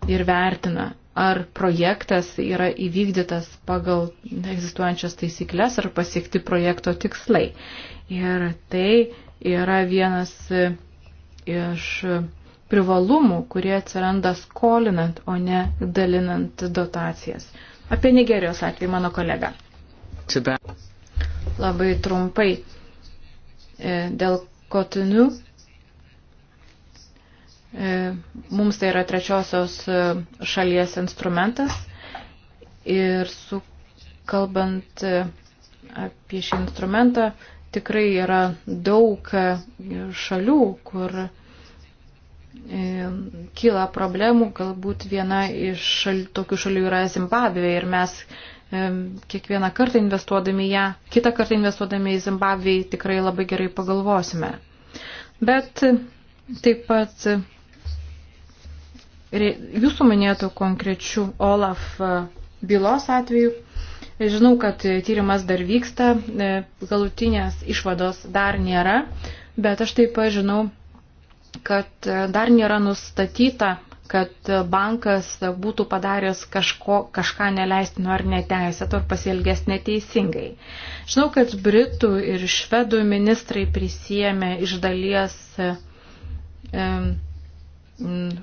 ir vertina ar projektas yra įvykdytas pagal egzistuojančias taisyklės ar pasiekti projekto tikslai. Ir tai yra vienas iš privalumų, kurie atsiranda skolinant, o ne dalinant dotacijas. Apie Nigerijos atvejį mano kolega. Labai trumpai. E, dėl kotinių E, mums tai yra trečiosios e, šalies instrumentas ir su, kalbant e, apie šį instrumentą, tikrai yra daug šalių, kur kyla problemų, galbūt viena iš šal, tokių šalių yra Zimbabvė ir mes kiekvieną kartą investuodami ją, kitą kartą investuodami į Zimbabvę tikrai labai gerai pagalvosime. Bet taip pat Jūsų minėtų konkrečių OLAF e, bylos atveju. Žinau, kad tyrimas dar vyksta, e, galutinės išvados dar nėra, bet aš taip pat žinau, kad e, dar nėra nustatyta, kad bankas būtų padaręs kažko, kažką neleistino ar neteisėto ar pasielgęs neteisingai. Žinau, kad Britų ir Švedų ministrai prisėmė iš dalies e,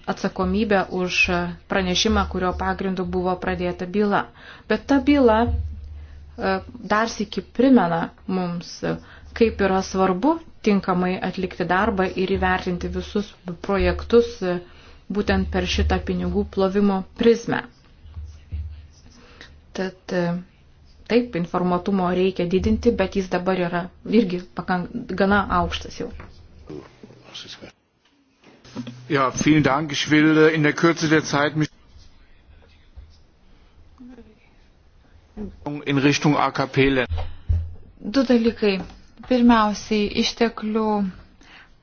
atsakomybę už pranešimą, kurio pagrindu buvo pradėta byla. Bet ta byla e, dar sėki primena mums, e, kaip yra svarbu tinkamai atlikti darbą ir įvertinti visus projektus e, būtent per šitą pinigų plovimo prizmę. Tad taip, informatumo reikia didinti, bet jis dabar yra irgi pakank, gana aukštas jau. Susiskart. Ja, vielen Dank. Ich will äh, in der Kürze der Zeit mich in Richtung AKP Länder. Du dalykai. Pirmiausiai, išteklių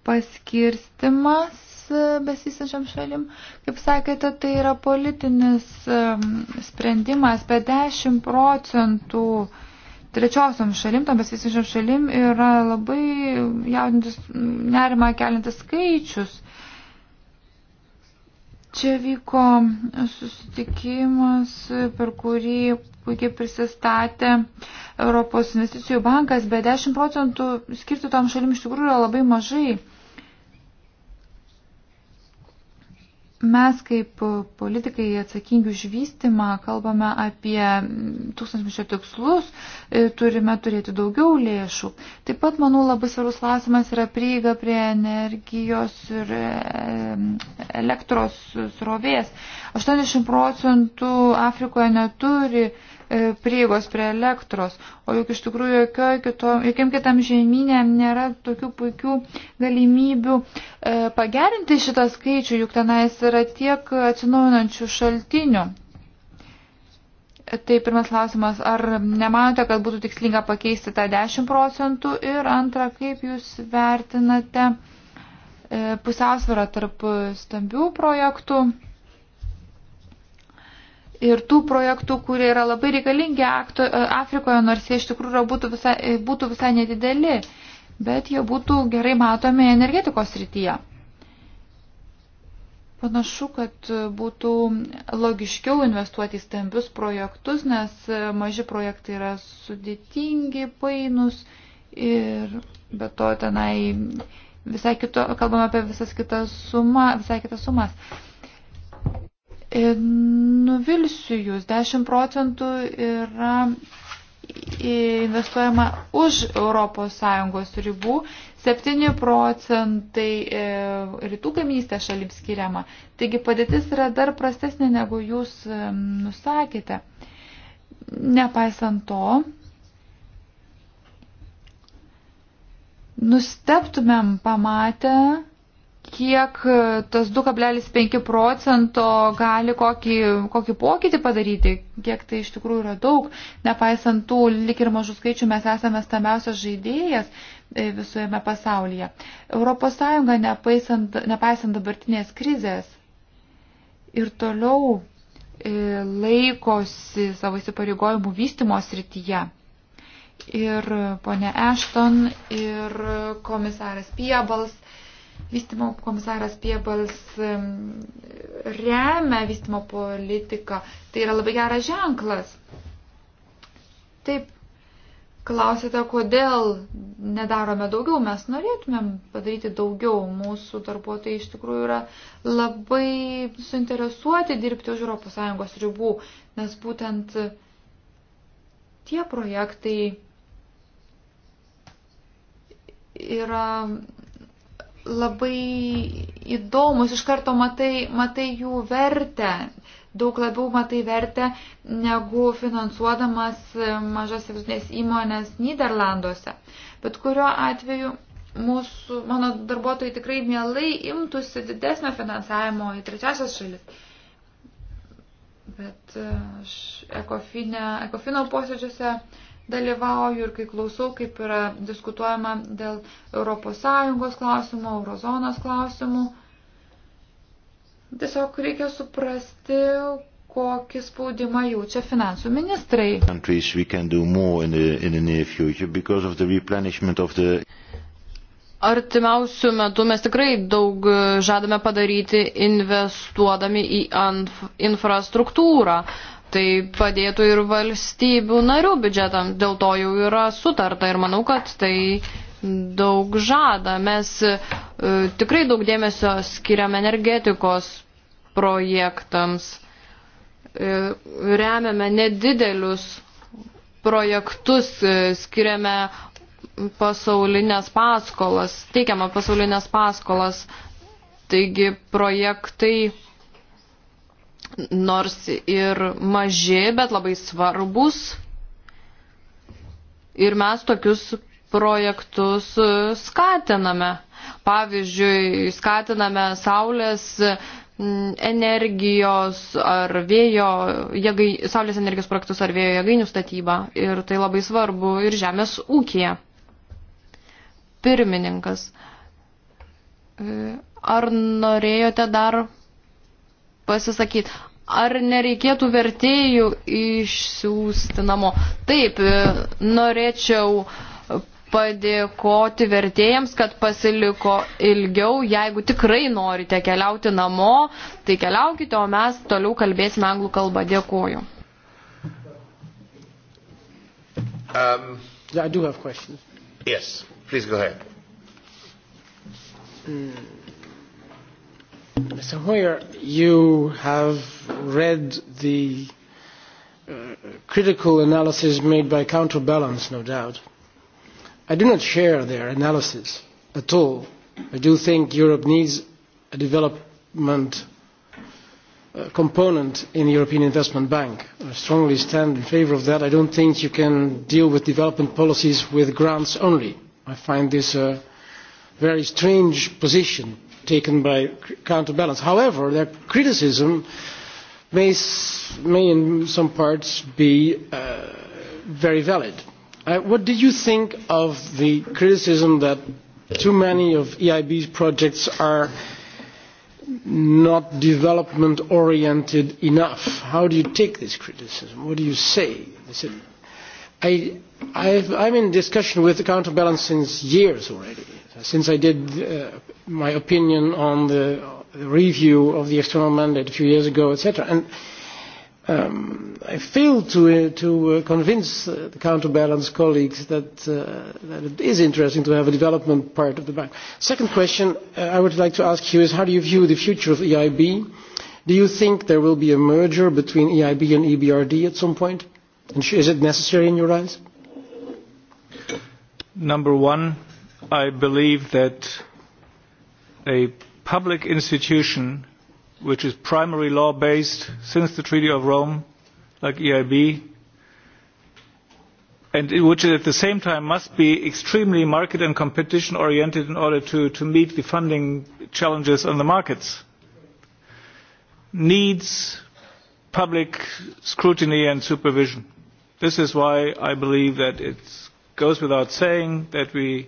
paskirstimas e, besisančiam šalim. Kaip sakėte, tai yra politinis e, sprendimas, bet 10 procentų trečiosiam šalim, tam besisančiam šalim yra labai jaudintis, nerima kelintis skaičius. Čia vyko susitikimas, per kurį puikiai prisistatė Europos investicijų bankas, bet 10 procentų skirti tom šalim iš tikrųjų yra labai mažai. Mes kaip politikai atsakingi už vystimą kalbame apie tūkstantmečio tikslus, e, turime turėti daugiau lėšų. Taip pat, manau, labai svarbus klausimas yra prieiga prie energijos ir e, elektros srovės. 80 procentų Afrikoje neturi E, prieigos prie elektros, o juk iš tikrųjų kito, jokiam kitam žemynė nėra tokių puikių galimybių e, pagerinti šitą skaičių, juk tenais yra tiek atsinaujinančių šaltinių. Tai pirmas klausimas, ar nemanote, kad būtų tikslinga pakeisti tą 10 procentų ir antra, kaip jūs vertinate e, pusiausvyrą tarp stambių projektų ir tų projektų, kurie yra labai reikalingi akto, e, Afrikoje, nors jie iš tikrųjų būtų visai, e, būtų visai nedideli, bet jie būtų gerai matomi energetikos srityje. Panašu, kad būtų logiškiau investuoti į stambius projektus, nes e, maži projektai yra sudėtingi, painus ir be to tenai visai kito, kalbame apie visas kitas suma, visai kitas sumas. Nuvilsiu jūs, 10 procentų yra investuojama už ES ribų, 7 procentai e, rytų kaimynystės šalims skiriama. Taigi padėtis yra dar prastesnė, negu jūs e, nusakėte. Nepaisant to, nusteptumėm pamatę, kiek e, tas 2,5 procento gali kokį, kokį pokytį padaryti, kiek tai iš tikrųjų yra daug. Nepaisant tų lik ir mažų skaičių, mes esame stamiausias žaidėjas e, visoje pasaulyje. ES, nepaisant, nepaisant dabartinės krizės, ir toliau e, laikosi savo įsipareigojimų vystimo srityje ir ponė Ešton, ir komisaras Piebals Vystimo komisaras Piebals remia vystimo politiką. Tai yra labai geras ženklas. Taip, klausėte, kodėl nedarome daugiau, mes norėtumėm padaryti daugiau. Mūsų darbuotojai iš tikrųjų yra labai suinteresuoti dirbti už ES ribų, nes būtent tie projektai yra labai įdomus, iš karto matai, matai jų vertę, daug labiau matai vertę negu finansuodamas mažas ir vidutinės įmonės Niderlanduose. Bet kuriuo atveju mūsų, mano darbuotojai tikrai mielai imtųsi didesnio finansavimo į trečiasias šalis. Bet e, aš ekofinė, ekofino posėdžiuose dalyvauju ir kai klausau, kaip yra diskutuojama dėl ES klausimų, eurozonos klausimų. Tiesiog reikia suprasti, kokį spaudimą jaučia finansų ministrai. Artimiausių metų mes tikrai daug e, žadame padaryti investuodami į infrastruktūrą. Tai padėtų ir valstybių narių biudžetams, dėl to jau yra sutarta ir manau, kad tai daug žada. Mes e, tikrai daug dėmesio skiriam energetikos projektams, e, remiame nedidelius projektus, e, skiriame pasaulinės paskolas, teikiame pasaulinės paskolas. Taigi projektai nors ir maži, bet labai svarbus. Ir mes tokius projektus skatiname. Pavyzdžiui, skatiname saulės mm, energijos ar vėjo, jėgai, saulės energijos projektus ar vėjo jėgainių statybą. Ir tai labai svarbu ir žemės ūkija. Pirmininkas. E, ar norėjote dar pasisakyti. Ar nereikėtų vertėjų išsiųsti namo? Taip, e, norėčiau padėkoti vertėjams, kad pasiliko ilgiau. Jeigu tikrai norite keliauti namo, tai keliaukite, o mes toliau kalbėsime anglų kalbą. Dėkuoju. Um, yeah, I do have questions. Yes, please go ahead. Mm. Mr. Hoyer, you have read the uh, critical analysis made by Counterbalance, no doubt. I do not share their analysis at all. I do think Europe needs a development uh, component in the European Investment Bank. I strongly stand in favour of that. I don't think you can deal with development policies with grants only. I find this a very strange position taken by counterbalance. However, their criticism may, may in some parts be uh, very valid. Uh, what did you think of the criticism that too many of EIB's projects are not development oriented enough? How do you take this criticism? What do you say? Is it, I, I've, I'm in discussion with the counterbalance since years already since I did uh, my opinion on the, the review of the external mandate a few years ago, etc. And um, I failed to, uh, to uh, convince uh, the counterbalance colleagues that, uh, that it is interesting to have a development part of the bank. Second question uh, I would like to ask you is how do you view the future of EIB? Do you think there will be a merger between EIB and EBRD at some point? And is it necessary in your eyes? Number one, I believe that a public institution which is primary law based since the Treaty of Rome, like EIB, and which at the same time must be extremely market and competition oriented in order to, to meet the funding challenges on the markets, needs public scrutiny and supervision. This is why I believe that it goes without saying that we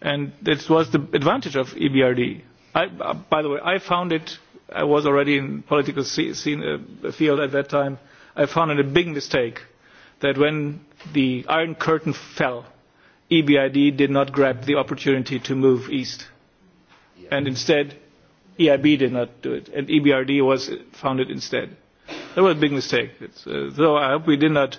and this was the advantage of ebrd. I, uh, by the way i found it i was already in the political scene, uh, field at that time i found it a big mistake that when the iron curtain fell ebrd did not grab the opportunity to move east yeah. and instead eib did not do it and ebrd was uh, founded instead. that was a big mistake. Uh, so i hope we did not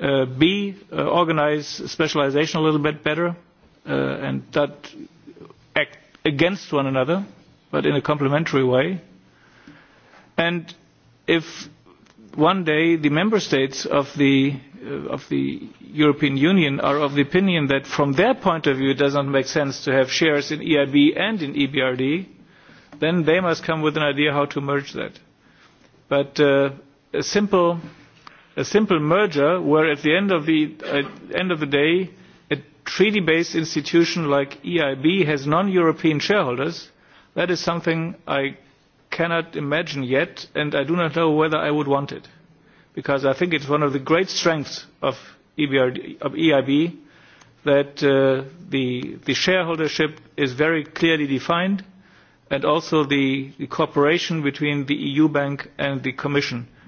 Uh, b uh, organize specialization a little bit better uh, and that act against one another but in a complementary way and if one day the member states of the uh, of the European Union are of the opinion that from their point of view it doesn't make sense to have shares in EIB and in EBRD then they must come with an idea how to merge that but uh, a simple a simple merger where at the end of the, uh, end of the day a treaty based institution like EIB has non European shareholders, that is something I cannot imagine yet, and I do not know whether I would want it. Because I think it's one of the great strengths of, EBRD, of EIB that uh, the, the shareholdership is very clearly defined and also the, the cooperation between the EU Bank and the Commission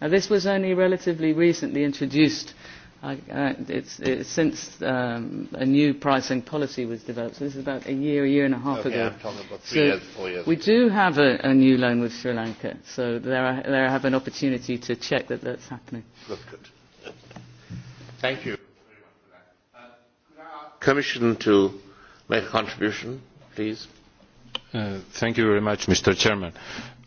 Now, this was only relatively recently introduced I, uh, it's, it's since um, a new pricing policy was developed. So this is about a year, a year and a half okay, ago. I'm talking about three so years, four years. We do have a, a new loan with Sri Lanka, so there I, there I have an opportunity to check that that's happening. That's good. Thank you. Uh, could I ask Commission to make a contribution, please. Uh, thank you very much, Mr. Chairman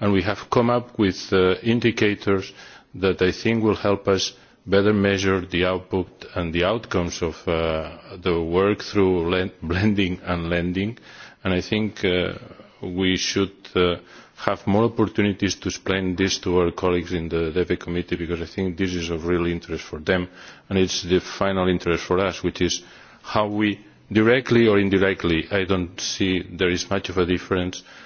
and we have come up with uh, indicators that i think will help us better measure the output and the outcomes of uh, the work through [laughs] blending and lending and i think uh, we should uh, have more opportunities to explain this to our colleagues in the deve e committee because i think this is of real interest for them and it's the final interest for us which is how we directly or indirectly i don't see there is much of a difference uh,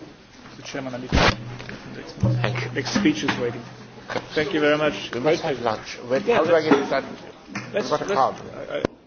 the chairman a little. Next, Thank you. Next speech is waiting. Thank you very much. We must have lunch. Where, yeah, how do I get that? Let's, I've got a card. I, I,